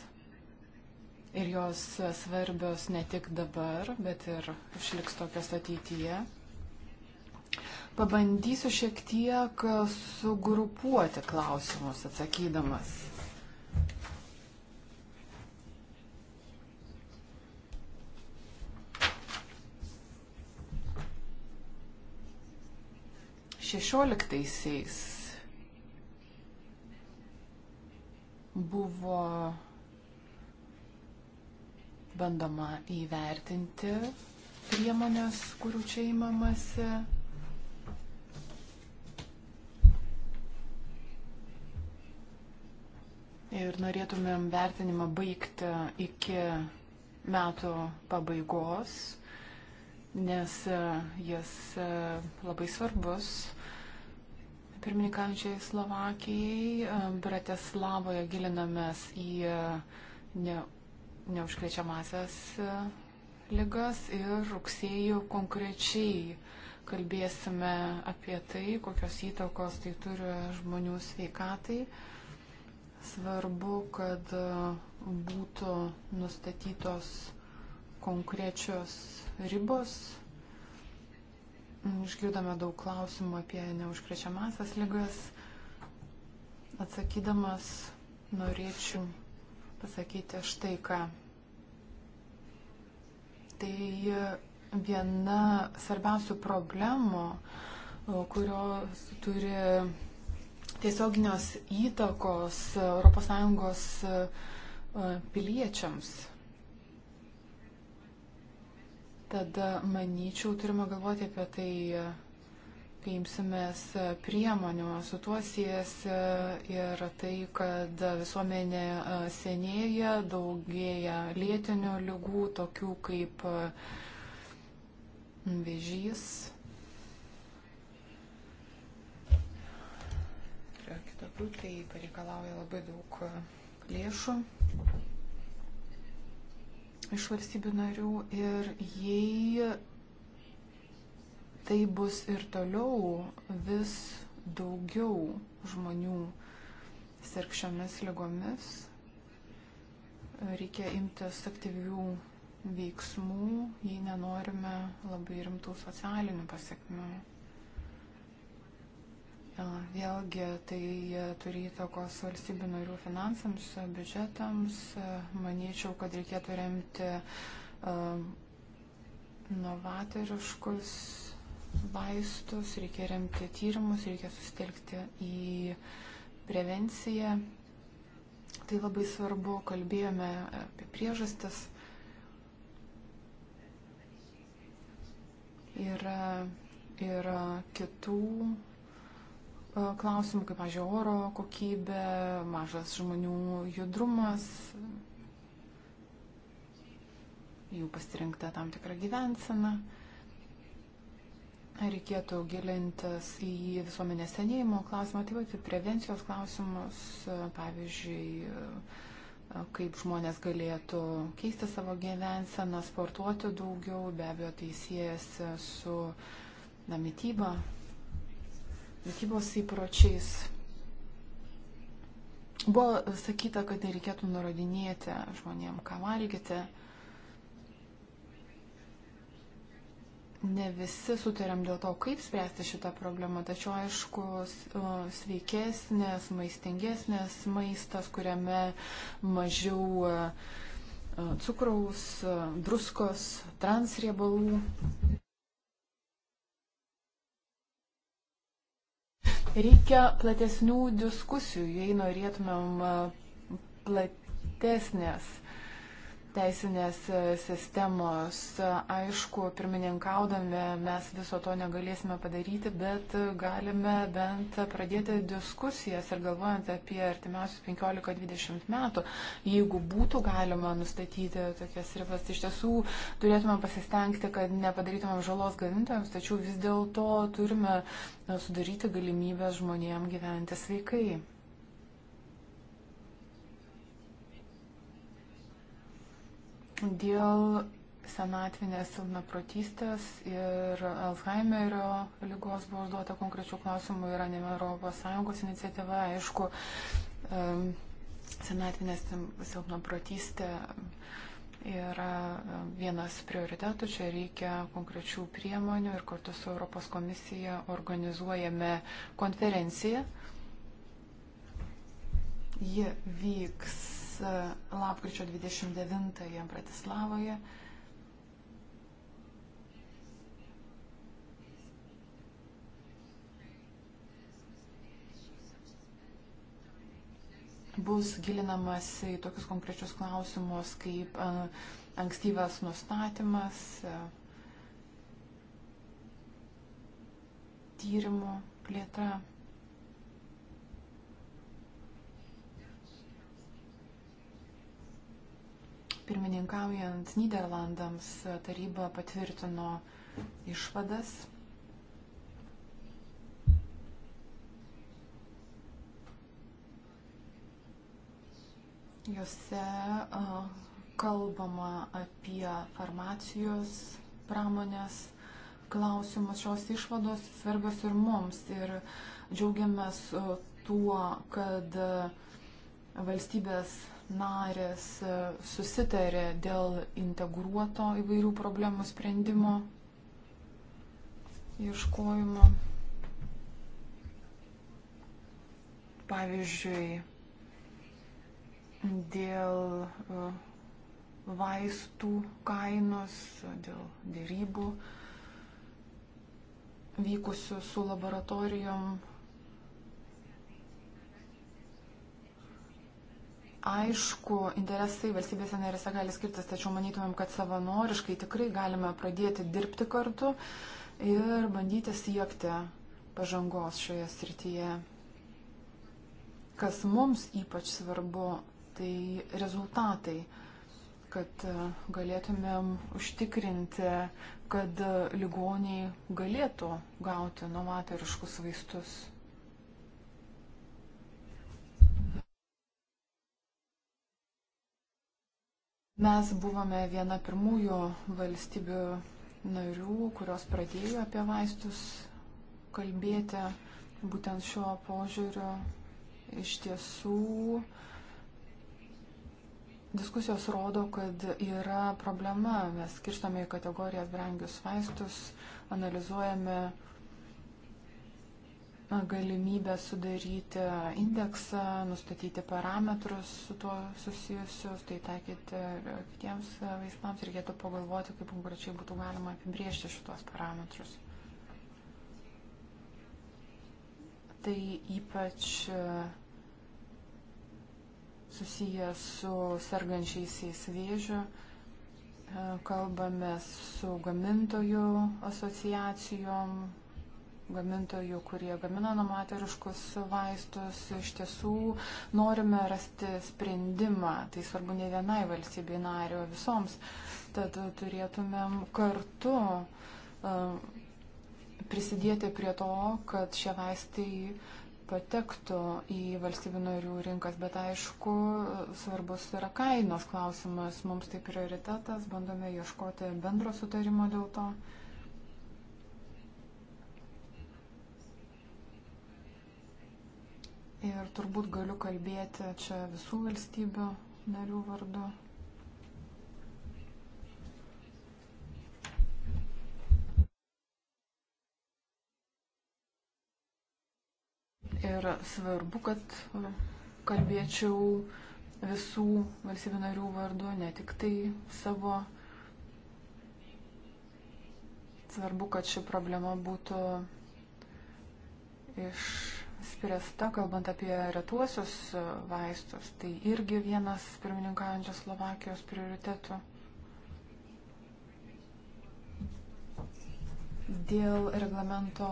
ir jos svarbios ne tik dabar, bet ir išliks tokios ateityje. Pabandysiu šiek tiek sugrupuoti klausimus atsakydamas. Šešioliktaisiais buvo bandoma įvertinti priemonės, kurių čia įmamasi. Ir norėtumėm vertinimą baigti iki metų pabaigos, nes e, jis e, labai svarbus pirmininkaujančiai Slovakijai. E, Bratislavoje gilinamės į ne neužkrečiamasias e, ligas ir rugsėjų konkrečiai kalbėsime apie tai, kokios įtakos tai turi žmonių sveikatai. Svarbu, kad e, būtų nustatytos konkrečios ribos. Išgirdome daug klausimų apie neužkrečiamasias ligas. Atsakydamas norėčiau pasakyti štai ką. Tai viena svarbiausių problemų, kurios turi tiesioginios įtakos ES piliečiams. Tad, manyčiau, turime galvoti apie tai, kai imsimės priemonių, su tuo siejasi e, ir tai, kad visuomenė e, senėja, daugėja lėtinių lygų, tokių kaip e, vėžys. Yra kitokių, tai pareikalauja labai daug lėšų iš valstybių narių ir jei tai bus ir toliau vis daugiau žmonių sirgšiomis lygomis. Reikia imtis aktyvių veiksmų, jei nenorime labai rimtų socialinių pasiekmių. Vėlgi tai turi įtakos valstybių narių finansams, biudžetams. Manyčiau, kad reikėtų remti novatoriškus vaistus, reikia remti tyrimus, reikia sustelkti į prevenciją. Tai labai svarbu, kalbėjome apie priežastis. Yra, yra kitų e, klausimų, kaip, pažiūrėjau, oro kokybė, mažas žmonių judrumas, jų pasirinkta tam tikra gyvensena. Mhm reikėtų gilintis į visuomenės senėjimo klausimą, taip pat į prevencijos klausimus, pavyzdžiui, kaip žmonės galėtų keisti savo gyvenseną, sportuoti daugiau, be abejo, tai siejasi su na, mytyba, mytybos įpročiais. Buvo sakyta, kad nereikėtų nurodinėti žmonėm, ką valgyti. ne visi sutarėm dėl to, kaip spręsti šitą problemą, tačiau aišku, sveikesnės, maistingesnės maistas, kuriame mažiau e, e, cukraus, e, druskos, transriebalų. Reikia platesnių diskusijų, jei norėtumėm platesnės teisinės e, sistemos. Aišku, pirmininkaudami mes viso to negalėsime padaryti, bet galime bent pradėti diskusijas ir galvojant apie artimiausius 15-20 metų, jeigu būtų galima nustatyti tokias ribas, iš tiesų turėtume pasistengti, kad nepadarytumėm žalos gamintojams, tačiau vis dėlto turime e, sudaryti galimybę žmonėm gyventi sveikai. dėl senatvinės silpnaprotystės ir Alzheimerio lygos buvo užduota konkrečių klausimų, yra ne Europos Sąjungos iniciatyva, aišku, senatvinės silpnaprotystė yra vienas prioritetų, čia reikia konkrečių priemonių ir kartu su Europos komisija organizuojame konferenciją. Ji vyks vyks e, lapkričio 29-ąją Bratislavoje. Bus gilinamas į tokius konkrečius klausimus kaip e, ankstyvas nustatymas, e, tyrimų plėtra. Pirmininkaujant Niderlandams taryba patvirtino išvadas. Jose kalbama apie farmacijos pramonės klausimus. Šios išvados svarbios ir mums. Ir džiaugiamės tuo, kad valstybės narės e, susitarė dėl integruoto įvairių problemų sprendimo ieškojimo. Pavyzdžiui, dėl e, vaistų kainos, dėl dėrybų vykusių su laboratorijom Aišku, interesai valstybėse narėse gali skirtis, tačiau manytumėm, kad savanoriškai tikrai galime pradėti dirbti kartu ir bandyti siekti pažangos šioje srityje. Kas mums ypač svarbu, tai rezultatai, kad e, galėtumėm užtikrinti, kad ligoniai galėtų gauti novatoriškus vaistus. Mes buvome viena pirmųjų valstybių narių, kurios pradėjo apie vaistus kalbėti būtent šiuo požiūriu. Iš tiesų, diskusijos rodo, kad yra problema. Mes skirstame į kategorijas brangius vaistus, analizuojame galimybę sudaryti indeksą, nustatyti parametrus su tuo susijusius, tai taikyti kitiems vaistams reikėtų pagalvoti, kaip konkrečiai būtų galima apibriežti šitos parametrus. Tai ypač e, susiję su sergančiaisiais vėžiu. E, kalbame su gamintojų asociacijom, gamintojų, kurie gamina novatoriškus vaistus. Iš tiesų norime rasti sprendimą, tai svarbu ne vienai valstybei nario, o visoms. Tad turėtumėm kartu e, prisidėti prie to, kad šie vaistai patektų į valstybių narių rinkas, bet aišku, svarbus yra kainos klausimas, mums tai prioritetas, bandome ieškoti bendro sutarimo dėl to. ir turbūt galiu kalbėti čia visų valstybių narių vardu. Ir svarbu, kad kalbėčiau visų valstybių narių vardu, ne tik tai savo. Svarbu, kad ši problema būtų iš spręsta, kalbant apie retuosius e, vaistus, tai irgi vienas pirmininkaujančios Slovakijos prioritetų. Dėl reglamento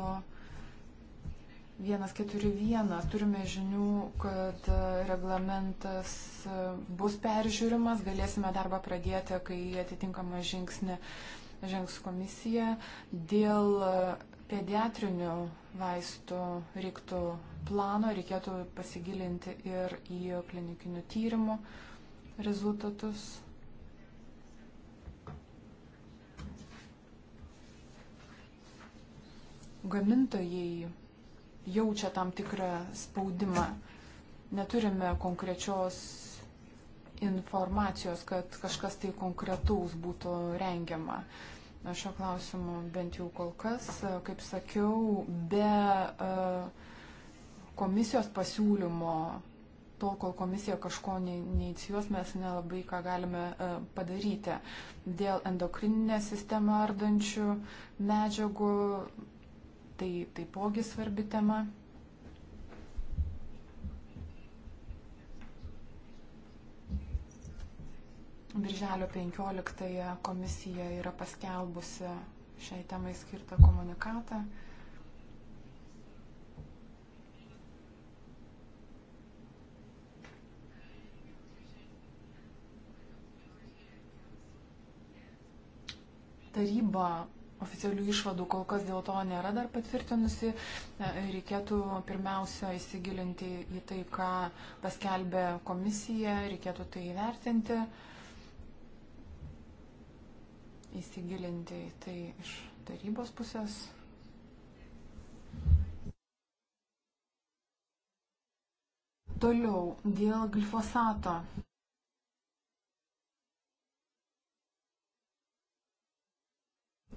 141 turime žinių, kad e, reglamentas e, bus peržiūrimas, galėsime darbą pradėti, kai atitinkama žingsnė žengs komisija. Dėl pediatrinių vaistų reiktų plano, reikėtų pasigilinti ir į klinikinių tyrimų rezultatus. Gamintojai jaučia tam tikrą spaudimą. Neturime konkrečios informacijos, kad kažkas tai konkretaus būtų rengiama. Uh, šio klausimu, bent jau kol kas. Kaip sakiau, be e, komisijos pasiūlymo, tol kol komisija kažko neįcijos, mes nelabai ką galime e, padaryti. Dėl endokrininę sistemą ardančių medžiagų, tai taipogi svarbi tema. Birželio 15 komisija yra paskelbusi šiai temai skirtą komunikatą. Taryba oficialių išvadų kol kas dėl to nėra dar patvirtinusi. E, reikėtų pirmiausia įsigilinti į tai, ką paskelbė komisija, reikėtų tai įvertinti įsigilinti į tai iš tarybos pusės. Toliau, dėl glifosato.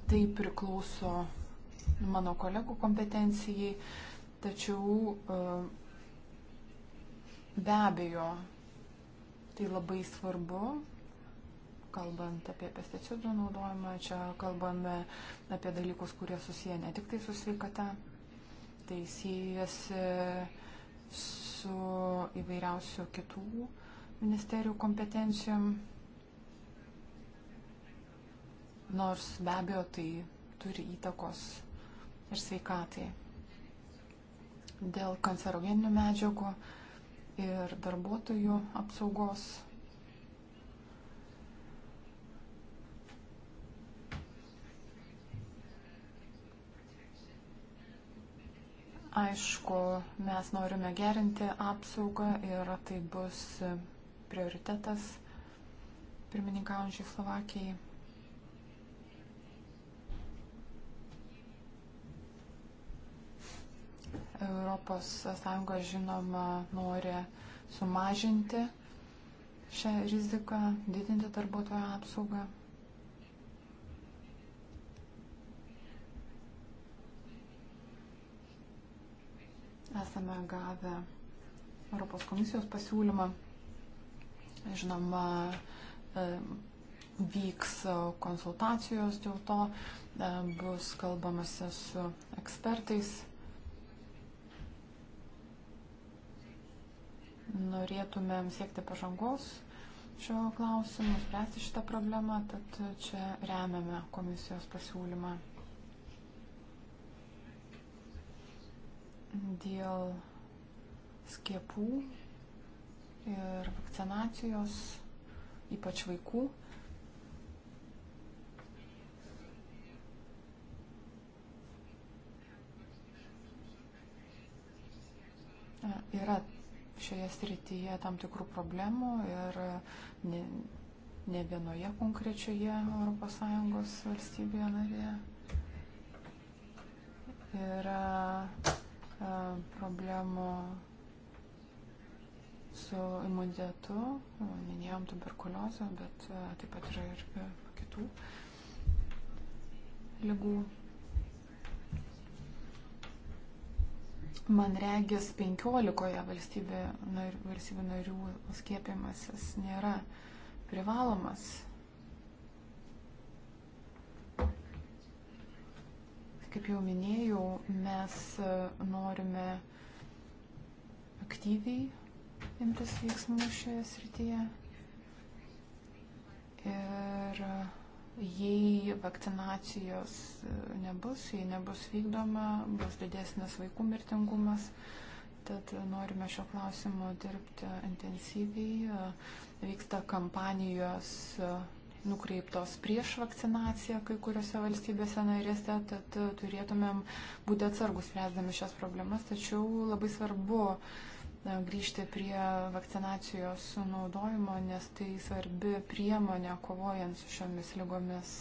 Tai priklauso mano kolegų kompetencijai, tačiau e, be abejo, tai labai svarbu, kalbant apie pesticidų naudojimą, čia kalbame apie dalykus, kurie susiję ne tik tai su sveikata, tai siejasi su įvairiausių kitų ministerijų kompetencijom. Nors be abejo tai turi įtakos ir sveikatai. Dėl kancerogeninių medžiagų ir darbuotojų apsaugos Aišku, mes norime gerinti apsaugą ir tai bus prioritetas pirmininkaujančiai Slovakijai. Europos Sąjunga žinoma nori sumažinti šią riziką, didinti darbuotojo apsaugą. Esame gavę Europos komisijos pasiūlymą. Žinoma, e, vyks konsultacijos dėl to, e, bus kalbamasi su ekspertais. Norėtumėm siekti pažangos šio klausimu, spręsti šitą problemą, tad čia remiame komisijos pasiūlymą. dėl skiepų ir vakcinacijos, ypač vaikų. Yra šioje srityje tam tikrų problemų ir ne, ne vienoje konkrečioje ES valstybėje narėje. Yra E, problemų su imunitetu, e, minėjom tuberkuliozę, bet e, taip pat yra ir kitų lygų. Man regis 15 valstybė, valstybių narių skiepimasis nėra privalomas Kaip jau minėjau, mes e, norime aktyviai imtis veiksmų šioje srityje. Ir e, jei vakcinacijos e, nebus, jei nebus vykdoma, bus didesnis vaikų mirtingumas. Tad norime šio klausimu dirbti intensyviai. Vyksta kampanijos nukreiptos prieš vakcinaciją kai kuriuose valstybėse narėse, tad e, turėtumėm būti atsargus spręsdami šias problemas, tačiau labai svarbu e, grįžti prie vakcinacijos naudojimo, nes tai svarbi priemonė kovojant su šiomis lygomis.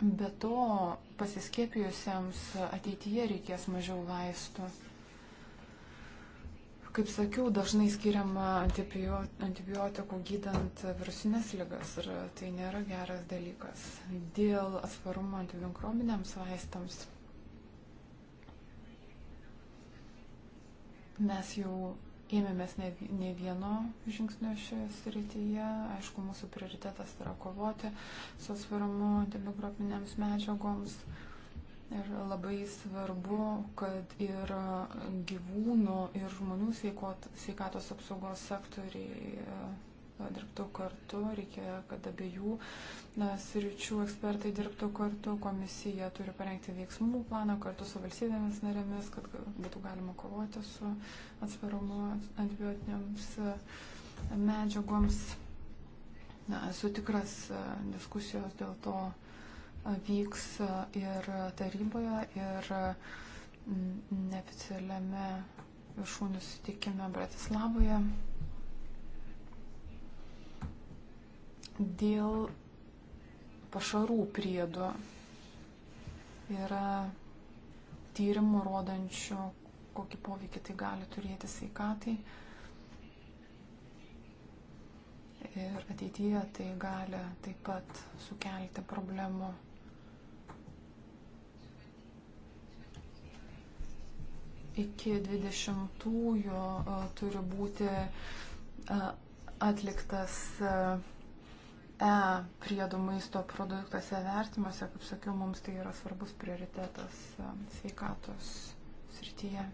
Be to, pasiskėpijusiems ateityje reikės mažiau vaistų. Kaip sakiau, dažnai skiriama antibiotikų gydant virusinės ligas ir tai nėra geras dalykas. Dėl atsparumo antimikrobiniams vaistams mes jau ėmėmės ne, ne vieno žingsnio šioje srityje. Aišku, mūsų prioritetas yra kovoti su atsparumu antimikrobinėms medžiagoms. Uh, Ir labai svarbu, kad ir gyvūnų, ir žmonių sveikatos apsaugos sektoriai dirbtų kartu, reikia, kad abiejų sričių ekspertai dirbtų kartu, komisija turi parengti veiksmų planą kartu su valstybėmis narėmis, kad būtų galima kovoti su atsparumu antibiotinėms medžiagoms. Na, esu tikras diskusijos dėl to vyks e, ir taryboje, ir mm, neoficialiame viršūnių sutikime Bratislavoje. Dėl pašarų priedo yra tyrimų rodančių, kokį poveikį tai gali turėti sveikatai. Ir ateityje tai gali taip pat sukelti problemų iki 20-ųjų e, turi būti e, atliktas E priedų maisto produktuose vertimuose, kaip sakiau, mums tai yra svarbus prioritetas e, sveikatos srityje.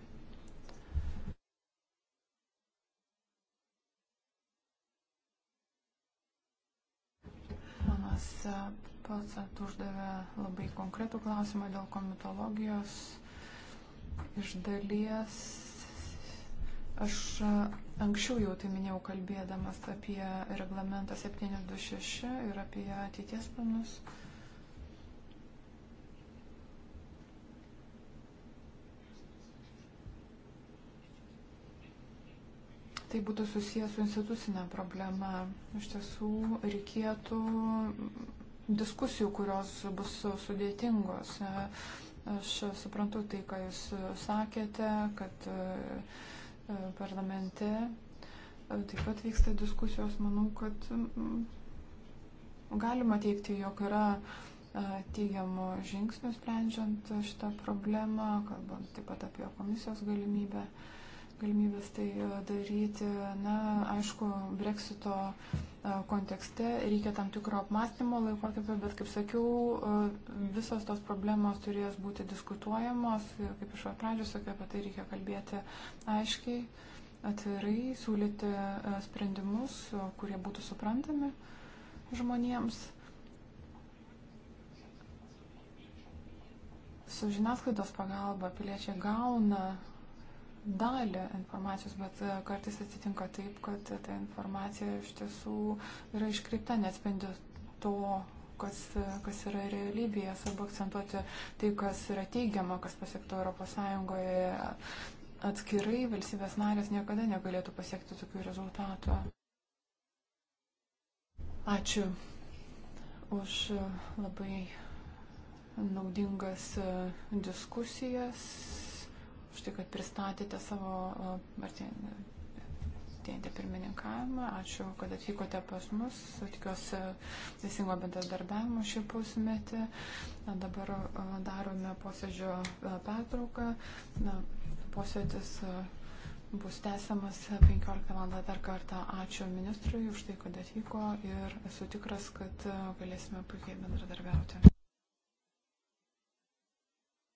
Manas pats uždavė labai konkretų klausimą dėl komitologijos. Iš dalies aš anksčiau jau tai minėjau kalbėdamas apie reglamentą 726 ir apie ateities planus. tai būtų susijęs su institucinė problema. Iš tiesų reikėtų diskusijų, kurios bus sudėtingos Aš suprantu tai, ką Jūs sakėte, kad e, parlamente e, taip pat vyksta diskusijos. Manau, kad mm, galima teikti, jog yra e, teigiamų žingsnių sprendžiant šitą problemą, kalbant taip pat apie komisijos galimybę uh, galimybės tai e, daryti. Na, aišku, breksito e, kontekste reikia tam tikro apmąstymo laikotarpio, bet, kaip sakiau, e, visos tos problemos turės būti diskutuojamos, kaip iš pradžių sakiau, apie tai reikia kalbėti aiškiai, atvirai, siūlyti sprendimus, kurie būtų suprantami žmonėms. Su žiniasklaidos pagalba piliečiai gauna dalį informacijos, bet e, kartais atsitinka taip, kad ta informacija iš tiesų yra iškreipta, nespindi to, kas, kas yra realybėje, svarbu akcentuoti tai, kas yra teigiama, kas pasiekto ES. Atskirai valstybės narės niekada negalėtų pasiekti tokių rezultatų. Ačiū už e, labai naudingas e, diskusijas už tai, kad pristatėte savo artėjantį pirmininkavimą. Ačiū, kad atvykote pas mus. Tikiuosi teisingo bendradarbiavimo šį pusmetį. Na, dabar darome posėdžio pertrauką. Na, posėdis bus tęsiamas 15 val. dar kartą. Ačiū ministrui už tai, kad atvyko ir esu tikras, kad galėsime puikiai bendradarbiauti.